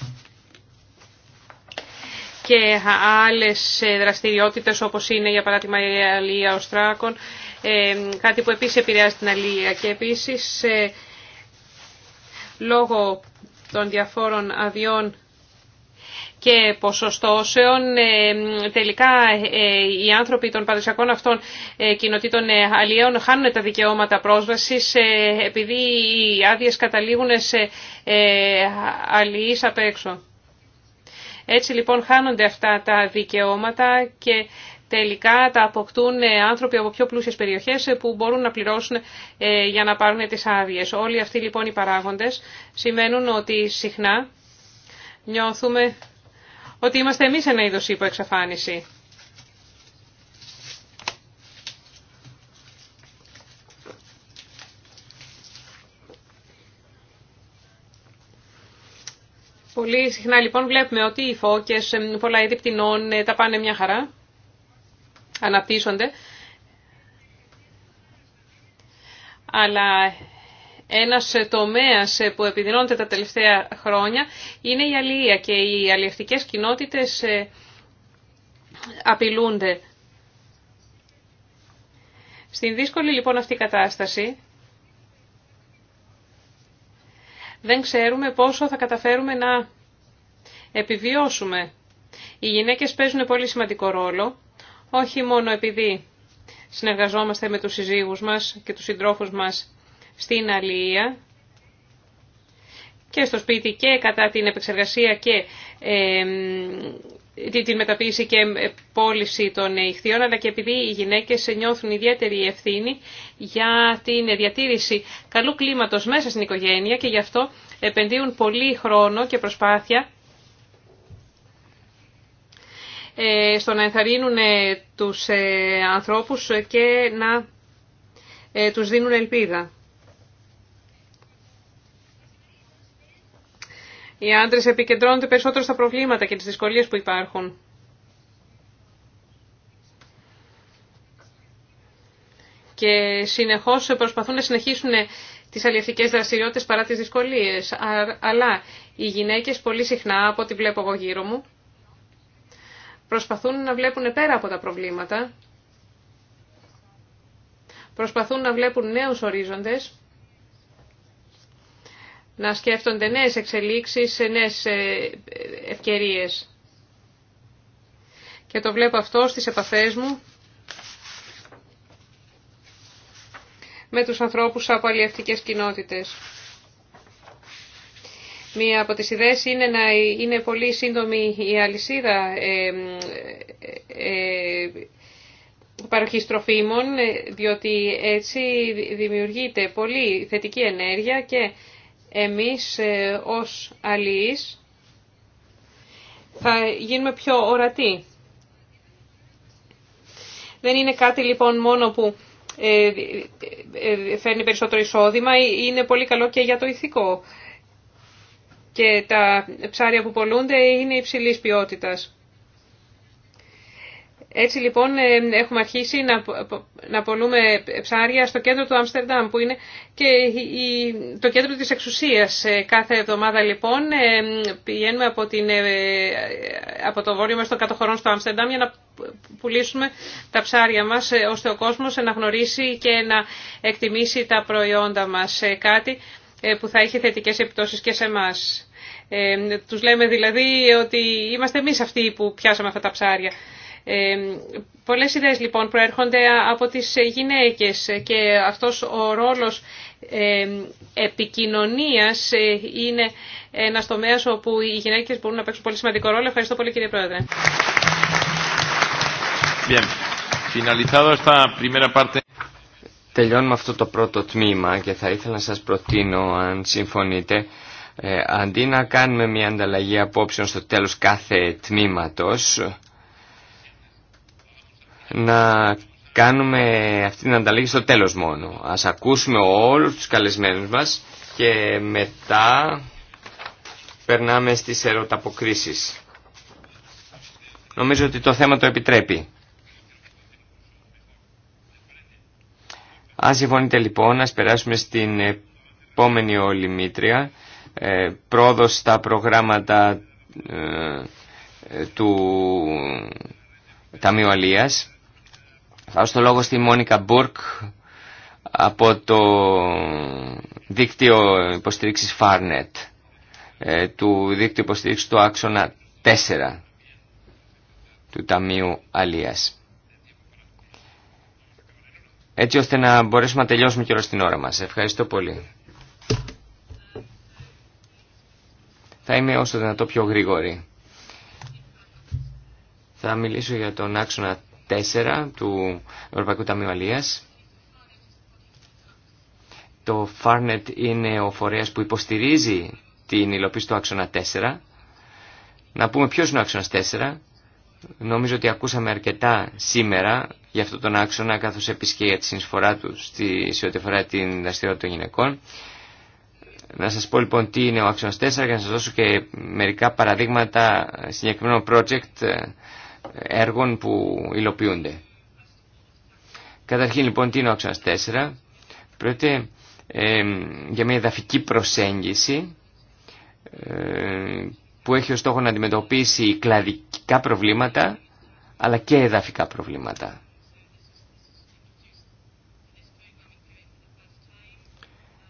και άλλες ε, δραστηριότητες όπως είναι για παράδειγμα η αλληλεία οστράκων, κάτι που επίσης επηρεάζει την αλία και επίσης λόγω των διαφόρων αδειών και ποσοστώσεων. Ε, τελικά ε, οι άνθρωποι των παραδοσιακών αυτών ε, κοινοτήτων αλλιέων χάνουν τα δικαιώματα πρόσβασης επειδή οι άδειες καταλήγουν σε αλλιείς απ' έξω. Έτσι λοιπόν χάνονται αυτά τα δικαιώματα και τελικά τα αποκτούν ε, άνθρωποι από πιο πλούσιες περιοχές ε, που μπορούν να πληρώσουν ε, για να πάρουν τις άδειε. Όλοι αυτοί λοιπόν οι παράγοντες σημαίνουν ότι συχνά νιώθουμε ότι είμαστε εμείς ένα είδος υποεξαφάνιση. Πολύ συχνά λοιπόν βλέπουμε ότι οι φώκες, πολλά είδη πτηνών, τα πάνε μια χαρά αναπτύσσονται, αλλά ένας τομέας που επιδεινώνεται τα τελευταία χρόνια είναι η αλληλεία και οι αλληλευτικές κοινότητες ε, απειλούνται. Στην δύσκολη λοιπόν αυτή κατάσταση δεν ξέρουμε πόσο θα καταφέρουμε να επιβιώσουμε. Οι γυναίκες παίζουν πολύ σημαντικό ρόλο όχι μόνο επειδή συνεργαζόμαστε με τους συζύγους μας και τους συντρόφους μας στην αλληλεία και στο σπίτι και κατά την επεξεργασία και ε, την μεταποίηση και πώληση των ηχθείων, αλλά και επειδή οι γυναίκες νιώθουν ιδιαίτερη ευθύνη για την διατήρηση καλού κλίματος μέσα στην οικογένεια και γι' αυτό επενδύουν πολύ χρόνο και προσπάθεια ε, στο να ενθαρρύνουν ε, τους ε, ανθρώπους και να τους δίνουν ελπίδα. Οι άντρες επικεντρώνονται περισσότερο στα προβλήματα και τις δυσκολίες που υπάρχουν. Και συνεχώς προσπαθούν να συνεχίσουν τις αλληλευτικές δραστηριότητες παρά τις δυσκολίες. Αλλά οι γυναίκες πολύ συχνά, από ό,τι βλέπω εγώ γύρω μου, προσπαθούν να βλέπουν πέρα από τα προβλήματα, προσπαθούν να βλέπουν νέους ορίζοντες, να σκέφτονται νέες εξελίξεις, νέες ε, ευκαιρίες. Και το βλέπω αυτό στις επαφές μου με τους ανθρώπους από αλλιευτικές κοινότητες. Μία από τις ιδέες είναι να είναι πολύ σύντομη η αλυσίδα ε, ε, ε παροχής τροφίμων, διότι έτσι δημιουργείται πολύ θετική ενέργεια και εμείς ε, ως αλληλείς θα γίνουμε πιο ορατοί. Δεν είναι κάτι λοιπόν μόνο που ε, φέρνει περισσότερο εισόδημα, είναι πολύ καλό και για το ηθικό και τα ψάρια που πολλούνται είναι υψηλής ποιότητας. Έτσι λοιπόν ε, έχουμε αρχίσει να, να πολλούμε ψάρια στο κέντρο του Άμστερνταμ που είναι και το κέντρο της εξουσίας. Ε, κάθε εβδομάδα λοιπόν ε, πηγαίνουμε από, την, από το βόρειο μας των κατοχωρών στο Άμστερνταμ για να πουλήσουμε τα ψάρια μας ώστε ο κόσμος να γνωρίσει και να εκτιμήσει τα προϊόντα μας. Κάτι ε, που θα έχει θετικές επιπτώσεις και σε εμά. Ε, τους λέμε δηλαδή ότι είμαστε εμείς αυτοί που πιάσαμε αυτά τα ψάρια. Ε, πολλές ιδέες λοιπόν προέρχονται από τις γυναίκες και αυτός ο ρόλος ε, επικοινωνίας ε, είναι ένας τομέας όπου οι γυναίκες μπορούν να παίξουν πολύ σημαντικό ρόλο. Ευχαριστώ πολύ κύριε Πρόεδρε. Bien. Finalizado esta primera parte. Τελειώνουμε αυτό το πρώτο τμήμα και θα ήθελα να σας προτείνω, αν συμφωνείτε, ε, αντί να κάνουμε μια ανταλλαγή απόψεων στο τέλος κάθε τμήματος, να κάνουμε αυτή την ανταλλαγή στο τέλος μόνο. Ας ακούσουμε όλους τους καλεσμένους μας και μετά περνάμε στις ερωταποκρίσεις. Νομίζω ότι το θέμα το επιτρέπει. Αν συμφωνείτε λοιπόν, ας περάσουμε στην επόμενη ολυμήτρια, ε, πρόοδος στα προγράμματα ε, ε, του Ταμείου Αλίας. Θα δώσω το λόγο στη Μόνικα Μπουρκ από το δίκτυο υποστήριξης Farnet, ε, του δίκτυου υποστήριξης του άξονα 4 του Ταμείου Αλίας έτσι ώστε να μπορέσουμε να τελειώσουμε και όλα στην ώρα μας. Ευχαριστώ πολύ. Θα είμαι όσο δυνατό πιο γρήγορη. Θα μιλήσω για τον άξονα 4 του Ευρωπαϊκού Ταμείου Αλίας. Το ΦΑΡΝΕΤ είναι ο φορέας που υποστηρίζει την υλοποίηση του άξονα 4. Να πούμε ποιος είναι ο άξονας 4. Νομίζω ότι ακούσαμε αρκετά σήμερα για αυτόν τον άξονα, καθώς επίσης για τη συνεισφορά του στη, σε ό,τι αφορά την δραστηριότητα των γυναικών. Να σας πω λοιπόν τι είναι ο άξονας 4 και να σας δώσω και μερικά παραδείγματα συγκεκριμένων project ε, έργων που υλοποιούνται. Καταρχήν λοιπόν τι είναι ο άξονας 4. Πρώτα ε, για μια εδαφική προσέγγιση ε, που έχει ως στόχο να αντιμετωπίσει κλαδικά προβλήματα αλλά και εδαφικά προβλήματα.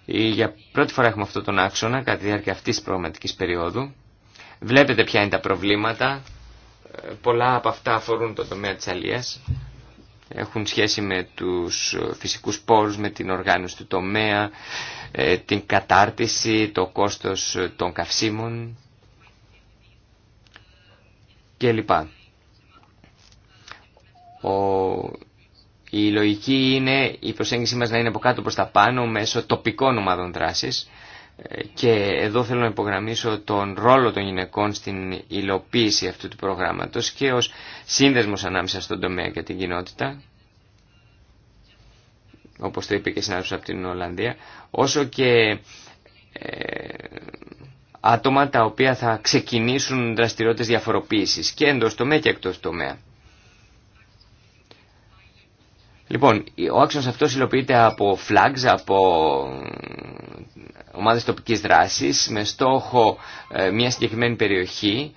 Ε, για πρώτη φορά έχουμε αυτόν τον άξονα κατά τη διάρκεια αυτής της προγραμματικής περίοδου. Βλέπετε ποια είναι τα προβλήματα. Ε, πολλά από αυτά αφορούν το τομέα της αλίας. Έχουν σχέση με τους ε, φυσικούς πόρους, με την οργάνωση του τομέα, την κατάρτιση, το κόστος των καυσίμων κλπ. Ο... Η λογική είναι η προσέγγιση μας να είναι από κάτω προς τα πάνω μέσω τοπικών ομάδων δράσης ε, και εδώ θέλω να υπογραμμίσω τον ρόλο των γυναικών στην υλοποίηση αυτού του προγράμματος και ως σύνδεσμος ανάμεσα στον τομέα και την κοινότητα όπως το είπε και συνάδελφος από την Ολλανδία όσο και ε, άτομα τα οποία θα ξεκινήσουν δραστηριότητες διαφοροποίησης και εντός τομέα και εκτός τομέα. Λοιπόν, ο άξονας αυτός υλοποιείται από flags, από ομάδες τοπικής δράσης με στόχο ε, μια συγκεκριμένη περιοχή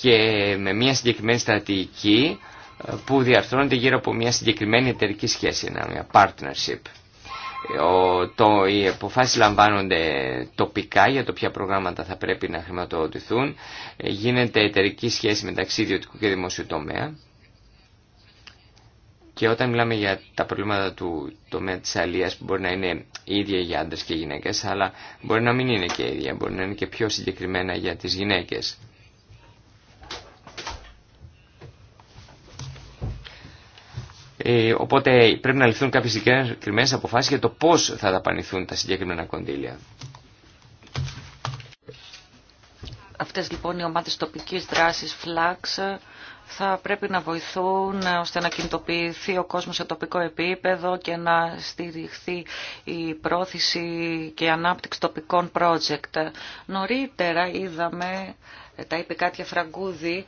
και με μια συγκεκριμένη στρατηγική ε, που διαρθρώνεται γύρω από μια συγκεκριμένη εταιρική σχέση, μια partnership το, οι αποφάσεις λαμβάνονται τοπικά για το ποια προγράμματα θα πρέπει να χρηματοδοτηθούν. Γίνεται εταιρική σχέση μεταξύ ιδιωτικού και δημόσιου τομέα. Και όταν μιλάμε για τα προβλήματα του τομέα της αλίας που μπορεί να είναι ίδια για άντρες και γυναίκες, αλλά μπορεί να μην είναι και ίδια, μπορεί να είναι και πιο συγκεκριμένα για τις γυναίκες. Ε, οπότε πρέπει να ληφθούν κάποιε συγκεκριμένε αποφάσεις για το πώς θα δαπανηθούν τα συγκεκριμένα κονδύλια. Αυτές λοιπόν οι ομάδες τοπικής δράσης FLAX θα πρέπει να βοηθούν ώστε να κινητοποιηθεί ο κόσμος σε τοπικό επίπεδο και να στηριχθεί η πρόθεση και η ανάπτυξη τοπικών project. Νωρίτερα είδαμε, τα είπε κάτι φραγκούδι,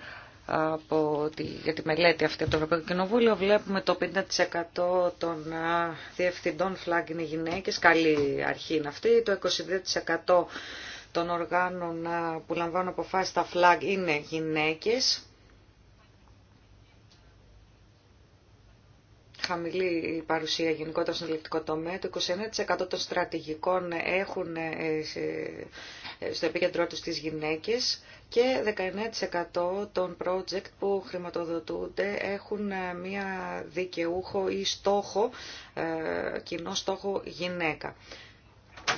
από τη, για τη μελέτη αυτή από το Ευρωπαϊκό Κοινοβούλιο βλέπουμε το 50% των διευθυντών φλάγκ είναι γυναίκες, καλή αρχή είναι αυτή, το 22% των οργάνων που λαμβάνουν αποφάσεις τα φλάγκ είναι γυναίκες. Χαμηλή παρουσία γενικότερα στον ελεκτικό τομέα, το 29% των στρατηγικών έχουν ε, στο επίκεντρό του τις γυναίκες και 19% των project που χρηματοδοτούνται έχουν ε, μία δικαιούχο ή στόχο, ε, κοινό στόχο γυναίκα.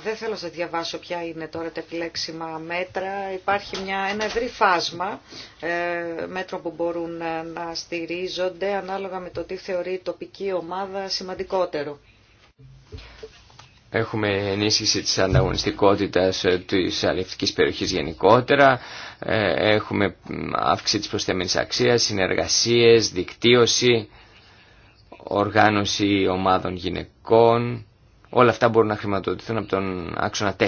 Δεν θέλω να διαβάσω ποια είναι τώρα τα επιλέξιμα μέτρα. Υπάρχει μια, ένα ευρύ φάσμα ε, μέτρων που μπορούν να στηρίζονται ανάλογα με το τι θεωρεί η τοπική ομάδα σημαντικότερο. Έχουμε ενίσχυση της ανταγωνιστικότητας ε, της αλληλευτικής περιοχής γενικότερα. Ε, έχουμε αύξηση της προσθέμενης αξίας, συνεργασίες, δικτύωση, οργάνωση ομάδων γυναικών. Όλα αυτά μπορούν να χρηματοδοτηθούν από τον άξονα 4.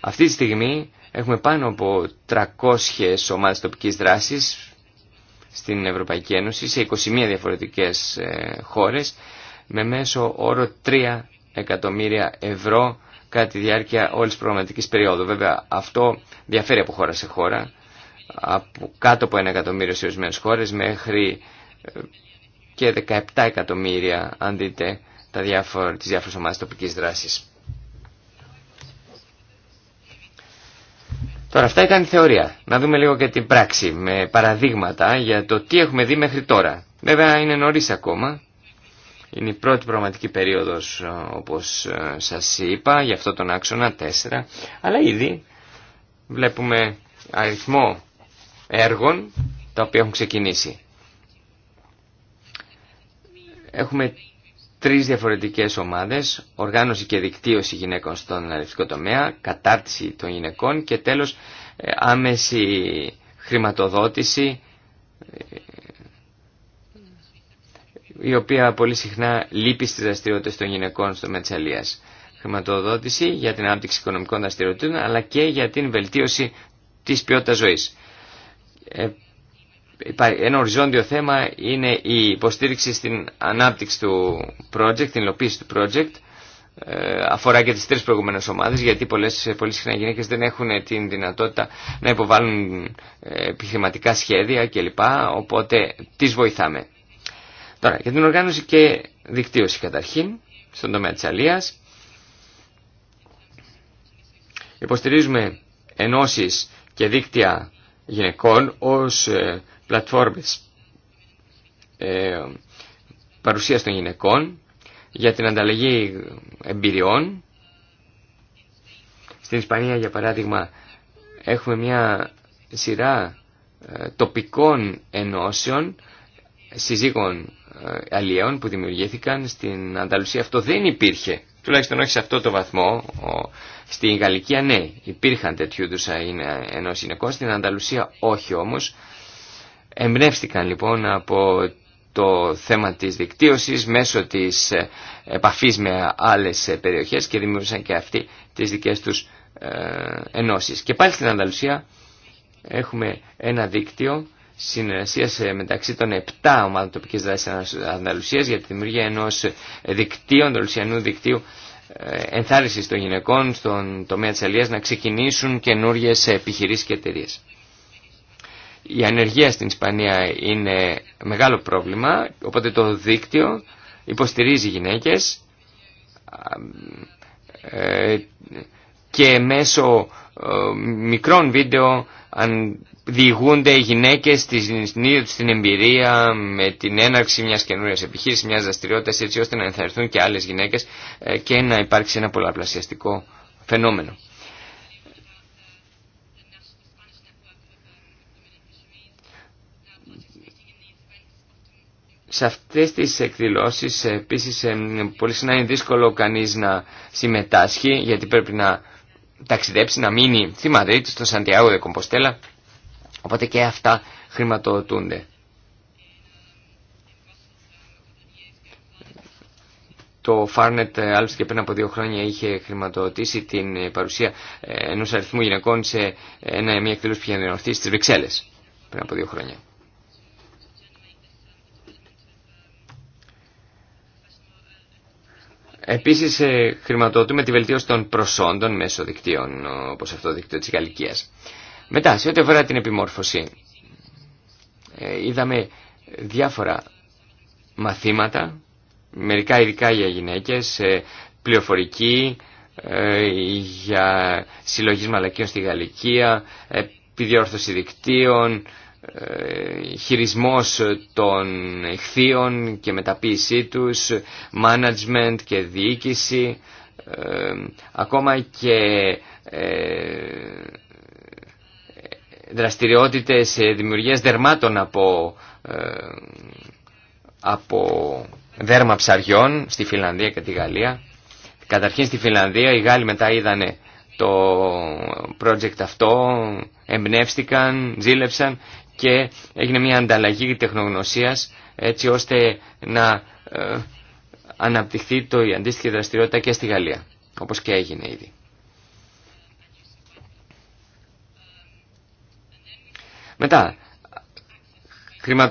Αυτή τη στιγμή έχουμε πάνω από 300 ομάδες τοπικής δράσης στην Ευρωπαϊκή Ένωση, σε 21 διαφορετικές ε, χώρες με μέσο όρο 3 εκατομμύρια ευρώ κατά τη διάρκεια όλης τη προγραμματικής περίοδου. Βέβαια αυτό διαφέρει από χώρα σε χώρα, από κάτω από 1 εκατομμύριο σε ορισμένε χώρε, μέχρι ε, και 17 εκατομμύρια αν δείτε τα διάφορα, τις διάφορες ομάδες τοπικής δράσης. Τώρα αυτά ήταν η θεωρία. Να δούμε λίγο και την πράξη με παραδείγματα για το τι έχουμε δει μέχρι τώρα. Βέβαια είναι νωρί ακόμα. Είναι η πρώτη πραγματική περίοδος, ε, όπως ε, σας είπα, για αυτό τον άξονα 4, αλλά ήδη βλέπουμε αριθμό έργων τα οποία έχουν ξεκινήσει. Έχουμε τρεις διαφορετικές ομάδες, οργάνωση και δικτύωση γυναίκων στον αριθμικό τομέα, κατάρτιση των γυναικών και τέλος ε, άμεση χρηματοδότηση η οποία πολύ συχνά λείπει στις δραστηριότητε των γυναικών στο Μετσαλίας. Χρηματοδότηση για την ανάπτυξη οικονομικών δραστηριοτήτων αλλά και για την βελτίωση της ποιότητας ζωής. Ε, ένα οριζόντιο θέμα είναι η υποστήριξη στην ανάπτυξη του project, την υλοποίηση του project. Ε, αφορά και τις τρεις προηγούμενες ομάδες γιατί πολλές, πολύ συχνά οι γυναίκες δεν έχουν την δυνατότητα να υποβάλουν ε, επιχειρηματικά σχέδια κλπ. Οπότε τις βοηθάμε. Τώρα, για την οργάνωση και δικτύωση καταρχήν, στον τομέα της αλίας, υποστηρίζουμε ενώσεις και δίκτυα γυναικών ως ε, πλατφόρμες ε, παρουσίας των γυναικών για την ανταλλαγή εμπειριών. Στην Ισπανία, για παράδειγμα, έχουμε μια σειρά ε, τοπικών ενώσεων συζύγων ε, αλλιών που δημιουργήθηκαν στην Ανταλουσία. Αυτό δεν υπήρχε, τουλάχιστον όχι σε αυτό το βαθμό. Στην Γαλλικία ναι, υπήρχαν τέτοιου είδου ενό στην Ανταλουσία όχι όμως. Εμπνεύστηκαν λοιπόν από το θέμα της δικτύωσης μέσω της ε, επαφής με άλλες ε, περιοχές και δημιούργησαν και αυτοί τις δικές τους ενώσεις. Και πάλι στην Ανταλουσία έχουμε ένα δίκτυο Συνεργασία ε, μεταξύ των 7 ομάδων τοπικής δράσης Ανταλουσία για τη δημιουργία ενός δικτύου, Ανταλουσιανού δικτύου ε, ενθάρρυνσης των γυναικών στον τομέα τη Αλία να ξεκινήσουν καινούριε επιχειρήσει και εταιρείε. Η ανεργία στην Ισπανία είναι μεγάλο πρόβλημα, οπότε το δίκτυο υποστηρίζει γυναίκες ε, και μέσω μικρών βίντεο αν διηγούνται οι γυναίκες στην εμπειρία με την έναρξη μιας καινούριας επιχείρησης, μιας δραστηριότητα έτσι ώστε να ενθαρρυνθούν και άλλες γυναίκες ε, και να υπάρξει ένα πολλαπλασιαστικό φαινόμενο. Σε αυτές τις εκδηλώσεις ε, επίσης ε, πολύ συχνά είναι δύσκολο κανείς να συμμετάσχει γιατί πρέπει να ταξιδέψει, να μείνει στη Μαδρίτη, στο Σαντιάγο Δε Κομποστέλα. Οπότε και αυτά χρηματοδοτούνται. Το Φάρνετ άλλωστε και πριν από δύο χρόνια είχε χρηματοδοτήσει την ε, παρουσία ε, ενός αριθμού γυναικών σε ένα μια εκδήλωση που είχε διοργανωθεί στις Βρυξέλλες πριν από δύο χρόνια. Επίσης ε, χρηματοδοτούμε τη βελτίωση των προσόντων μέσω δικτύων, όπως αυτό το δίκτυο της Γαλλικίας. Μετά, σε ό,τι αφορά την επιμόρφωση, ε, είδαμε διάφορα μαθήματα, μερικά ειδικά για γυναίκες, ε, πληροφορική, για συλλογής μαλακίων στη Γαλλικία, επιδιόρθωση δικτύων, ε, χειρισμός των εχθείων και μεταποίησή τους, management και διοίκηση, ε, ακόμα και ε, δραστηριότητες δημιουργίας δερμάτων από, από δέρμα ψαριών στη Φιλανδία και τη Γαλλία. Καταρχήν στη Φιλανδία οι Γάλλοι μετά είδανε το project αυτό, εμπνεύστηκαν, ζήλεψαν και έγινε μια ανταλλαγή τεχνογνωσίας έτσι ώστε να ε, αναπτυχθεί το, η αντίστοιχη δραστηριότητα και στη Γαλλία, όπως και έγινε ήδη. Μετά,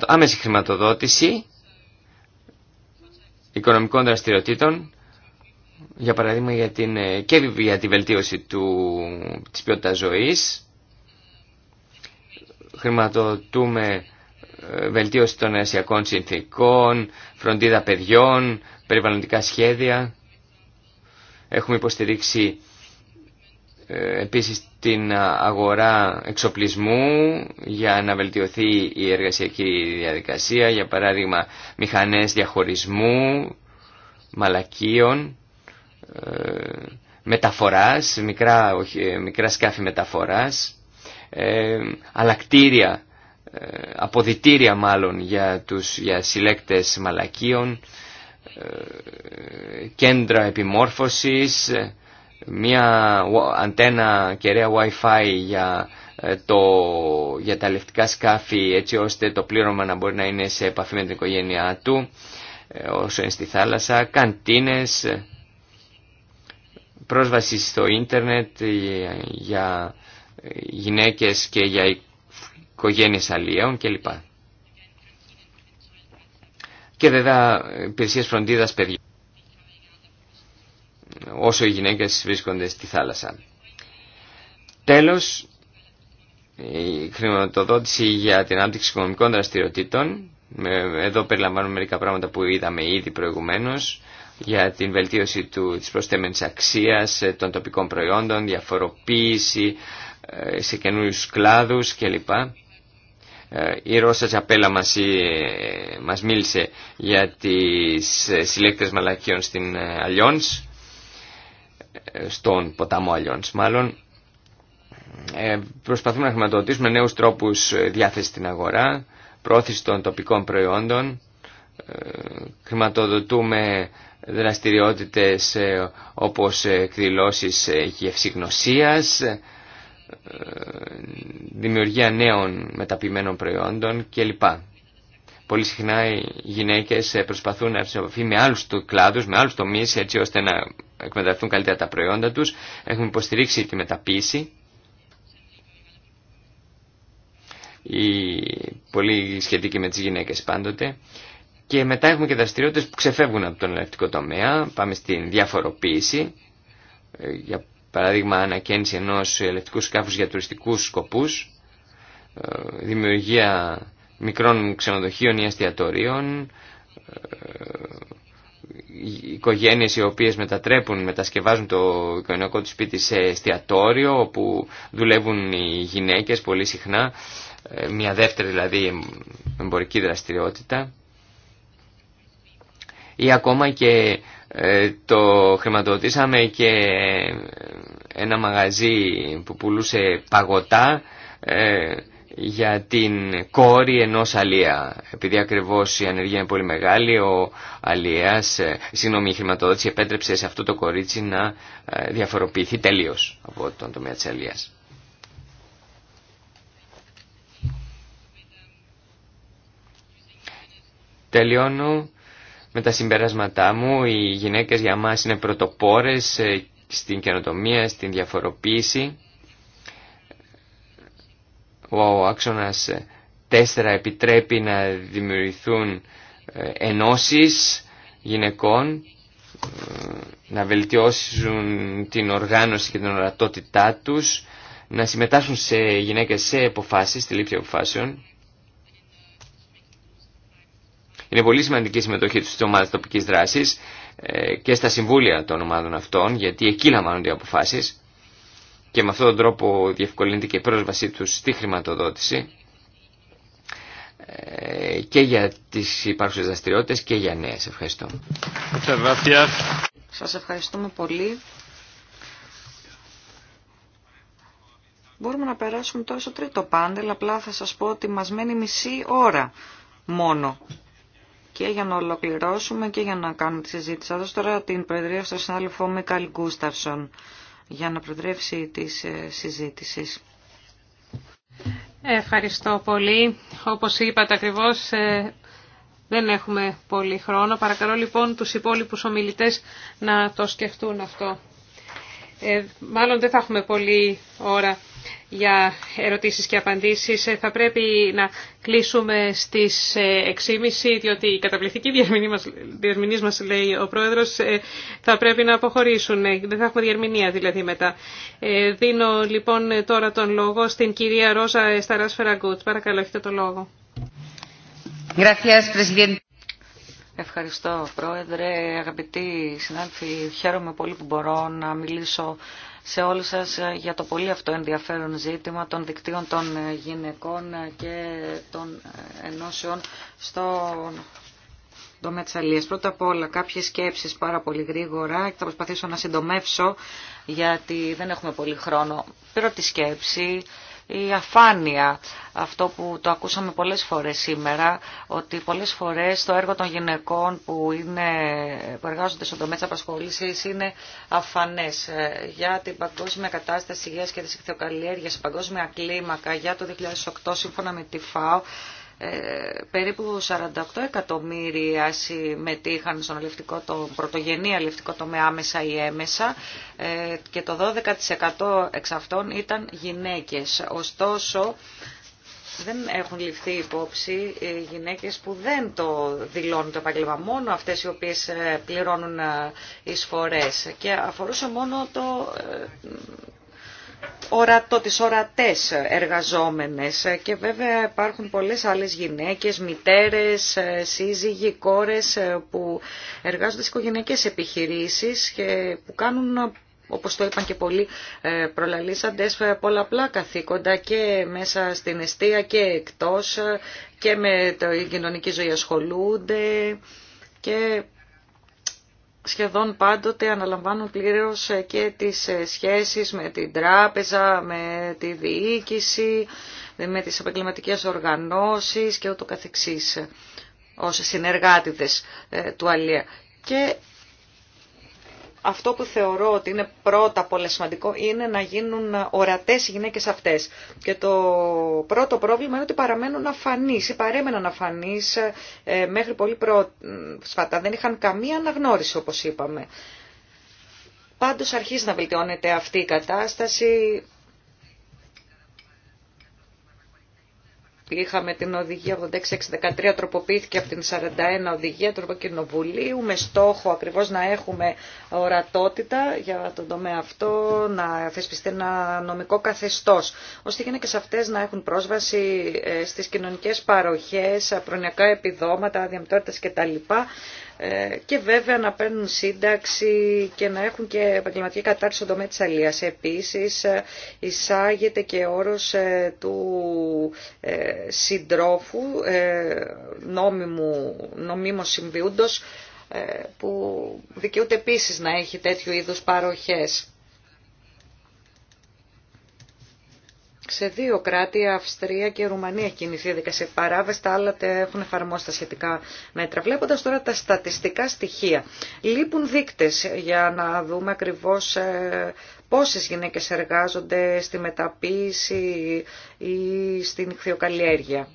άμεση χρηματοδότηση οικονομικών δραστηριοτήτων, για παράδειγμα για την, ε, και για τη βελτίωση του, της ποιότητας ζωής, χρηματοδοτούμε ε, βελτίωση των ασιακών συνθήκων, φροντίδα παιδιών, περιβαλλοντικά σχέδια. Έχουμε υποστηρίξει ε, επίσης την αγορά εξοπλισμού για να βελτιωθεί η εργασιακή διαδικασία, για παράδειγμα μηχανές διαχωρισμού, μαλακίων, ε, μεταφοράς, μικρά, όχι, μικρά σκάφη μεταφοράς ε, αλακτήρια, ε, αποδητήρια μάλλον για, τους, για συλλέκτες μαλακίων, ε, κέντρα επιμόρφωσης, ε, μια αντένα κεραία Wi-Fi για, ε, το, για τα λευτικά σκάφη έτσι ώστε το πλήρωμα να μπορεί να είναι σε επαφή με την οικογένειά του όσο είναι στη θάλασσα, καντίνες, πρόσβαση στο ίντερνετ για γυναίκες και για οικογένειες αλλιέων κλπ. Και βέβαια υπηρεσίε φροντίδας παιδιών όσο οι γυναίκες βρίσκονται στη θάλασσα. Τέλος, η χρηματοδότηση για την ανάπτυξη οικονομικών δραστηριοτήτων. Εδώ περιλαμβάνουμε μερικά πράγματα που είδαμε ήδη προηγουμένως για την βελτίωση του, της προσθέμενης αξίας ε, των τοπικών προϊόντων, διαφοροποίηση, ε, σε καινούριου κλάδους κλπ. Ε, η Ρώσα Τζαπέλα ε, μας, μίλησε για τις συλλέκτες μαλακίων στην Αλιόνς, στον ποταμό Αλιόνς μάλλον. Προσπαθούμε να χρηματοδοτήσουμε νέους τρόπους διάθεσης στην αγορά, πρόθεση των τοπικών προϊόντων, χρηματοδοτούμε δραστηριότητες όπως εκδηλώσεις γευσηγνωσίας, ε, δημιουργία νέων μεταποιημένων προϊόντων κλπ. Πολύ συχνά οι γυναίκες ε, προσπαθούν να έρθουν σε επαφή με άλλους κλάδους, με άλλους τομείς έτσι ώστε να εκμεταλλευτούν καλύτερα τα προϊόντα τους. Έχουν υποστηρίξει τη μεταποίηση. Η... Πολύ σχετική με τις γυναίκες πάντοτε. Και μετά έχουμε και δραστηριότητε που ξεφεύγουν από τον ελευτικό τομέα. Πάμε στην διαφοροποίηση. Ε, για παράδειγμα ανακαίνιση ενός ελευτικού σκάφους για τουριστικούς σκοπούς, ε, δημιουργία μικρών ξενοδοχείων ή αστιατορίων, ε, οικογένειες οι οποίες μετατρέπουν, μετασκευάζουν το οικογενειακό του σπίτι σε εστιατόριο όπου δουλεύουν οι γυναίκες πολύ συχνά, ε, μια δεύτερη δηλαδή εμπορική δραστηριότητα ή ακόμα και το χρηματοδοτήσαμε και ένα μαγαζί που πουλούσε παγωτά ε, για την κόρη ενός αλία. Επειδή ακριβώς η ανεργία είναι πολύ μεγάλη, ο αλίας, ε, συγγνώμη, η χρηματοδότηση επέτρεψε σε αυτό το κορίτσι να ε, διαφοροποιηθεί τελείως από τον τομέα της αλίας. Τελειώνω με τα συμπεράσματά μου. Οι γυναίκες για μας είναι πρωτοπόρες ε, στην καινοτομία, στην διαφοροποίηση. Ο άξονας 4 επιτρέπει να δημιουργηθούν ε, ενώσεις γυναικών, ε, να βελτιώσουν την οργάνωση και την ορατότητά τους, να συμμετάσχουν σε γυναίκες σε αποφάσεις, στη λήψη αποφάσεων. Είναι πολύ σημαντική η συμμετοχή τους στις ομάδες τοπικής δράσης ε, και στα συμβούλια των ομάδων αυτών, γιατί εκεί λαμβάνονται οι αποφάσεις και με αυτόν τον τρόπο διευκολύνεται και η πρόσβασή του στη χρηματοδότηση ε, και για τις υπάρχουσες δραστηριότητες και για νέες. Ευχαριστώ. Σας ευχαριστούμε πολύ. Μπορούμε να περάσουμε τώρα στο τρίτο πάντελ, απλά θα σας πω ότι μας μένει μισή ώρα μόνο και για να ολοκληρώσουμε και για να κάνουμε τη συζήτηση. Θα δώσω τώρα την προεδρία στον συνάδελφο Μικαλ Γκούσταυσον για να προεδρεύσει τη ε, συζήτηση. Ευχαριστώ πολύ. Όπως είπατε ακριβώς, ε, δεν έχουμε πολύ χρόνο. Παρακαλώ λοιπόν τους υπόλοιπους ομιλητές να το σκεφτούν αυτό. Ε, μάλλον δεν θα έχουμε πολλή ώρα για ερωτήσεις και απαντήσεις. Ε, θα πρέπει να κλείσουμε στις 6.30 ε, διότι η καταπληκτική διερμηνής μας, λέει ο Πρόεδρος, θα πρέπει να αποχωρήσουν. Δεν θα έχουμε διερμηνία δηλαδή μετά. Δίνω λοιπόν τώρα τον λόγο στην κυρία Ρόζα Σταράς Φεραγκούτ. Παρακαλώ, έχετε τον λόγο. Ευχαριστώ Πρόεδρε, αγαπητοί συνάδελφοι, χαίρομαι πολύ που μπορώ να μιλήσω σε όλους σας για το πολύ αυτό ενδιαφέρον ζήτημα των δικτύων των γυναικών και των ενώσεων στον τομέα της αλίας. Πρώτα απ' όλα κάποιες σκέψεις πάρα πολύ γρήγορα και θα προσπαθήσω να συντομεύσω γιατί δεν έχουμε πολύ χρόνο. Πρώτη σκέψη, η αφάνεια. Αυτό που το ακούσαμε πολλές φορές σήμερα, ότι πολλές φορές το έργο των γυναικών που, είναι, που εργάζονται στον τομέα της απασχόλησης είναι αφανές. Ε, για την παγκόσμια κατάσταση υγείας και της εκθεοκαλλιέργειας, παγκόσμια κλίμακα για το 2008 σύμφωνα με τη ΦΑΟ, ε, περίπου 48 εκατομμύρια συμμετείχαν στον αλευτικό, το πρωτογενή αλευτικό τομέα άμεσα ή έμεσα ε, και το 12% εξ αυτών ήταν γυναίκες. Ωστόσο, δεν έχουν ληφθεί υπόψη γυναίκες που δεν το δηλώνουν το επάγγελμα, μόνο αυτές οι οποίες ε, πληρώνουν εισφορές και αφορούσε μόνο το ορατό, τις ορατές εργαζόμενες και βέβαια υπάρχουν πολλές άλλες γυναίκες, μητέρες, ε, σύζυγοι, κόρες ε, που εργάζονται σε οικογενειακές επιχειρήσεις και που κάνουν όπως το είπαν και πολλοί ε, προλαλήσαντες, πολλαπλά καθήκοντα και μέσα στην αιστεία και εκτός και με την κοινωνική ζωή ασχολούνται και σχεδόν πάντοτε αναλαμβάνουν πλήρως ε, και τις ε, σχέσεις με την τράπεζα, με τη διοίκηση, ε, με τις επαγγελματικέ οργανώσεις και ούτω καθεξής ως συνεργάτηδες του ΑΛΕΑ αυτό που θεωρώ ότι είναι πρώτα πολύ σημαντικό είναι να γίνουν ορατές οι γυναίκες αυτές. Και το πρώτο πρόβλημα είναι ότι παραμένουν αφανείς ή παρέμεναν αφανείς ε, μέχρι πολύ πρόσφατα. Δεν είχαν καμία αναγνώριση όπως είπαμε. Πάντως αρχίζει να βελτιώνεται αυτή η κατάσταση. Είχαμε την οδηγία 86-613, τροποποιήθηκε από την 41 οδηγία του Ευρωκοινοβουλίου με στόχο ακριβώς να έχουμε ορατότητα για τον τομέα αυτό, να θεσπιστεί ένα νομικό καθεστώς, ώστε οι σε αυτές να έχουν πρόσβαση ε, στις κοινωνικές παροχές, προνοιακά επιδόματα, διαμετώρητες κτλ. Ε, και βέβαια να παίρνουν σύνταξη και να έχουν και επαγγελματική κατάρτιση στον τομέα της αλίας. Επίσης ε, εισάγεται και όρος ε, του συντρόφου νόμιμου, συμβιούντο, συμβιούντος που δικαιούται επίσης να έχει τέτοιου είδους παροχές. Σε δύο κράτη, Αυστρία και Ρουμανία, κινηθεί η διαδικασία παράβαση. Τα άλλα έχουν εφαρμόσει τα σχετικά μέτρα. Βλέποντα τώρα τα στατιστικά στοιχεία, λείπουν δείκτε για να δούμε ακριβώ ε, πόσε γυναίκε εργάζονται στη μεταποίηση ή στην ηχθειοκαλλιέργεια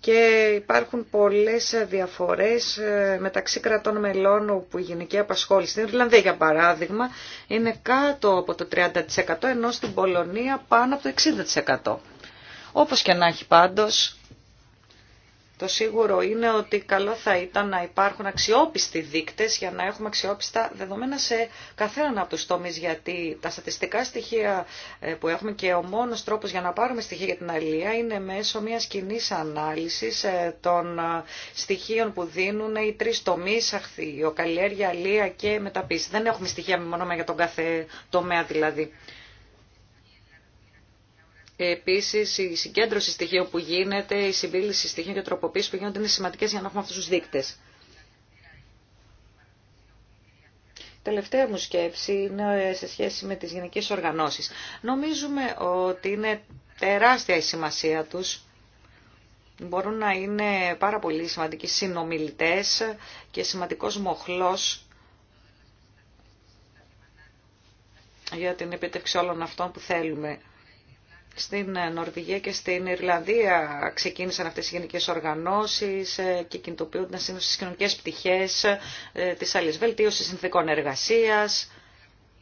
και υπάρχουν πολλές διαφορές ε, μεταξύ κρατών μελών όπου η γενική απασχόληση στην Ιρλανδία για παράδειγμα είναι κάτω από το 30% ενώ στην Πολωνία πάνω από το 60%. Όπως και να έχει πάντως το σίγουρο είναι ότι καλό θα ήταν να υπάρχουν αξιόπιστοι δείκτες για να έχουμε αξιόπιστα δεδομένα σε καθέναν από τους τομείς γιατί τα στατιστικά στοιχεία ε, που έχουμε και ο μόνος τρόπος για να πάρουμε στοιχεία για την αλληλεία είναι μέσω μιας κοινή ανάλυση ε, των ε, στοιχείων που δίνουν οι τρεις τομείς, αχθιοκαλλιέργεια, αλληλεία και μεταπίση. Δεν έχουμε στοιχεία μόνο για τον κάθε τομέα δηλαδή. Επίση, η συγκέντρωση στοιχείων που γίνεται, η συμπίληση στοιχείων και τροποποίηση που γίνονται είναι σημαντικέ για να έχουμε αυτού του δείκτε. Τελευταία μου σκέψη είναι ε, σε σχέση με τις γενικές οργανώσεις. Νομίζουμε ότι είναι τεράστια η σημασία τους. Μπορούν να είναι πάρα πολύ σημαντικοί συνομιλητές και σημαντικός μοχλός για την επίτευξη όλων αυτών που θέλουμε. Στην ε, Νορβηγία και στην Ιρλανδία ξεκίνησαν αυτές οι γενικές οργανώσεις ε, και κινητοποιούνται στις κοινωνικές πτυχές ε, της άλλης βελτίωσης συνθήκων εργασίας,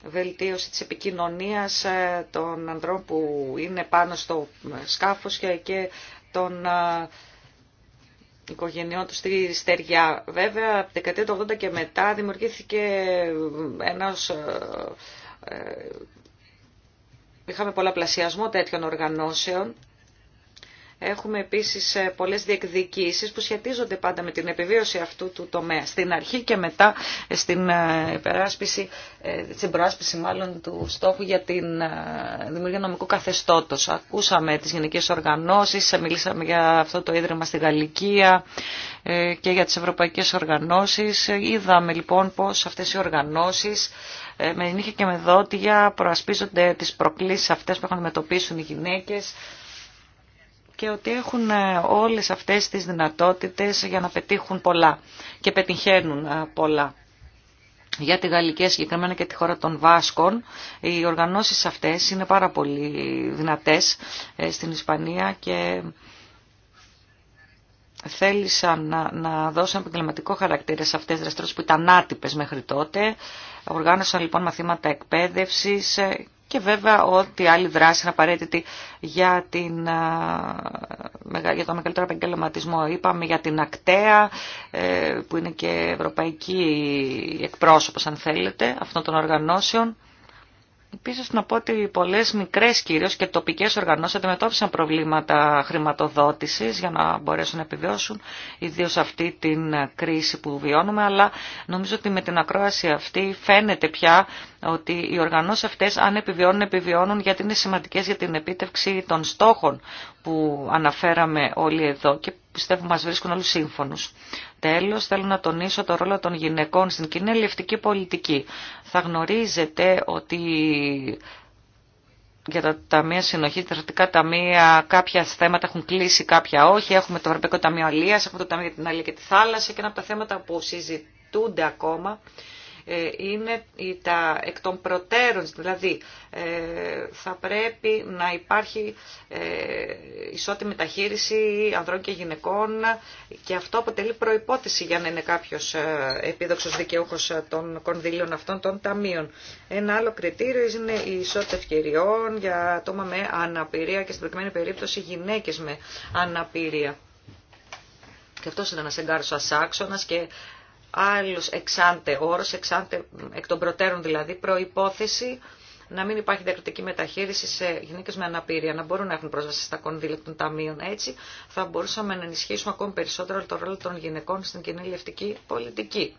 βελτίωση της επικοινωνίας των ανδρών που είναι πάνω στο σκάφος και των οικογενειών του στη Στεριά. Βέβαια, από την δεκαετία του 80 και μετά δημιουργήθηκε ένας Είχαμε πολλαπλασιασμό τέτοιων οργανώσεων Έχουμε επίσης ε, πολλές διεκδικήσεις που σχετίζονται πάντα με την επιβίωση αυτού του τομέα στην αρχή και μετά ε, στην ε, περάσπιση, στην προάσπιση μάλλον του στόχου για την δημιουργία νομικού καθεστώτος. Ακούσαμε τις γενικές οργανώσεις, μιλήσαμε για αυτό το ίδρυμα στη Γαλλικία και για τις ευρωπαϊκές οργανώσεις. Είδαμε λοιπόν πως αυτές οι οργανώσεις με νύχια και με δότια προασπίζονται τις προκλήσεις αυτές που έχουν αντιμετωπίσουν οι γυναίκες και ότι έχουν ε, όλες αυτές τις δυνατότητες για να πετύχουν πολλά και πετυχαίνουν ε, πολλά. Για τη Γαλλική συγκεκριμένα και τη χώρα των Βάσκων, οι οργανώσεις αυτές είναι πάρα πολύ δυνατές ε, στην Ισπανία και θέλησαν να, να δώσουν επαγγελματικό χαρακτήρα σε αυτές τις δραστηριότητες που ήταν άτυπες μέχρι τότε. Οργάνωσαν λοιπόν μαθήματα εκπαίδευσης και βέβαια ό,τι άλλη δράση είναι απαραίτητη για, την, για το μεγαλύτερο επαγγελματισμό. Είπαμε για την ακτέα ε, που είναι και ευρωπαϊκή εκπρόσωπος αν θέλετε αυτών των οργανώσεων. Επίση, να πω ότι πολλέ μικρέ κυρίω και τοπικέ οργανώσει αντιμετώπισαν προβλήματα χρηματοδότηση για να μπορέσουν να επιβιώσουν, ιδίω αυτή την κρίση που βιώνουμε. Αλλά νομίζω ότι με την ακρόαση αυτή φαίνεται πια ότι οι οργανώσει αυτέ, αν επιβιώνουν, επιβιώνουν γιατί είναι σημαντικέ για την επίτευξη των στόχων που αναφέραμε όλοι εδώ και πιστεύω μας βρίσκουν όλους σύμφωνους. Τέλος, θέλω να τονίσω το ρόλο των γυναικών στην κοινή ελευτική πολιτική. Θα γνωρίζετε ότι για τα ταμεία συνοχή, τα μία ταμεία, κάποια θέματα έχουν κλείσει, κάποια όχι. Έχουμε το Ευρωπαϊκό Ταμείο Αλίας, έχουμε το Ταμείο για την Αλία και τη Θάλασσα και ένα από τα θέματα που συζητούνται ακόμα ε, είναι τα εκ των προτέρων, δηλαδή ε, θα πρέπει να υπάρχει ε, ισότιμη μεταχείριση ανδρών και γυναικών και αυτό αποτελεί προϋπόθεση για να είναι κάποιος επίδοξος δικαιούχος των κονδυλίων αυτών των ταμείων. Ένα άλλο κριτήριο είναι η ισότητα ευκαιριών για άτομα με αναπηρία και στην προκειμένη περίπτωση γυναίκες με αναπηρία. Και αυτό είναι ένα εγκάρσο άξονα και άλλους εξάντε όρο, εξάντε εκ των προτέρων δηλαδή, προϋπόθεση να μην υπάρχει διακριτική μεταχείριση σε γυναίκε με αναπηρία, να μπορούν να έχουν πρόσβαση στα κονδύλια των ταμείων. Έτσι θα μπορούσαμε να ενισχύσουμε ακόμη περισσότερο το ρόλο των γυναικών στην κοινή λευτική πολιτική.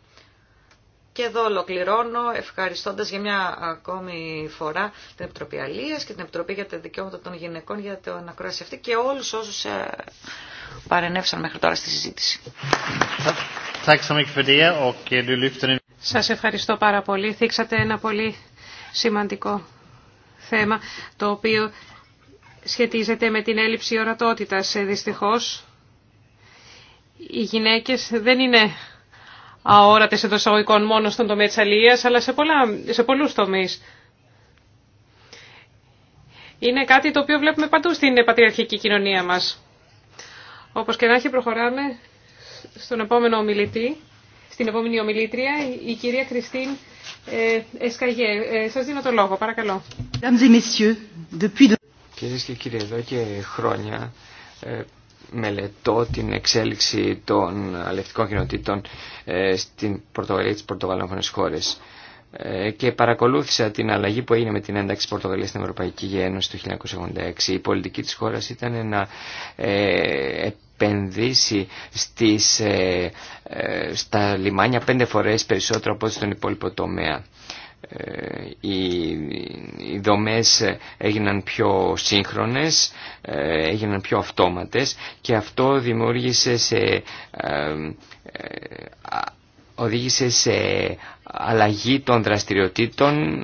Και εδώ ολοκληρώνω ευχαριστώντα για μια ακόμη φορά την Επιτροπή Αλίας και την Επιτροπή για τα Δικαιώματα των Γυναικών για το ανακρόαση αυτή και όλου όσου ε, παρενέβησαν μέχρι τώρα στη συζήτηση. Eh, Σας ευχαριστώ πάρα πολύ. Θίξατε ένα πολύ σημαντικό θέμα, το οποίο σχετίζεται με την έλλειψη ορατότητας. Ε, δυστυχώς, οι γυναίκες δεν είναι αόρατες εντό αγωγικών μόνο στον τομέα της αλληλείας, αλλά σε, πολλά, σε πολλούς τομείς. Είναι κάτι το οποίο βλέπουμε παντού στην πατριαρχική κοινωνία μας. Όπως και να έχει προχωράμε, στον επόμενο ομιλητή, στην επόμενη ομιλήτρια, η κυρία Κριστίν ε, Εσκαγέ. Ε, σας δίνω το λόγο, παρακαλώ. Κυρίες και κύριοι, εδώ και χρόνια ε, μελετώ την εξέλιξη των αλευτικών κοινοτήτων στην Πορτογαλία και τις πορτογαλόφωνες χώρες και παρακολούθησα την αλλαγή που έγινε με την ένταξη της Πορτογαλίας στην Ευρωπαϊκή Ένωση το 1986. Η πολιτική της χώρας ήταν να επενδύσει στις, ε, ε, στα λιμάνια πέντε φορές περισσότερο από ό,τι στον υπόλοιπο τομέα. Ε, οι, οι δομές έγιναν πιο σύγχρονες, έγιναν πιο αυτόματες και αυτό δημιούργησε σε, οδήγησε σε αλλαγή των δραστηριοτήτων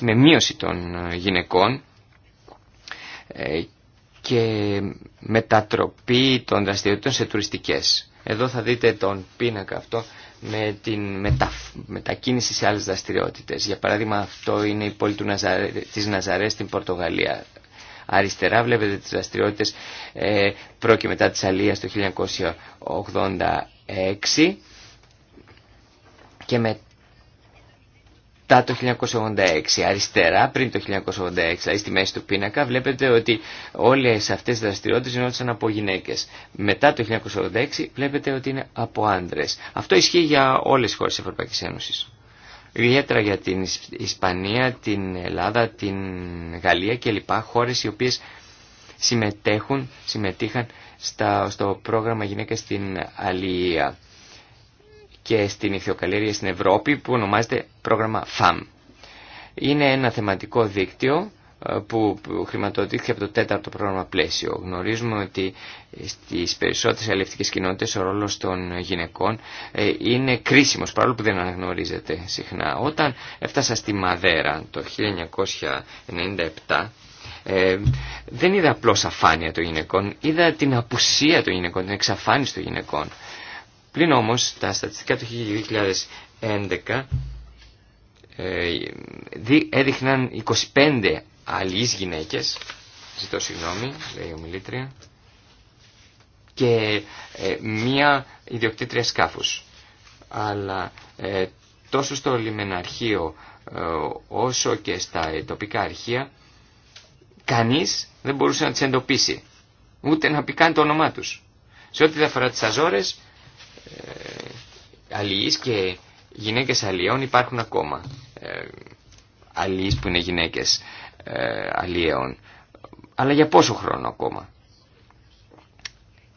με μείωση των γυναικών και μετατροπή των δραστηριοτήτων σε τουριστικές. Εδώ θα δείτε τον πίνακα αυτό με την μετακίνηση σε άλλες δραστηριότητες. Για παράδειγμα αυτό είναι η πόλη του Ναζαρέ... της Ναζαρέ στην Πορτογαλία. Αριστερά βλέπετε τις δραστηριότητες ε, και μετά της Αλίας το 1986 και με μετά το 1986, αριστερά πριν το 1986, δηλαδή στη μέση του πίνακα, βλέπετε ότι όλες αυτές οι δραστηριότητες γινόντουσαν από γυναίκες. Μετά το 1986 βλέπετε ότι είναι από άντρε. Αυτό ισχύει για όλες τις χώρες της Ευρωπαϊκής Ένωσης. Ιδιαίτερα για την Ισπανία, την Ελλάδα, την Γαλλία κλπ. Χώρες οι οποίες συμμετέχουν, συμμετείχαν στο πρόγραμμα γυναίκες στην Αλληλεία και στην ηθιοκαλλιέργεια στην Ευρώπη που ονομάζεται πρόγραμμα FAM. Είναι ένα θεματικό δίκτυο ε, που χρηματοδοτήθηκε από το τέταρτο πρόγραμμα πλαίσιο. Γνωρίζουμε ότι στις περισσότερες αλληλευτικές κοινότητες ο ρόλος των γυναικών ε, είναι κρίσιμος, παρόλο που δεν αναγνωρίζεται συχνά. Όταν έφτασα στη Μαδέρα το 1997, ε, δεν είδα απλώς αφάνεια των γυναικών, είδα την απουσία των γυναικών, την εξαφάνιση των γυναικών. Πλην όμως τα στατιστικά του 2011 ε, έδειχναν 25 αλληλείς γυναίκες, ζητώ συγγνώμη, λέει ομιλήτρια, και ε, μία ιδιοκτήτρια σκάφους. Αλλά ε, τόσο στο λιμεναρχείο όσο και στα τοπικά αρχεία κανείς δεν μπορούσε να τις εντοπίσει, ούτε να πει καν το όνομά τους. Σε ό,τι διαφορά τις Αζόρες ε, αλληλείς και γυναίκες αλλοιών υπάρχουν ακόμα. Ε, που είναι γυναίκες ε, Αλλά για πόσο χρόνο ακόμα.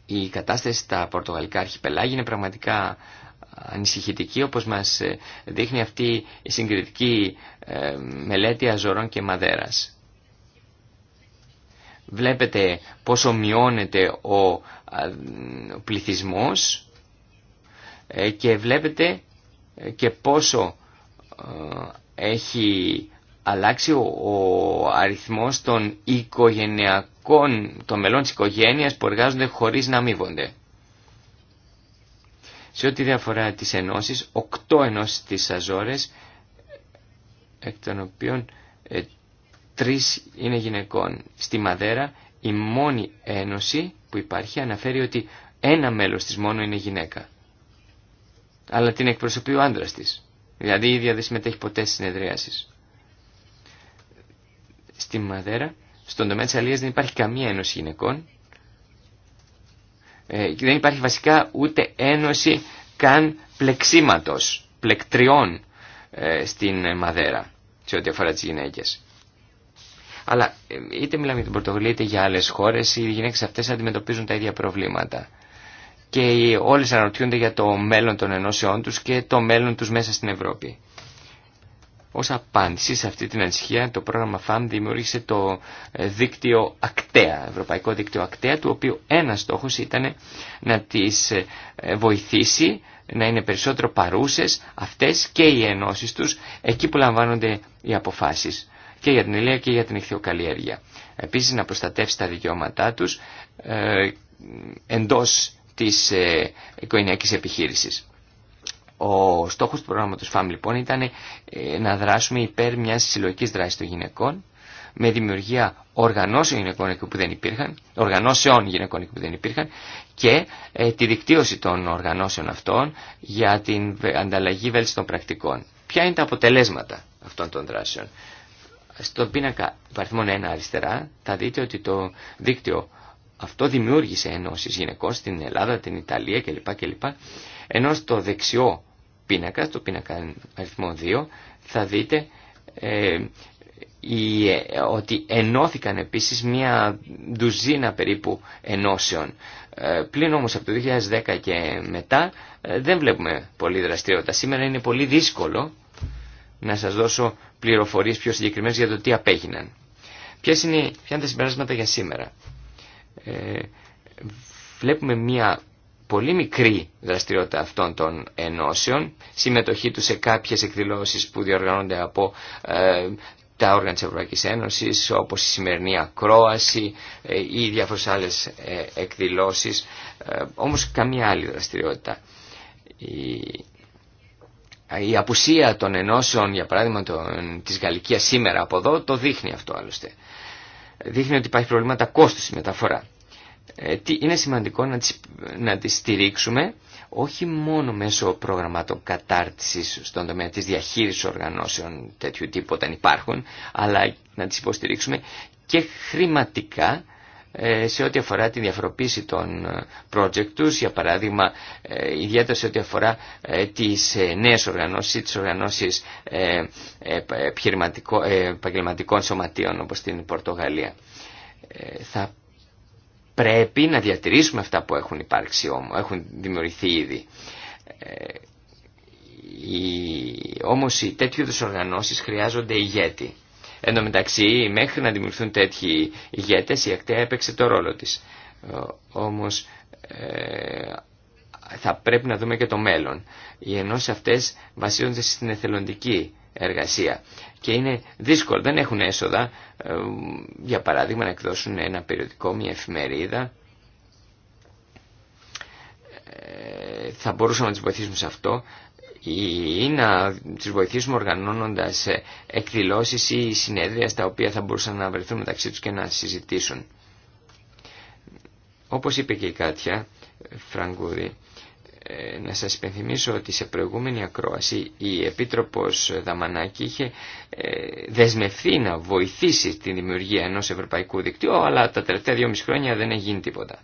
Η κατάσταση στα πορτογαλικά αρχιπελάγια είναι πραγματικά ανησυχητική όπως μας ε, δείχνει αυτή η συγκριτική ε, μελέτη αζωρών και μαδέρας. Βλέπετε πόσο μειώνεται ο, α, ο πληθυσμός ε, και βλέπετε ε, και πόσο ε, έχει αλλάξει ο αριθμός των οικογενειακών, των μελών της οικογένειας που εργάζονται χωρίς να αμείβονται. Σε ό,τι διαφορά τις ενώσεις, οκτώ ενώσεις στις Αζόρες, εκ των οποίων τρεις είναι γυναικών. Στη Μαδέρα η μόνη ένωση που υπάρχει αναφέρει ότι ένα μέλος της μόνο είναι γυναίκα αλλά την εκπροσωπεί ο άντρα τη. Δηλαδή η ίδια δεν συμμετέχει ποτέ στι συνεδριάσει. Στην Μαδέρα, στον τομέα τη Αλία δεν υπάρχει καμία ένωση γυναικών. Ε, δεν υπάρχει βασικά ούτε ένωση καν πλεξίματος, πλεκτριών ε, στην Μαδέρα σε ό,τι αφορά τι γυναίκε. Αλλά ε, είτε μιλάμε για την Πορτογαλία είτε για άλλε χώρε οι γυναίκε αυτέ αντιμετωπίζουν τα ίδια προβλήματα και όλες αναρωτιούνται για το μέλλον των ενώσεών τους και το μέλλον τους μέσα στην Ευρώπη. Ως απάντηση σε αυτή την ανησυχία το πρόγραμμα FAM δημιούργησε το ε, δίκτυο ακτέα, ευρωπαϊκό δίκτυο ακτέα, του οποίου ένας στόχος ήταν να τις ε, βοηθήσει να είναι περισσότερο παρούσες αυτές και οι ενώσεις τους εκεί που λαμβάνονται οι αποφάσεις και για την ηλία και για την ηχθειοκαλλιέργεια. Επίσης να προστατεύσει τα δικαιώματά τους ε, εντός της ε, οικογενειακής επιχείρησης. Ο στόχος του προγράμματος FAM λοιπόν ήταν ε, να δράσουμε υπέρ μιας συλλογικής δράσης των γυναικών με δημιουργία οργανώσεων γυναικών εκεί που δεν υπήρχαν, οργανώσεων γυναικών εκεί δεν υπήρχαν και ε, τη δικτύωση των οργανώσεων αυτών για την ανταλλαγή των πρακτικών. Ποια είναι τα αποτελέσματα αυτών των δράσεων. Στον πίνακα υπαριθμών 1 αριστερά θα δείτε ότι το δίκτυο αυτό δημιούργησε ενώσεις γυναικών στην Ελλάδα, την Ιταλία κλπ. κλπ. Ενώ στο δεξιό πίνακα, στο πίνακα αριθμό 2, θα δείτε ε, ε, ότι ενώθηκαν επίσης μια ντουζίνα περίπου ενώσεων. Ε, πλην όμως από το 2010 και μετά ε, δεν βλέπουμε πολύ δραστηριότητα. Σήμερα είναι πολύ δύσκολο να σας δώσω πληροφορίες πιο συγκεκριμένες για το τι απέγιναν. Ποιες είναι, ποια είναι τα συμπεράσματα για σήμερα ε, βλέπουμε μια πολύ μικρή δραστηριότητα αυτών των ενώσεων, συμμετοχή τους σε κάποιες εκδηλώσεις που διοργανώνται από ε, τα όργανα της Ευρωπαϊκής Ένωσης, όπως η σημερινή ακρόαση ε, ή διάφορες άλλες ε, εκδηλώσεις, όμως καμία άλλη δραστηριότητα. Η, η απουσία των ενώσεων, για παράδειγμα των, της Γαλλικίας σήμερα από εδώ, το δείχνει αυτό άλλωστε. Δείχνει ότι υπάρχει προβλήματα κόστους στη μεταφορά. Ε, είναι σημαντικό να τις, να τις στηρίξουμε όχι μόνο μέσω προγραμμάτων κατάρτισης στον τομέα της διαχείρισης οργανώσεων τέτοιου τύπου όταν υπάρχουν, αλλά να τις υποστηρίξουμε και χρηματικά ε, σε ό,τι αφορά τη διαφοροποίηση των ε, project τους, για παράδειγμα ιδιαίτερα σε ό,τι αφορά τις νέες οργανώσεις ή τις οργανώσεις επαγγελματικών σωματείων όπως στην Πορτογαλία. Θα Πρέπει να διατηρήσουμε αυτά που έχουν υπάρξει όμως, έχουν δημιουργηθεί ήδη. Ε, οι, όμως οι τέτοιου είδους οργανώσεις χρειάζονται ηγέτη. Εν τω μεταξύ, μέχρι να δημιουργηθούν τέτοιοι ηγέτες, η ακτέα έπαιξε το ρόλο της. Ε, όμως ε, θα πρέπει να δούμε και το μέλλον. Οι ενώσεις αυτές βασίζονται στην εθελοντική εργασία και είναι δύσκολο, δεν έχουν έσοδα, ε, για παράδειγμα να εκδώσουν ένα περιοδικό, μια εφημερίδα. Ε, θα μπορούσαμε να τις βοηθήσουμε σε αυτό ή να τις βοηθήσουμε οργανώνοντας ε, εκδηλώσεις ή συνέδρια στα οποία θα μπορούσαν να βρεθούν μεταξύ τους και να συζητήσουν. Όπως είπε και η Κάτια Φραγκούρη, ε, να σας υπενθυμίσω ότι σε προηγούμενη ακρόαση η Επίτροπος Δαμανάκη είχε ε, δεσμευθεί να βοηθήσει τη δημιουργία ενός ευρωπαϊκού δικτύου, αλλά τα τελευταία μισή χρόνια δεν έγινε γίνει τίποτα.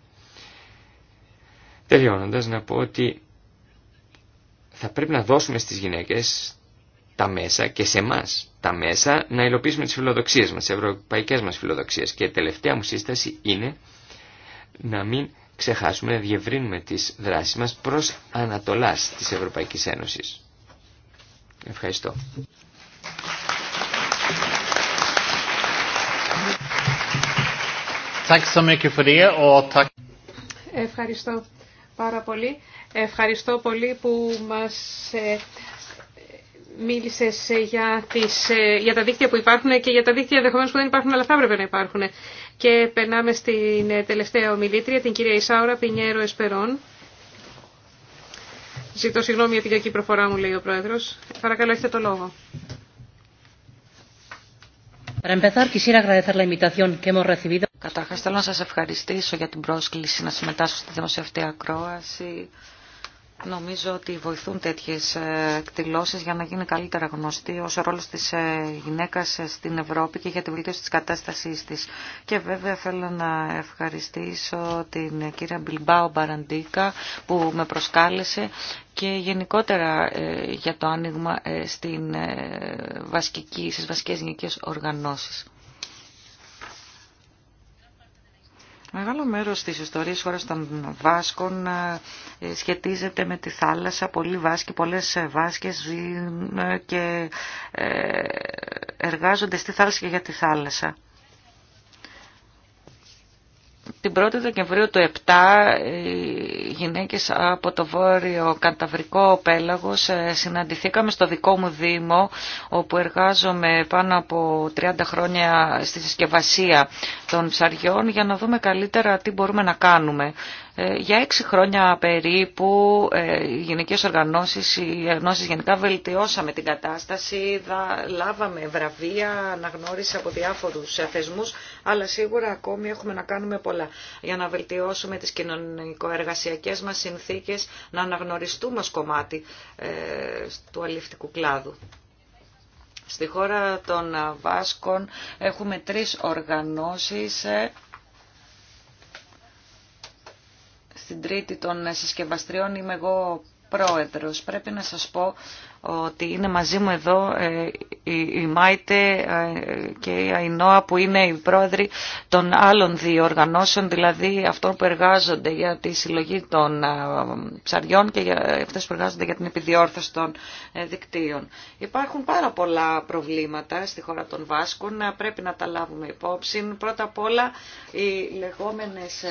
Τελειώνοντας να πω ότι θα πρέπει να δώσουμε στις γυναίκες τα μέσα και σε εμά τα μέσα να υλοποιήσουμε τις φιλοδοξίες μας, τις ευρωπαϊκές μας φιλοδοξίες. Και η τελευταία μου σύσταση είναι να μην ξεχάσουμε να διευρύνουμε τις δράσεις μας προς Ανατολάς της Ευρωπαϊκής Ένωσης. Ευχαριστώ. Ευχαριστώ πάρα πολύ. Ευχαριστώ πολύ που μας ε, μίλησες για, τις, ε, για τα δίκτυα που υπάρχουν και για τα δίκτυα ενδεχομένω που δεν υπάρχουν, αλλά θα έπρεπε να υπάρχουν. Και περνάμε στην ε, τελευταία ομιλήτρια, την κυρία Ισάουρα Πινιέρο Εσπερών. Ζητώ συγγνώμη για εκεί κακή προφορά μου, λέει ο Πρόεδρος. Παρακαλώ, έχετε το λόγο. Καταρχά, θέλω να σα ευχαριστήσω για την πρόσκληση να συμμετάσχω στη δημοσιευτή ακρόαση. Νομίζω ότι βοηθούν τέτοιες ε, εκδηλώσει για να γίνει καλύτερα γνωστή ως ο ρόλος της ε, γυναίκας ε, στην Ευρώπη και για τη βελτίωση της κατάστασής της. Και βέβαια θέλω να ευχαριστήσω την κυρία Μπιλμπάο Μπαραντίκα που με προσκάλεσε και γενικότερα για το άνοιγμα στην βασικέ στις βασικές οργανώσεις. Μεγάλο μέρος της ιστορίας χώρας των Βάσκων ε, σχετίζεται με τη θάλασσα. Πολλοί Βάσκοι, πολλές Βάσκες ζουν και ε, εργάζονται στη θάλασσα και για τη θάλασσα την 1η Δεκεμβρίου του 7 οι γυναίκες από το Βόρειο Καταβρικό Πέλαγος ε, συναντηθήκαμε στο δικό μου Δήμο όπου εργάζομαι πάνω από 30 χρόνια στη συσκευασία των ψαριών για να δούμε καλύτερα τι μπορούμε να κάνουμε ε, για έξι χρόνια περίπου ε, οι γυναικές οργανώσεις, οι οργανώσεις γενικά βελτιώσαμε την κατάσταση, δα, λάβαμε βραβεία, αναγνώριση από διάφορους θεσμούς, αλλά σίγουρα ακόμη έχουμε να κάνουμε πολλά για να βελτιώσουμε τις κοινωνικοεργασιακές μας συνθήκες, να αναγνωριστούμε ως κομμάτι ε, του αληφτικού κλάδου. Στη χώρα των Βάσκων έχουμε τρεις οργανώσεις Στην τρίτη των συσκευαστριών είμαι εγώ πρόεδρος. Πρέπει να σας πω ότι είναι μαζί μου εδώ ε, η Μάιτε ε, και η Αϊνόα που είναι οι πρόεδροι των άλλων δύο οργανώσεων, δηλαδή αυτών που εργάζονται για τη συλλογή των ε, ψαριών και για αυτές που εργάζονται για την επιδιόρθωση των δικτύων. Υπάρχουν πάρα πολλά προβλήματα στη χώρα των Βάσκων, πρέπει να τα λάβουμε υπόψη. Πρώτα απ' όλα οι λεγόμενες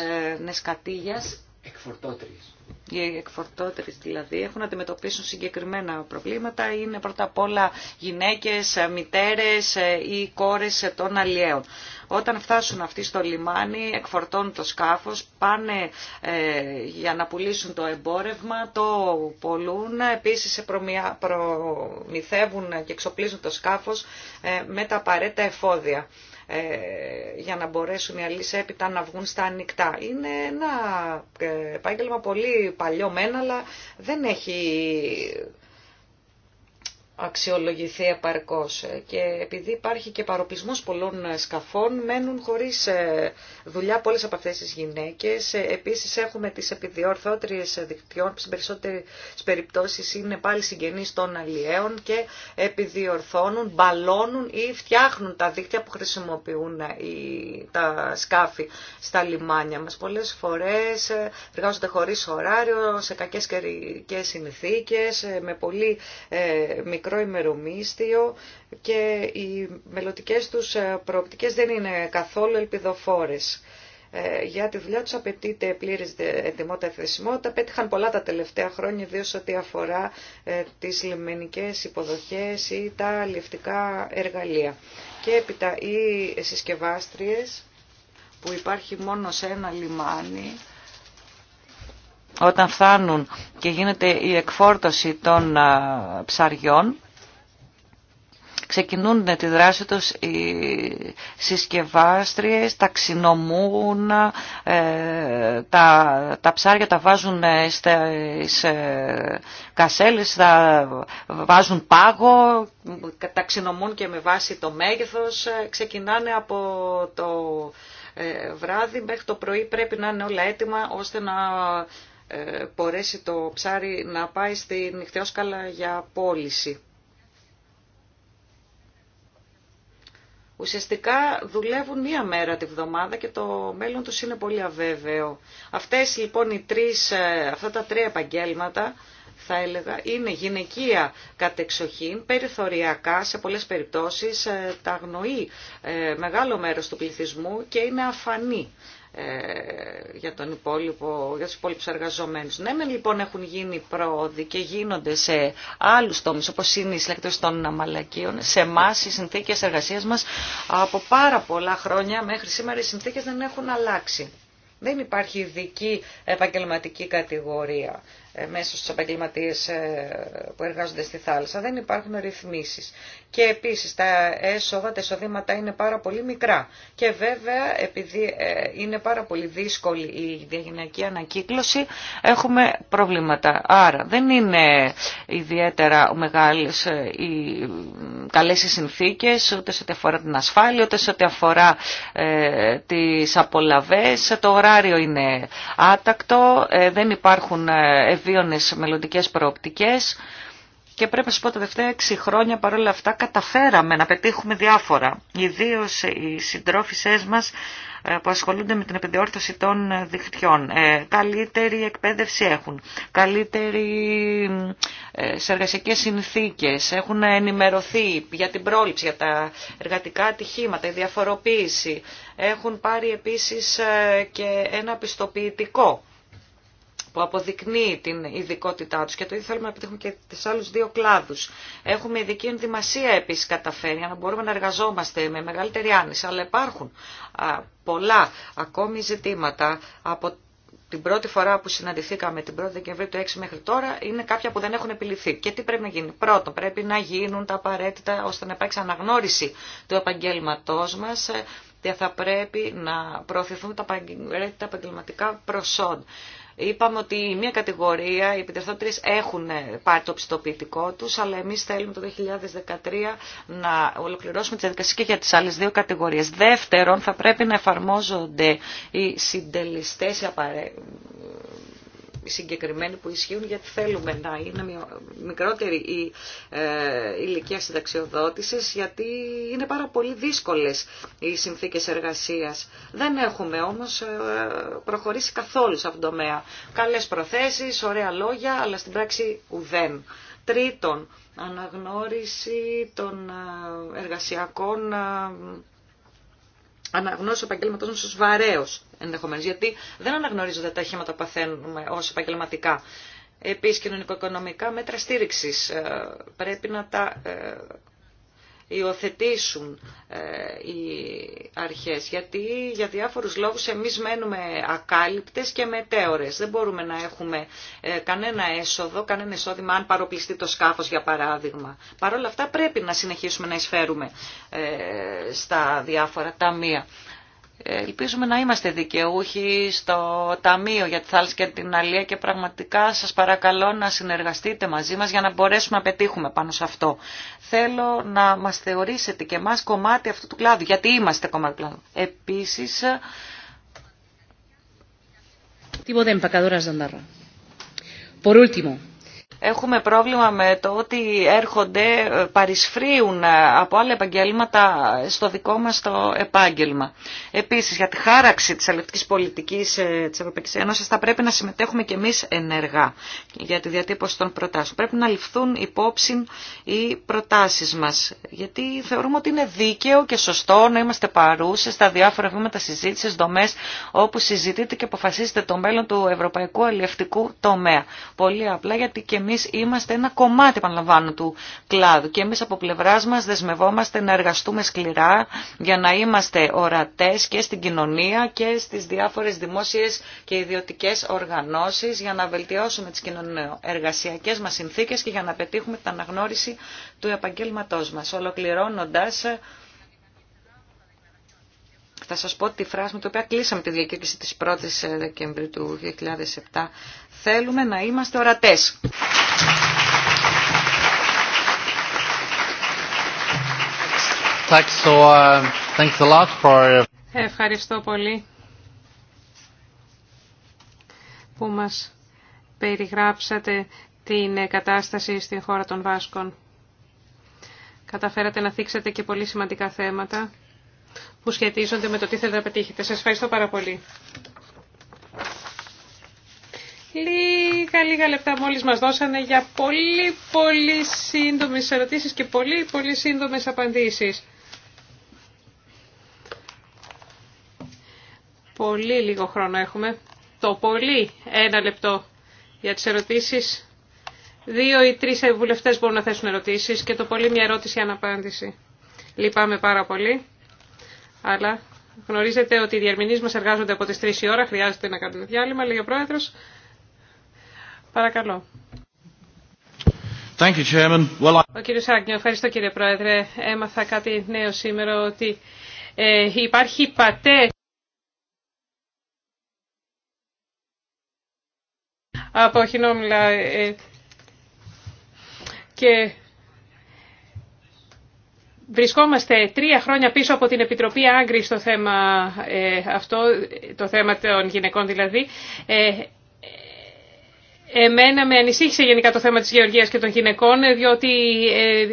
νεσκατίγιας εκφορτώτριες. Οι εκφορτώτερες δηλαδή έχουν να αντιμετωπίσουν συγκεκριμένα προβλήματα. Είναι πρώτα απ' όλα γυναίκες, μητέρες ε, ή κόρες των αλλιέων. Όταν φτάσουν αυτοί στο λιμάνι, εκφορτώνουν το σκάφος, πάνε ε, για να πουλήσουν το εμπόρευμα, το πολλούν, επίσης προμηθεύουν και εξοπλίζουν το σκάφος ε, με τα απαραίτητα εφόδια. Ε, για να μπορέσουν οι αλείς έπειτα να βγουν στα ανοιχτά. Είναι ένα ε, επάγγελμα πολύ παλιό μένα, αλλά δεν έχει αξιολογηθεί επαρκώς και επειδή υπάρχει και παροπισμός πολλών σκαφών μένουν χωρίς ε, δουλειά πολλές από αυτές τις γυναίκες. Ε, επίσης έχουμε τις επιδιορθώτριες δικτυών που σε περισσότερες περιπτώσεις είναι πάλι συγγενείς των αλλιέων και επιδιορθώνουν, μπαλώνουν ή φτιάχνουν τα δίκτυα που χρησιμοποιούν ε, τα σκάφη στα λιμάνια μας. Πολλές φορές εργάζονται χωρίς ωράριο, σε κακές καιρικές συνθήκες, με πολύ μικρό και οι μελλοντικές τους ε, προοπτικές δεν είναι καθόλου ελπιδοφόρες. Ε, για τη δουλειά τους απαιτείται πλήρη ετοιμότητα και Πέτυχαν πολλά τα τελευταία χρόνια, ιδίω ό,τι αφορά ε, τις λιμενικές υποδοχές ή τα λιευτικά εργαλεία. Και έπειτα οι συσκευάστριες που υπάρχει μόνο σε ένα λιμάνι όταν φτάνουν και γίνεται η εκφόρτωση των ψαριών, ξεκινούν τη δράση τους οι συσκευάστριες, τα ε, τα, τα ψάρια τα βάζουν ε, σε κασέλες, τα βάζουν πάγο, τα ξυνομούν και με βάση το μέγεθος, ε, ξεκινάνε από το βράδυ μέχρι το πρωί πρέπει να είναι όλα έτοιμα ώστε να ε, μπορέσει το ψάρι να πάει στη νυχτεόσκαλα για πώληση. Ουσιαστικά δουλεύουν μία μέρα τη βδομάδα και το μέλλον τους είναι πολύ αβέβαιο. Αυτές λοιπόν οι τρεις, ε, αυτά τα τρία επαγγέλματα θα έλεγα είναι γυναικεία κατεξοχήν, περιθωριακά σε πολλές περιπτώσεις ε, τα μεγάλο μέρος του πληθυσμού και είναι αφανή ε, για, τον υπόλοιπο, για τους υπόλοιπους εργαζομένους. Ναι, μεν λοιπόν έχουν γίνει πρόοδοι και γίνονται σε άλλους τόμους, όπως είναι η συλλέκτωση των αμαλακίων. Σε εμά οι συνθήκες εργασίας μας από πάρα πολλά χρόνια μέχρι σήμερα οι συνθήκες δεν έχουν αλλάξει. Δεν υπάρχει ειδική επαγγελματική κατηγορία ε, μέσα στους επαγγελματίε ε, που εργάζονται στη θάλασσα. Δεν υπάρχουν ρυθμίσεις. Και επίσης τα έσοδα, τα εισοδήματα είναι πάρα πολύ μικρά. Και βέβαια επειδή ε, είναι πάρα πολύ δύσκολη η διαγενειακή ανακύκλωση έχουμε προβλήματα. Άρα δεν είναι ιδιαίτερα μεγάλες οι καλές συνθήκες ούτε σε ό,τι αφορά την ασφάλεια, ούτε σε ό,τι αφορά τις απολαβές. Το ωράριο είναι άτακτο, δεν υπάρχουν Βίωνε μελλοντικές προοπτικές και πρέπει να πω τα τελευταία έξι χρόνια παρόλα αυτά καταφέραμε να πετύχουμε διάφορα. Ιδίω οι συντρόφισές μας ε, που ασχολούνται με την επιδιόρθωση των ε, δικτυών. Ε, καλύτερη εκπαίδευση έχουν, καλύτερη σε εργασιακές συνθήκες, έχουν ενημερωθεί για την πρόληψη, για τα εργατικά ατυχήματα, η διαφοροποίηση. Έχουν πάρει επίσης και ένα πιστοποιητικό που αποδεικνύει την ειδικότητά του και το ίδιο θέλουμε να επιτύχουμε και τις άλλου δύο κλάδου. Έχουμε ειδική ενδυμασία επίση καταφέρει για να μπορούμε να εργαζόμαστε με μεγαλύτερη άνεση, αλλά υπάρχουν πολλά ακόμη ζητήματα από την πρώτη φορά που συναντηθήκαμε την 1η Δεκεμβρίου του 6 μέχρι τώρα είναι κάποια που δεν έχουν επιληθεί. Και τι πρέπει να γίνει. Πρώτον, πρέπει να γίνουν τα απαραίτητα ώστε να υπάρξει αναγνώριση του επαγγέλματό μα ε, και θα πρέπει να προωθηθούν τα επαγγελματικά προσόν. Είπαμε ότι μία κατηγορία, οι επιτευχθόντρες έχουν ε, πάρει το πιστοποιητικό τους, αλλά εμείς θέλουμε το 2013 να ολοκληρώσουμε τις διαδικασίες και για τις άλλες δύο κατηγορίες. Δεύτερον, θα πρέπει να εφαρμόζονται οι συντελεστές, οι συγκεκριμένοι που ισχύουν γιατί θέλουμε να είναι μικρότερη η ε, ηλικία συνταξιοδότησης γιατί είναι πάρα πολύ δύσκολες οι συνθήκες εργασίας. Δεν έχουμε όμως ε, προχωρήσει καθόλου σε αυτόν τον τομέα. Καλές προθέσεις, ωραία λόγια, αλλά στην πράξη ουδέν. Τρίτον, αναγνώριση των ε, εργασιακών αναγνώριση επαγγέλματό μα ω βαρέω ενδεχομένω, γιατί δεν αναγνωρίζονται τα αχήματα που παθαίνουμε ω επαγγελματικά. Επίση, κοινωνικο-οικονομικά μέτρα στήριξη ε, πρέπει να τα ε, υιοθετήσουν ε, οι αρχές. Γιατί για διάφορους λόγους εμείς μένουμε ακάλυπτες και μετέωρες. Δεν μπορούμε να έχουμε ε, κανένα έσοδο, κανένα εισόδημα αν παροπληστεί το σκάφος για παράδειγμα. Παρ' όλα αυτά πρέπει να συνεχίσουμε να εισφέρουμε ε, στα διάφορα ταμεία. Ελπίζουμε να είμαστε δικαιούχοι στο Ταμείο για τη Θάλασσα και την Αλία και πραγματικά σας παρακαλώ να συνεργαστείτε μαζί μας για να μπορέσουμε να πετύχουμε πάνω σε αυτό. Θέλω να μας θεωρήσετε και εμάς κομμάτι αυτού του κλάδου, γιατί είμαστε κομμάτι του κλάδου. Επίσης... Por último, έχουμε πρόβλημα με το ότι έρχονται, ε, παρισφρίουν ε, από άλλα επαγγέλματα ε, στο δικό μας το επάγγελμα. Επίσης, για τη χάραξη της αλευτικής πολιτικής της Ευρωπαϊκής Ένωσης θα πρέπει να συμμετέχουμε και εμείς ενεργά για τη διατύπωση των προτάσεων. Πρέπει να ληφθούν υπόψη οι προτάσεις μας, γιατί θεωρούμε ότι είναι δίκαιο και σωστό να είμαστε παρούσες στα διάφορα βήματα συζήτησης, δομές όπου συζητείτε και αποφασίζετε το μέλλον του ευρωπαϊκού Αλευτικού τομέα. Πολύ απλά γιατί και εμείς είμαστε ένα κομμάτι, επαναλαμβάνω, του κλάδου και εμείς από πλευρά μας δεσμευόμαστε να εργαστούμε σκληρά για να είμαστε ορατές και στην κοινωνία και στις διάφορες δημόσιες και ιδιωτικές οργανώσεις για να βελτιώσουμε τις εργασιακές μας συνθήκες και για να πετύχουμε την αναγνώριση του επαγγέλματός μας. Ολοκληρώνοντας, θα σας πω τη φράση με την οποία κλείσαμε τη διακήρυξη της 1ης ε, Δεκεμβρίου του 2007. Θέλουμε να είμαστε ορατές. Ευχαριστώ πολύ που μας περιγράψατε την ε, κατάσταση στην χώρα των Βάσκων. Καταφέρατε να θίξετε και πολύ σημαντικά θέματα που σχετίζονται με το τι θέλετε να πετύχετε. Σας ευχαριστώ πάρα πολύ. Λίγα, λίγα λεπτά μόλις μας δώσανε για πολύ, πολύ σύντομες ερωτήσεις και πολύ, πολύ σύντομες απαντήσεις. Πολύ λίγο χρόνο έχουμε. Το πολύ ένα λεπτό για τις ερωτήσεις. Δύο ή τρεις βουλευτές μπορούν να θέσουν ερωτήσεις και το πολύ μια ερώτηση αναπάντηση. Λυπάμαι πάρα πολύ. Αλλά γνωρίζετε ότι οι διερμηνεί μα εργάζονται από τις 3 η ώρα, χρειάζεται να κάνουν διάλειμμα, λέει ο Πρόεδρος. Παρακαλώ. Thank you, Chairman. Well, I... Ο κύριο Άγνιο, ευχαριστώ κύριε Πρόεδρε. Έμαθα κάτι νέο σήμερα ότι ε, υπάρχει πατέ από χινόμυλα ε, και Βρισκόμαστε τρία χρόνια πίσω από την Επιτροπή Άγκρη στο θέμα ε, αυτό, το θέμα των γυναικών δηλαδή. Ε, εμένα με ανησύχησε γενικά το θέμα της γεωργίας και των γυναικών, διότι ε,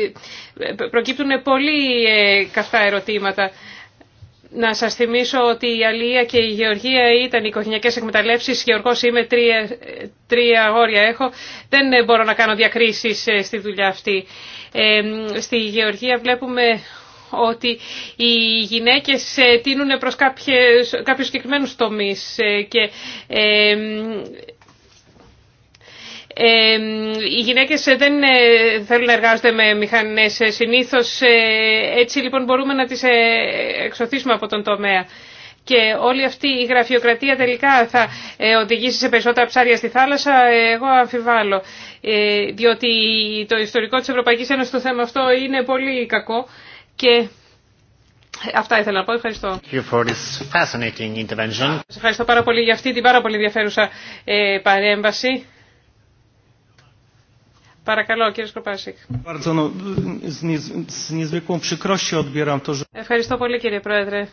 προκύπτουν πολύ καυτά ερωτήματα. Να σας θυμίσω ότι η Αλία και η Γεωργία ήταν οικογενειακές εκμεταλλεύσεις. Γεωργός είμαι, τρία, τρία αγόρια έχω. Δεν μπορώ να κάνω διακρίσεις ε, στη δουλειά αυτή. Ε, στη Γεωργία βλέπουμε ότι οι γυναίκες ε, τίνουν προς κάποιες, κάποιους συγκεκριμένους τομείς και οι γυναίκες ε, δεν ε, θέλουν να εργάζονται με μηχανές ε, συνήθως, έτσι λοιπόν μπορούμε να τις εξωθήσουμε από τον τομέα. Και όλη αυτή η γραφειοκρατία τελικά θα οδηγήσει σε περισσότερα ψάρια στη θάλασσα, εγώ αμφιβάλλω. Διότι το ιστορικό της Ευρωπαϊκής Ένωσης στο θέμα αυτό είναι πολύ κακό και... Αυτά ήθελα να πω. Ευχαριστώ. ευχαριστώ πάρα πολύ για αυτή την πάρα πολύ ενδιαφέρουσα παρέμβαση. Παρακαλώ, κύριε Σκοπάσικ. Ευχαριστώ πολύ, κύριε Πρόεδρε.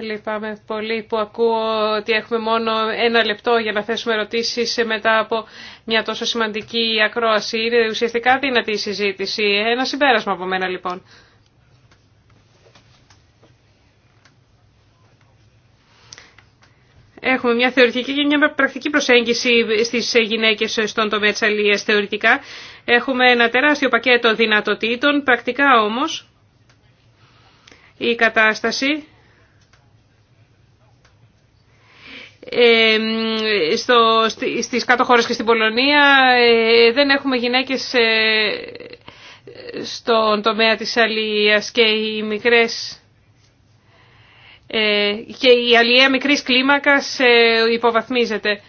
Λυπάμαι πολύ που ακούω ότι έχουμε μόνο ένα λεπτό για να θέσουμε ερωτήσει μετά από μια τόσο σημαντική ακρόαση. Είναι ουσιαστικά δυνατή η συζήτηση. Ένα συμπέρασμα από μένα, λοιπόν. Έχουμε μια θεωρητική και μια πρακτική προσέγγιση στις γυναίκες στον τομέα της αλληλείας θεωρητικά. Έχουμε ένα τεράστιο πακέτο δυνατοτήτων, πρακτικά όμως η κατάσταση στο, στις κάτω χώρες και στην Πολωνία ε, δεν έχουμε γυναίκες ε, στον τομέα της αλληλείας και οι μικρές ε, και η αλληλεία μικρής κλίμακας ε, υποβαθμίζεται.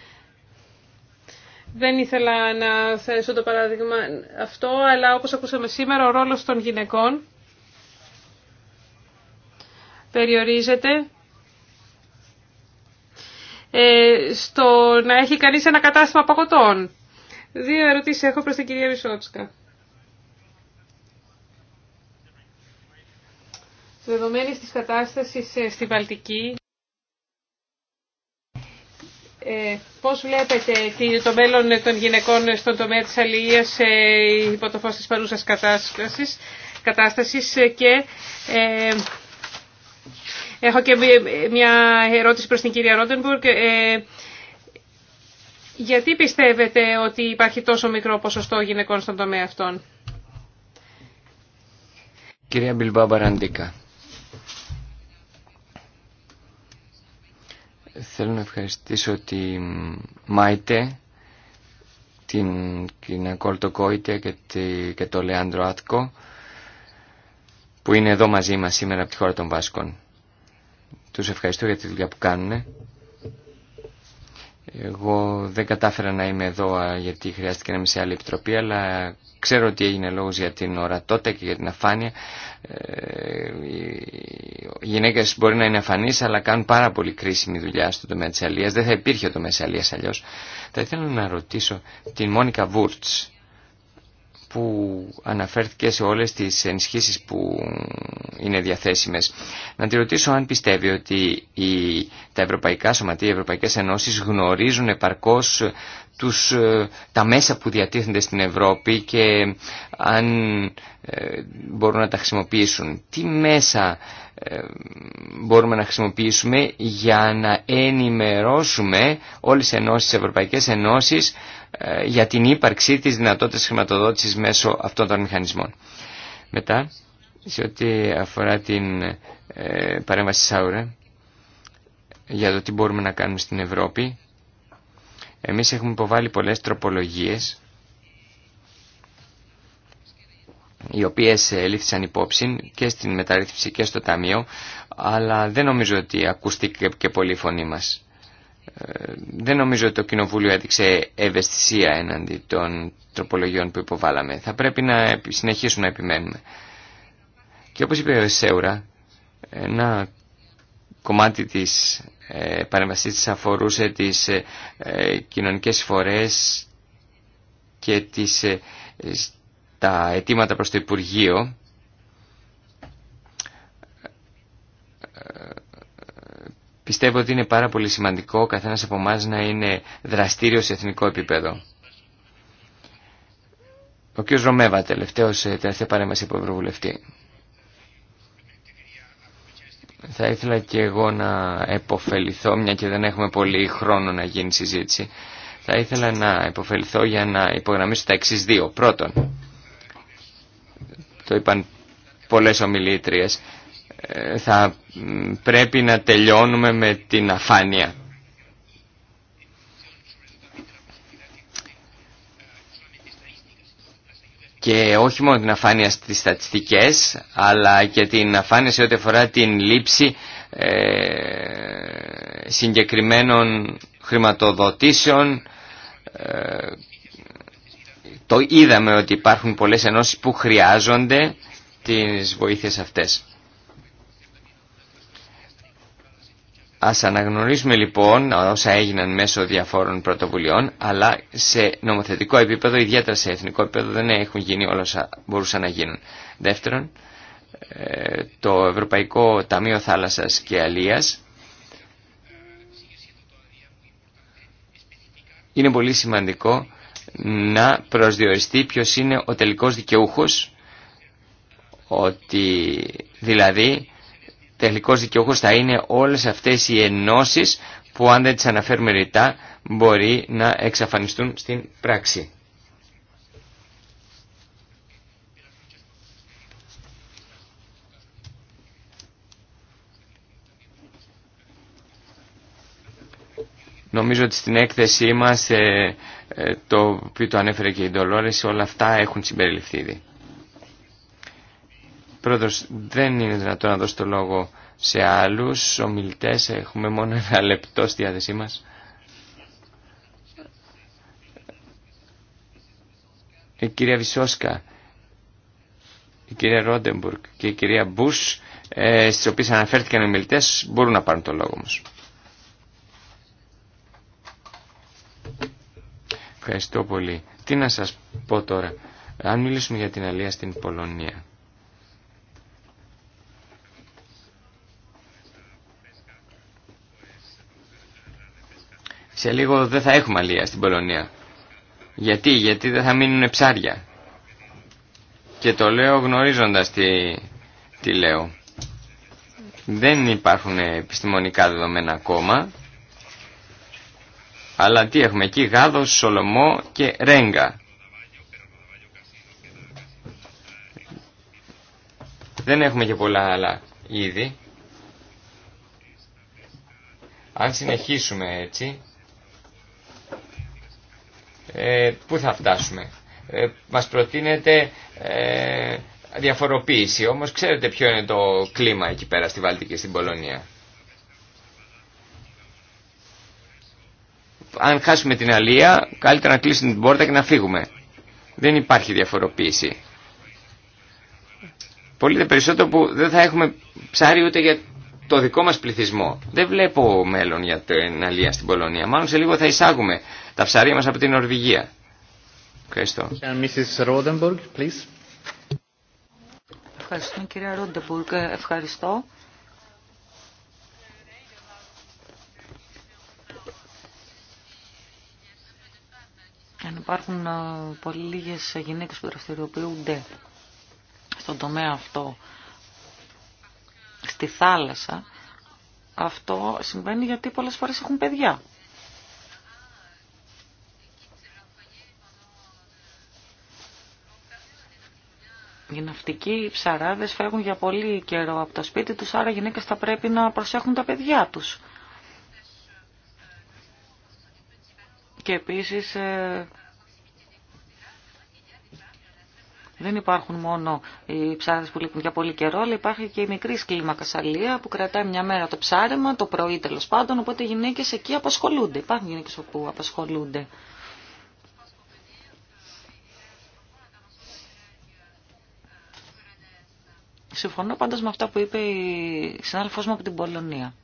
Δεν ήθελα να θέσω το παράδειγμα αυτό, αλλά όπως ακούσαμε σήμερα, ο ρόλος των γυναικών περιορίζεται ε, στο να έχει κανείς ένα κατάστημα παγωτών. Δύο ερωτήσεις έχω προς την κυρία Ρισότσκα. δεδομένης της κατάστασης ε, στη Βαλτική, ε, πώς βλέπετε το μέλλον των γυναικών στον τομέα της αλληλείας ε, υπό το φως της παρούσας κατάστασης, και έχω και μια ερώτηση προς την κυρία Ρόντεμπουργκ. γιατί πιστεύετε ότι υπάρχει τόσο μικρό ποσοστό γυναικών στον τομέα αυτών. Κυρία Μπιλμπά Μπαραντίκα. Θέλω να ευχαριστήσω τη Μάιτε, την κυρία Κόιτε και, τη, και τον Λεάνδρο Άτκο που είναι εδώ μαζί μας σήμερα από τη χώρα των Βάσκων. Τους ευχαριστώ για τη δουλειά που κάνουν εγώ δεν κατάφερα να είμαι εδώ γιατί χρειάστηκε να είμαι σε άλλη επιτροπή, αλλά ξέρω ότι έγινε λόγος για την ορατότητα και για την αφάνεια. Ε, οι γυναίκες μπορεί να είναι αφανείς, αλλά κάνουν πάρα πολύ κρίσιμη δουλειά στο τομέα της αλίας. Δεν θα υπήρχε ο τομέα της αλλιώς. Θα ήθελα να ρωτήσω την Μόνικα Βούρτς, που αναφέρθηκε σε όλες τις ενισχύσεις που είναι διαθέσιμες. Να τη ρωτήσω αν πιστεύει ότι τα ευρωπαϊκά σωματεία, οι ευρωπαϊκές ενώσεις γνωρίζουν επαρκώς τους, ε, τα μέσα που διατίθενται στην Ευρώπη και αν ε, μπορούν να τα χρησιμοποιήσουν. Τι μέσα μπορούμε να χρησιμοποιήσουμε για να ενημερώσουμε όλες τις ενώσεις, τις ευρωπαϊκές ενώσεις ε, για την ύπαρξη της δυνατότητας χρηματοδότησης μέσω αυτών των μηχανισμών. Μετά, σε ό,τι αφορά την ε, παρέμβαση Σάουρα για το τι μπορούμε να κάνουμε στην Ευρώπη, εμείς έχουμε υποβάλει πολλές τροπολογίες οι οποίες ε, λήφθησαν υπόψη και στην μεταρρύθμιση και στο Ταμείο, αλλά δεν νομίζω ότι ακούστηκε και πολύ η φωνή μας. Ε, δεν νομίζω ότι το Κοινοβούλιο έδειξε ευαισθησία εναντί των τροπολογιών που υποβάλαμε. Θα πρέπει να συνεχίσουμε να επιμένουμε. Και όπως είπε ο Σέουρα, ένα κομμάτι της ε, παρεμβασής της αφορούσε τις κοινωνικές φορές και τις τα αιτήματα προς το Υπουργείο πιστεύω ότι είναι πάρα πολύ σημαντικό ο καθένας από εμά να είναι δραστήριο σε εθνικό επίπεδο. Ο κ. Ρωμέβα, τελευταίος, ε, τελευταία παρέμβαση από Ευρωβουλευτή. Θα ήθελα και εγώ να επωφεληθώ, μια και δεν έχουμε πολύ χρόνο να γίνει συζήτηση, θα ήθελα να επωφεληθώ για να υπογραμμίσω τα εξή δύο. Πρώτον, το είπαν πολλές ομιλήτριες, ε, θα πρέπει να τελειώνουμε με την αφάνεια. Και όχι μόνο την αφάνεια στις στατιστικές, αλλά και την αφάνεια σε ό,τι αφορά την λήψη ε, συγκεκριμένων χρηματοδοτήσεων ε, το είδαμε ότι υπάρχουν πολλές ενώσεις που χρειάζονται τις βοήθειες αυτές. Ας αναγνωρίσουμε λοιπόν όσα έγιναν μέσω διαφόρων πρωτοβουλειών, αλλά σε νομοθετικό επίπεδο, ιδιαίτερα σε εθνικό επίπεδο, δεν έχουν γίνει όλα όσα μπορούσαν να γίνουν. Δεύτερον, ε, το Ευρωπαϊκό Ταμείο Θάλασσας και Αλίας είναι πολύ σημαντικό να προσδιοριστεί ποιος είναι ο τελικός δικαιούχος, ότι δηλαδή τελικός δικαιούχος θα είναι όλες αυτές οι ενώσεις που αν δεν τις αναφέρουμε ρητά μπορεί να εξαφανιστούν στην πράξη. Νομίζω ότι στην έκθεσή μας, ε, ε, το οποίο το ανέφερε και η Ντολόρες, όλα αυτά έχουν συμπεριληφθεί ήδη. δεν είναι δυνατόν να δώσω το λόγο σε άλλους ομιλητές. Έχουμε μόνο ένα λεπτό στη διάθεσή μας. Η ε, κυρία Βυσόσκα, η κυρία Ρόντεμπουργκ και η κυρία Μπούς, ε, στις οποίες αναφέρθηκαν οι ομιλητές, μπορούν να πάρουν το λόγο μας. Ευχαριστώ πολύ. Τι να σας πω τώρα. Αν μιλήσουμε για την αλία στην Πολωνία. Σε λίγο δεν θα έχουμε αλία στην Πολωνία. Γιατί, γιατί δεν θα μείνουν ψάρια. Και το λέω γνωρίζοντας τι, τι λέω. Δεν υπάρχουν επιστημονικά δεδομένα ακόμα αλλά τι έχουμε εκεί, γάδο, σολομό και ρέγγα. Δεν έχουμε και πολλά άλλα είδη. Αν συνεχίσουμε έτσι, ε, πού θα φτάσουμε. Ε, μας προτείνεται ε, διαφοροποίηση, όμως ξέρετε ποιο είναι το κλίμα εκεί πέρα στη Βαλτική, και στην Πολωνία. αν χάσουμε την αλία, καλύτερα να κλείσουμε την πόρτα και να φύγουμε. Δεν υπάρχει διαφοροποίηση. Πολύ περισσότερο που δεν θα έχουμε ψάρι ούτε για το δικό μας πληθυσμό. Δεν βλέπω μέλλον για την αλία στην Πολωνία. Μάλλον σε λίγο θα εισάγουμε τα ψάρια μας από την Νορβηγία. Ευχαριστώ. Ευχαριστώ κύριε Ρόντεμπουργκ. Ευχαριστώ. αν υπάρχουν ε, πολύ λίγες γυναίκες που δραστηριοποιούνται στον τομέα αυτό στη θάλασσα, αυτό συμβαίνει γιατί πολλές φορές έχουν παιδιά. Οι ναυτικοί ψαράδες φεύγουν για πολύ καιρό από το σπίτι τους, άρα οι γυναίκες θα πρέπει να προσέχουν τα παιδιά τους. Και επίσης ε, δεν υπάρχουν μόνο οι ψάρες που λείπουν για πολύ καιρό, αλλά υπάρχει και η μικρή σκλήμακα σαλία που κρατάει μια μέρα το ψάρεμα, το πρωί τέλο πάντων, οπότε οι γυναίκες εκεί απασχολούνται. Υπάρχουν γυναίκες όπου απασχολούνται. Συμφωνώ πάντως με αυτά που είπε η συνάδελφός μου από την Πολωνία.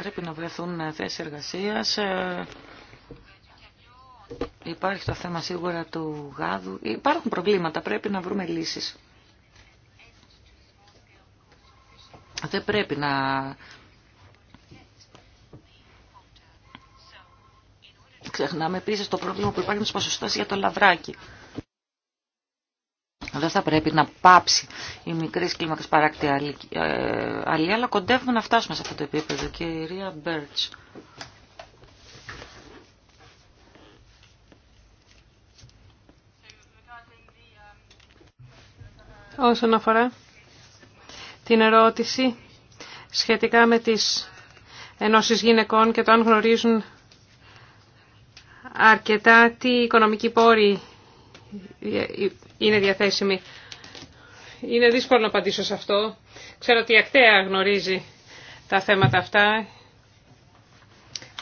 Πρέπει να βρεθούν ε, θέσεις εργασίας. Ε, υπάρχει το θέμα σίγουρα του γάδου. Υπάρχουν προβλήματα, πρέπει να βρούμε λύσεις. Δεν πρέπει να ξεχνάμε επίσης το πρόβλημα που υπάρχει με τις για το λαβράκι. Δεν θα πρέπει να πάψει η μικρή κλίμακα παράκτη αλλή, ε, αλλά κοντεύουμε να φτάσουμε σε αυτό το επίπεδο. Κυρία Μπέρτς. Όσον αφορά την ερώτηση σχετικά με τις ενώσεις γυναικών και το αν γνωρίζουν αρκετά τι οικονομικοί πόροι είναι διαθέσιμη. Είναι δύσκολο να απαντήσω σε αυτό. Ξέρω ότι η Ακτέα γνωρίζει τα θέματα αυτά.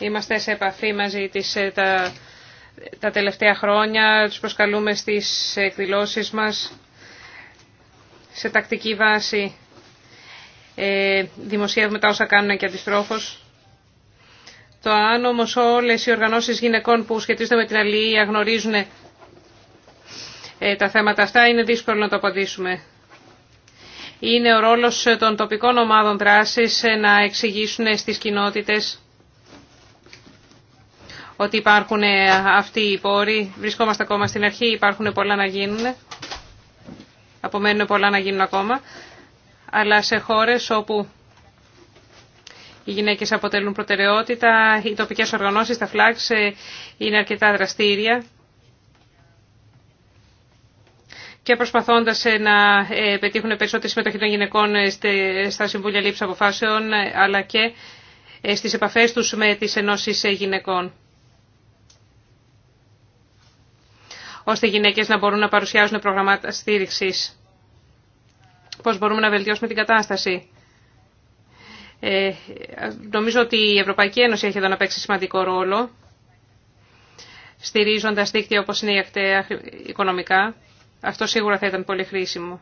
Είμαστε σε επαφή μαζί της ε, τα, τα τελευταία χρόνια. Τους προσκαλούμε στις εκδηλώσεις μας σε τακτική βάση. Ε, δημοσιεύουμε τα όσα κάνουν και αντιστρόφως. Το αν όμω όλε οι οργανώσει γυναικών που σχετίζονται με την αλληλεία γνωρίζουν ε, τα θέματα αυτά είναι δύσκολο να το απαντήσουμε. Είναι ο ρόλος των τοπικών ομάδων δράσης ε, να εξηγήσουν στις κοινότητες ότι υπάρχουν ε, αυτοί οι πόροι. Βρισκόμαστε ακόμα στην αρχή, υπάρχουν πολλά να γίνουν. Απομένουν πολλά να γίνουν ακόμα. Αλλά σε χώρες όπου οι γυναίκες αποτελούν προτεραιότητα, οι τοπικές οργανώσεις, τα φλάξ είναι αρκετά δραστήρια. και προσπαθώντας ε, να ε, πετύχουν περισσότερη συμμετοχή των γυναικών ε, στα Συμβούλια Λήψης Αποφάσεων αλλά και στις επαφές τους με τις ενώσεις γυναικών. ώστε οι γυναίκες να μπορούν να παρουσιάζουν προγραμμάτα στήριξης. Πώς μπορούμε να βελτιώσουμε την κατάσταση. Ε, νομίζω ότι η Ευρωπαϊκή Ένωση έχει εδώ να παίξει σημαντικό ρόλο, στηρίζοντας δίκτυα όπως είναι η ακταία οικονομικά αυτό σίγουρα θα ήταν πολύ χρήσιμο.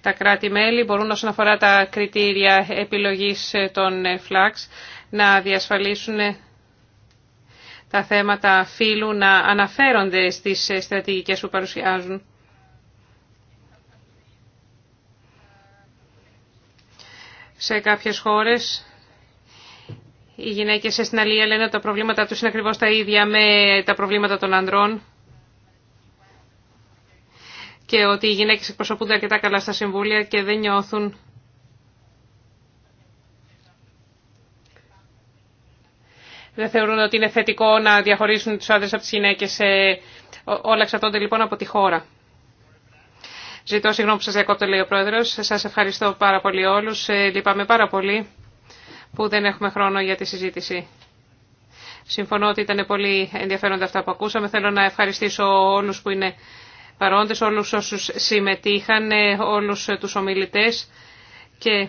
Τα κράτη-μέλη μπορούν όσον αφορά τα κριτήρια επιλογής ε, των ε, φλαξ να διασφαλίσουν ε, τα θέματα φύλου να αναφέρονται στις στρατηγικές που παρουσιάζουν. Σε κάποιες χώρες οι γυναίκες στην Αλία λένε ότι τα προβλήματα τους είναι ακριβώς τα ίδια με τα προβλήματα των ανδρών και ότι οι γυναίκες εκπροσωπούνται αρκετά καλά στα συμβούλια και δεν νιώθουν δεν θεωρούν ότι είναι θετικό να διαχωρίσουν τους άντρες από τις γυναίκες. όλα εξαρτώνται λοιπόν από τη χώρα. Ζητώ συγγνώμη που σας διακόπτω, λέει ο Πρόεδρος. Σας ευχαριστώ πάρα πολύ όλους. Ε, λυπάμαι πάρα πολύ που δεν έχουμε χρόνο για τη συζήτηση. Συμφωνώ ότι ήταν πολύ ενδιαφέροντα αυτά που ακούσαμε. Θέλω να ευχαριστήσω όλους που είναι παρόντες, όλους όσους συμμετείχαν, ε, όλους τους ομιλητές και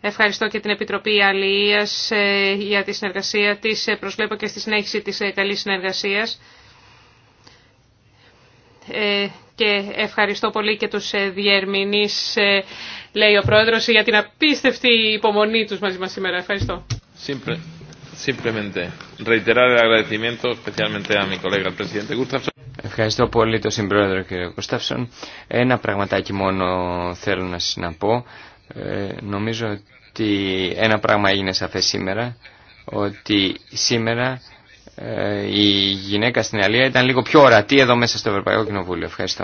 ευχαριστώ και την Επιτροπή Αλληλείας ε, για τη συνεργασία της. Ε, προσβλέπω και στη συνέχιση της καλής συνεργασίας και ευχαριστώ πολύ και τους διερμηνείς, λέει ο Πρόεδρος, για την απίστευτη υπομονή τους μαζί μας σήμερα. Ευχαριστώ. simplemente reiterar Ευχαριστώ πολύ τον συμπρόεδρο κ. Κωνσταύσον. Ένα πραγματάκι μόνο θέλω να σας να πω. Ε, νομίζω ότι ένα πράγμα έγινε σαφές σήμερα, ότι σήμερα ε, η γυναίκα στην Αλία ήταν λίγο πιο ορατή εδώ μέσα στο Ευρωπαϊκό Κοινοβούλιο. Ευχαριστώ.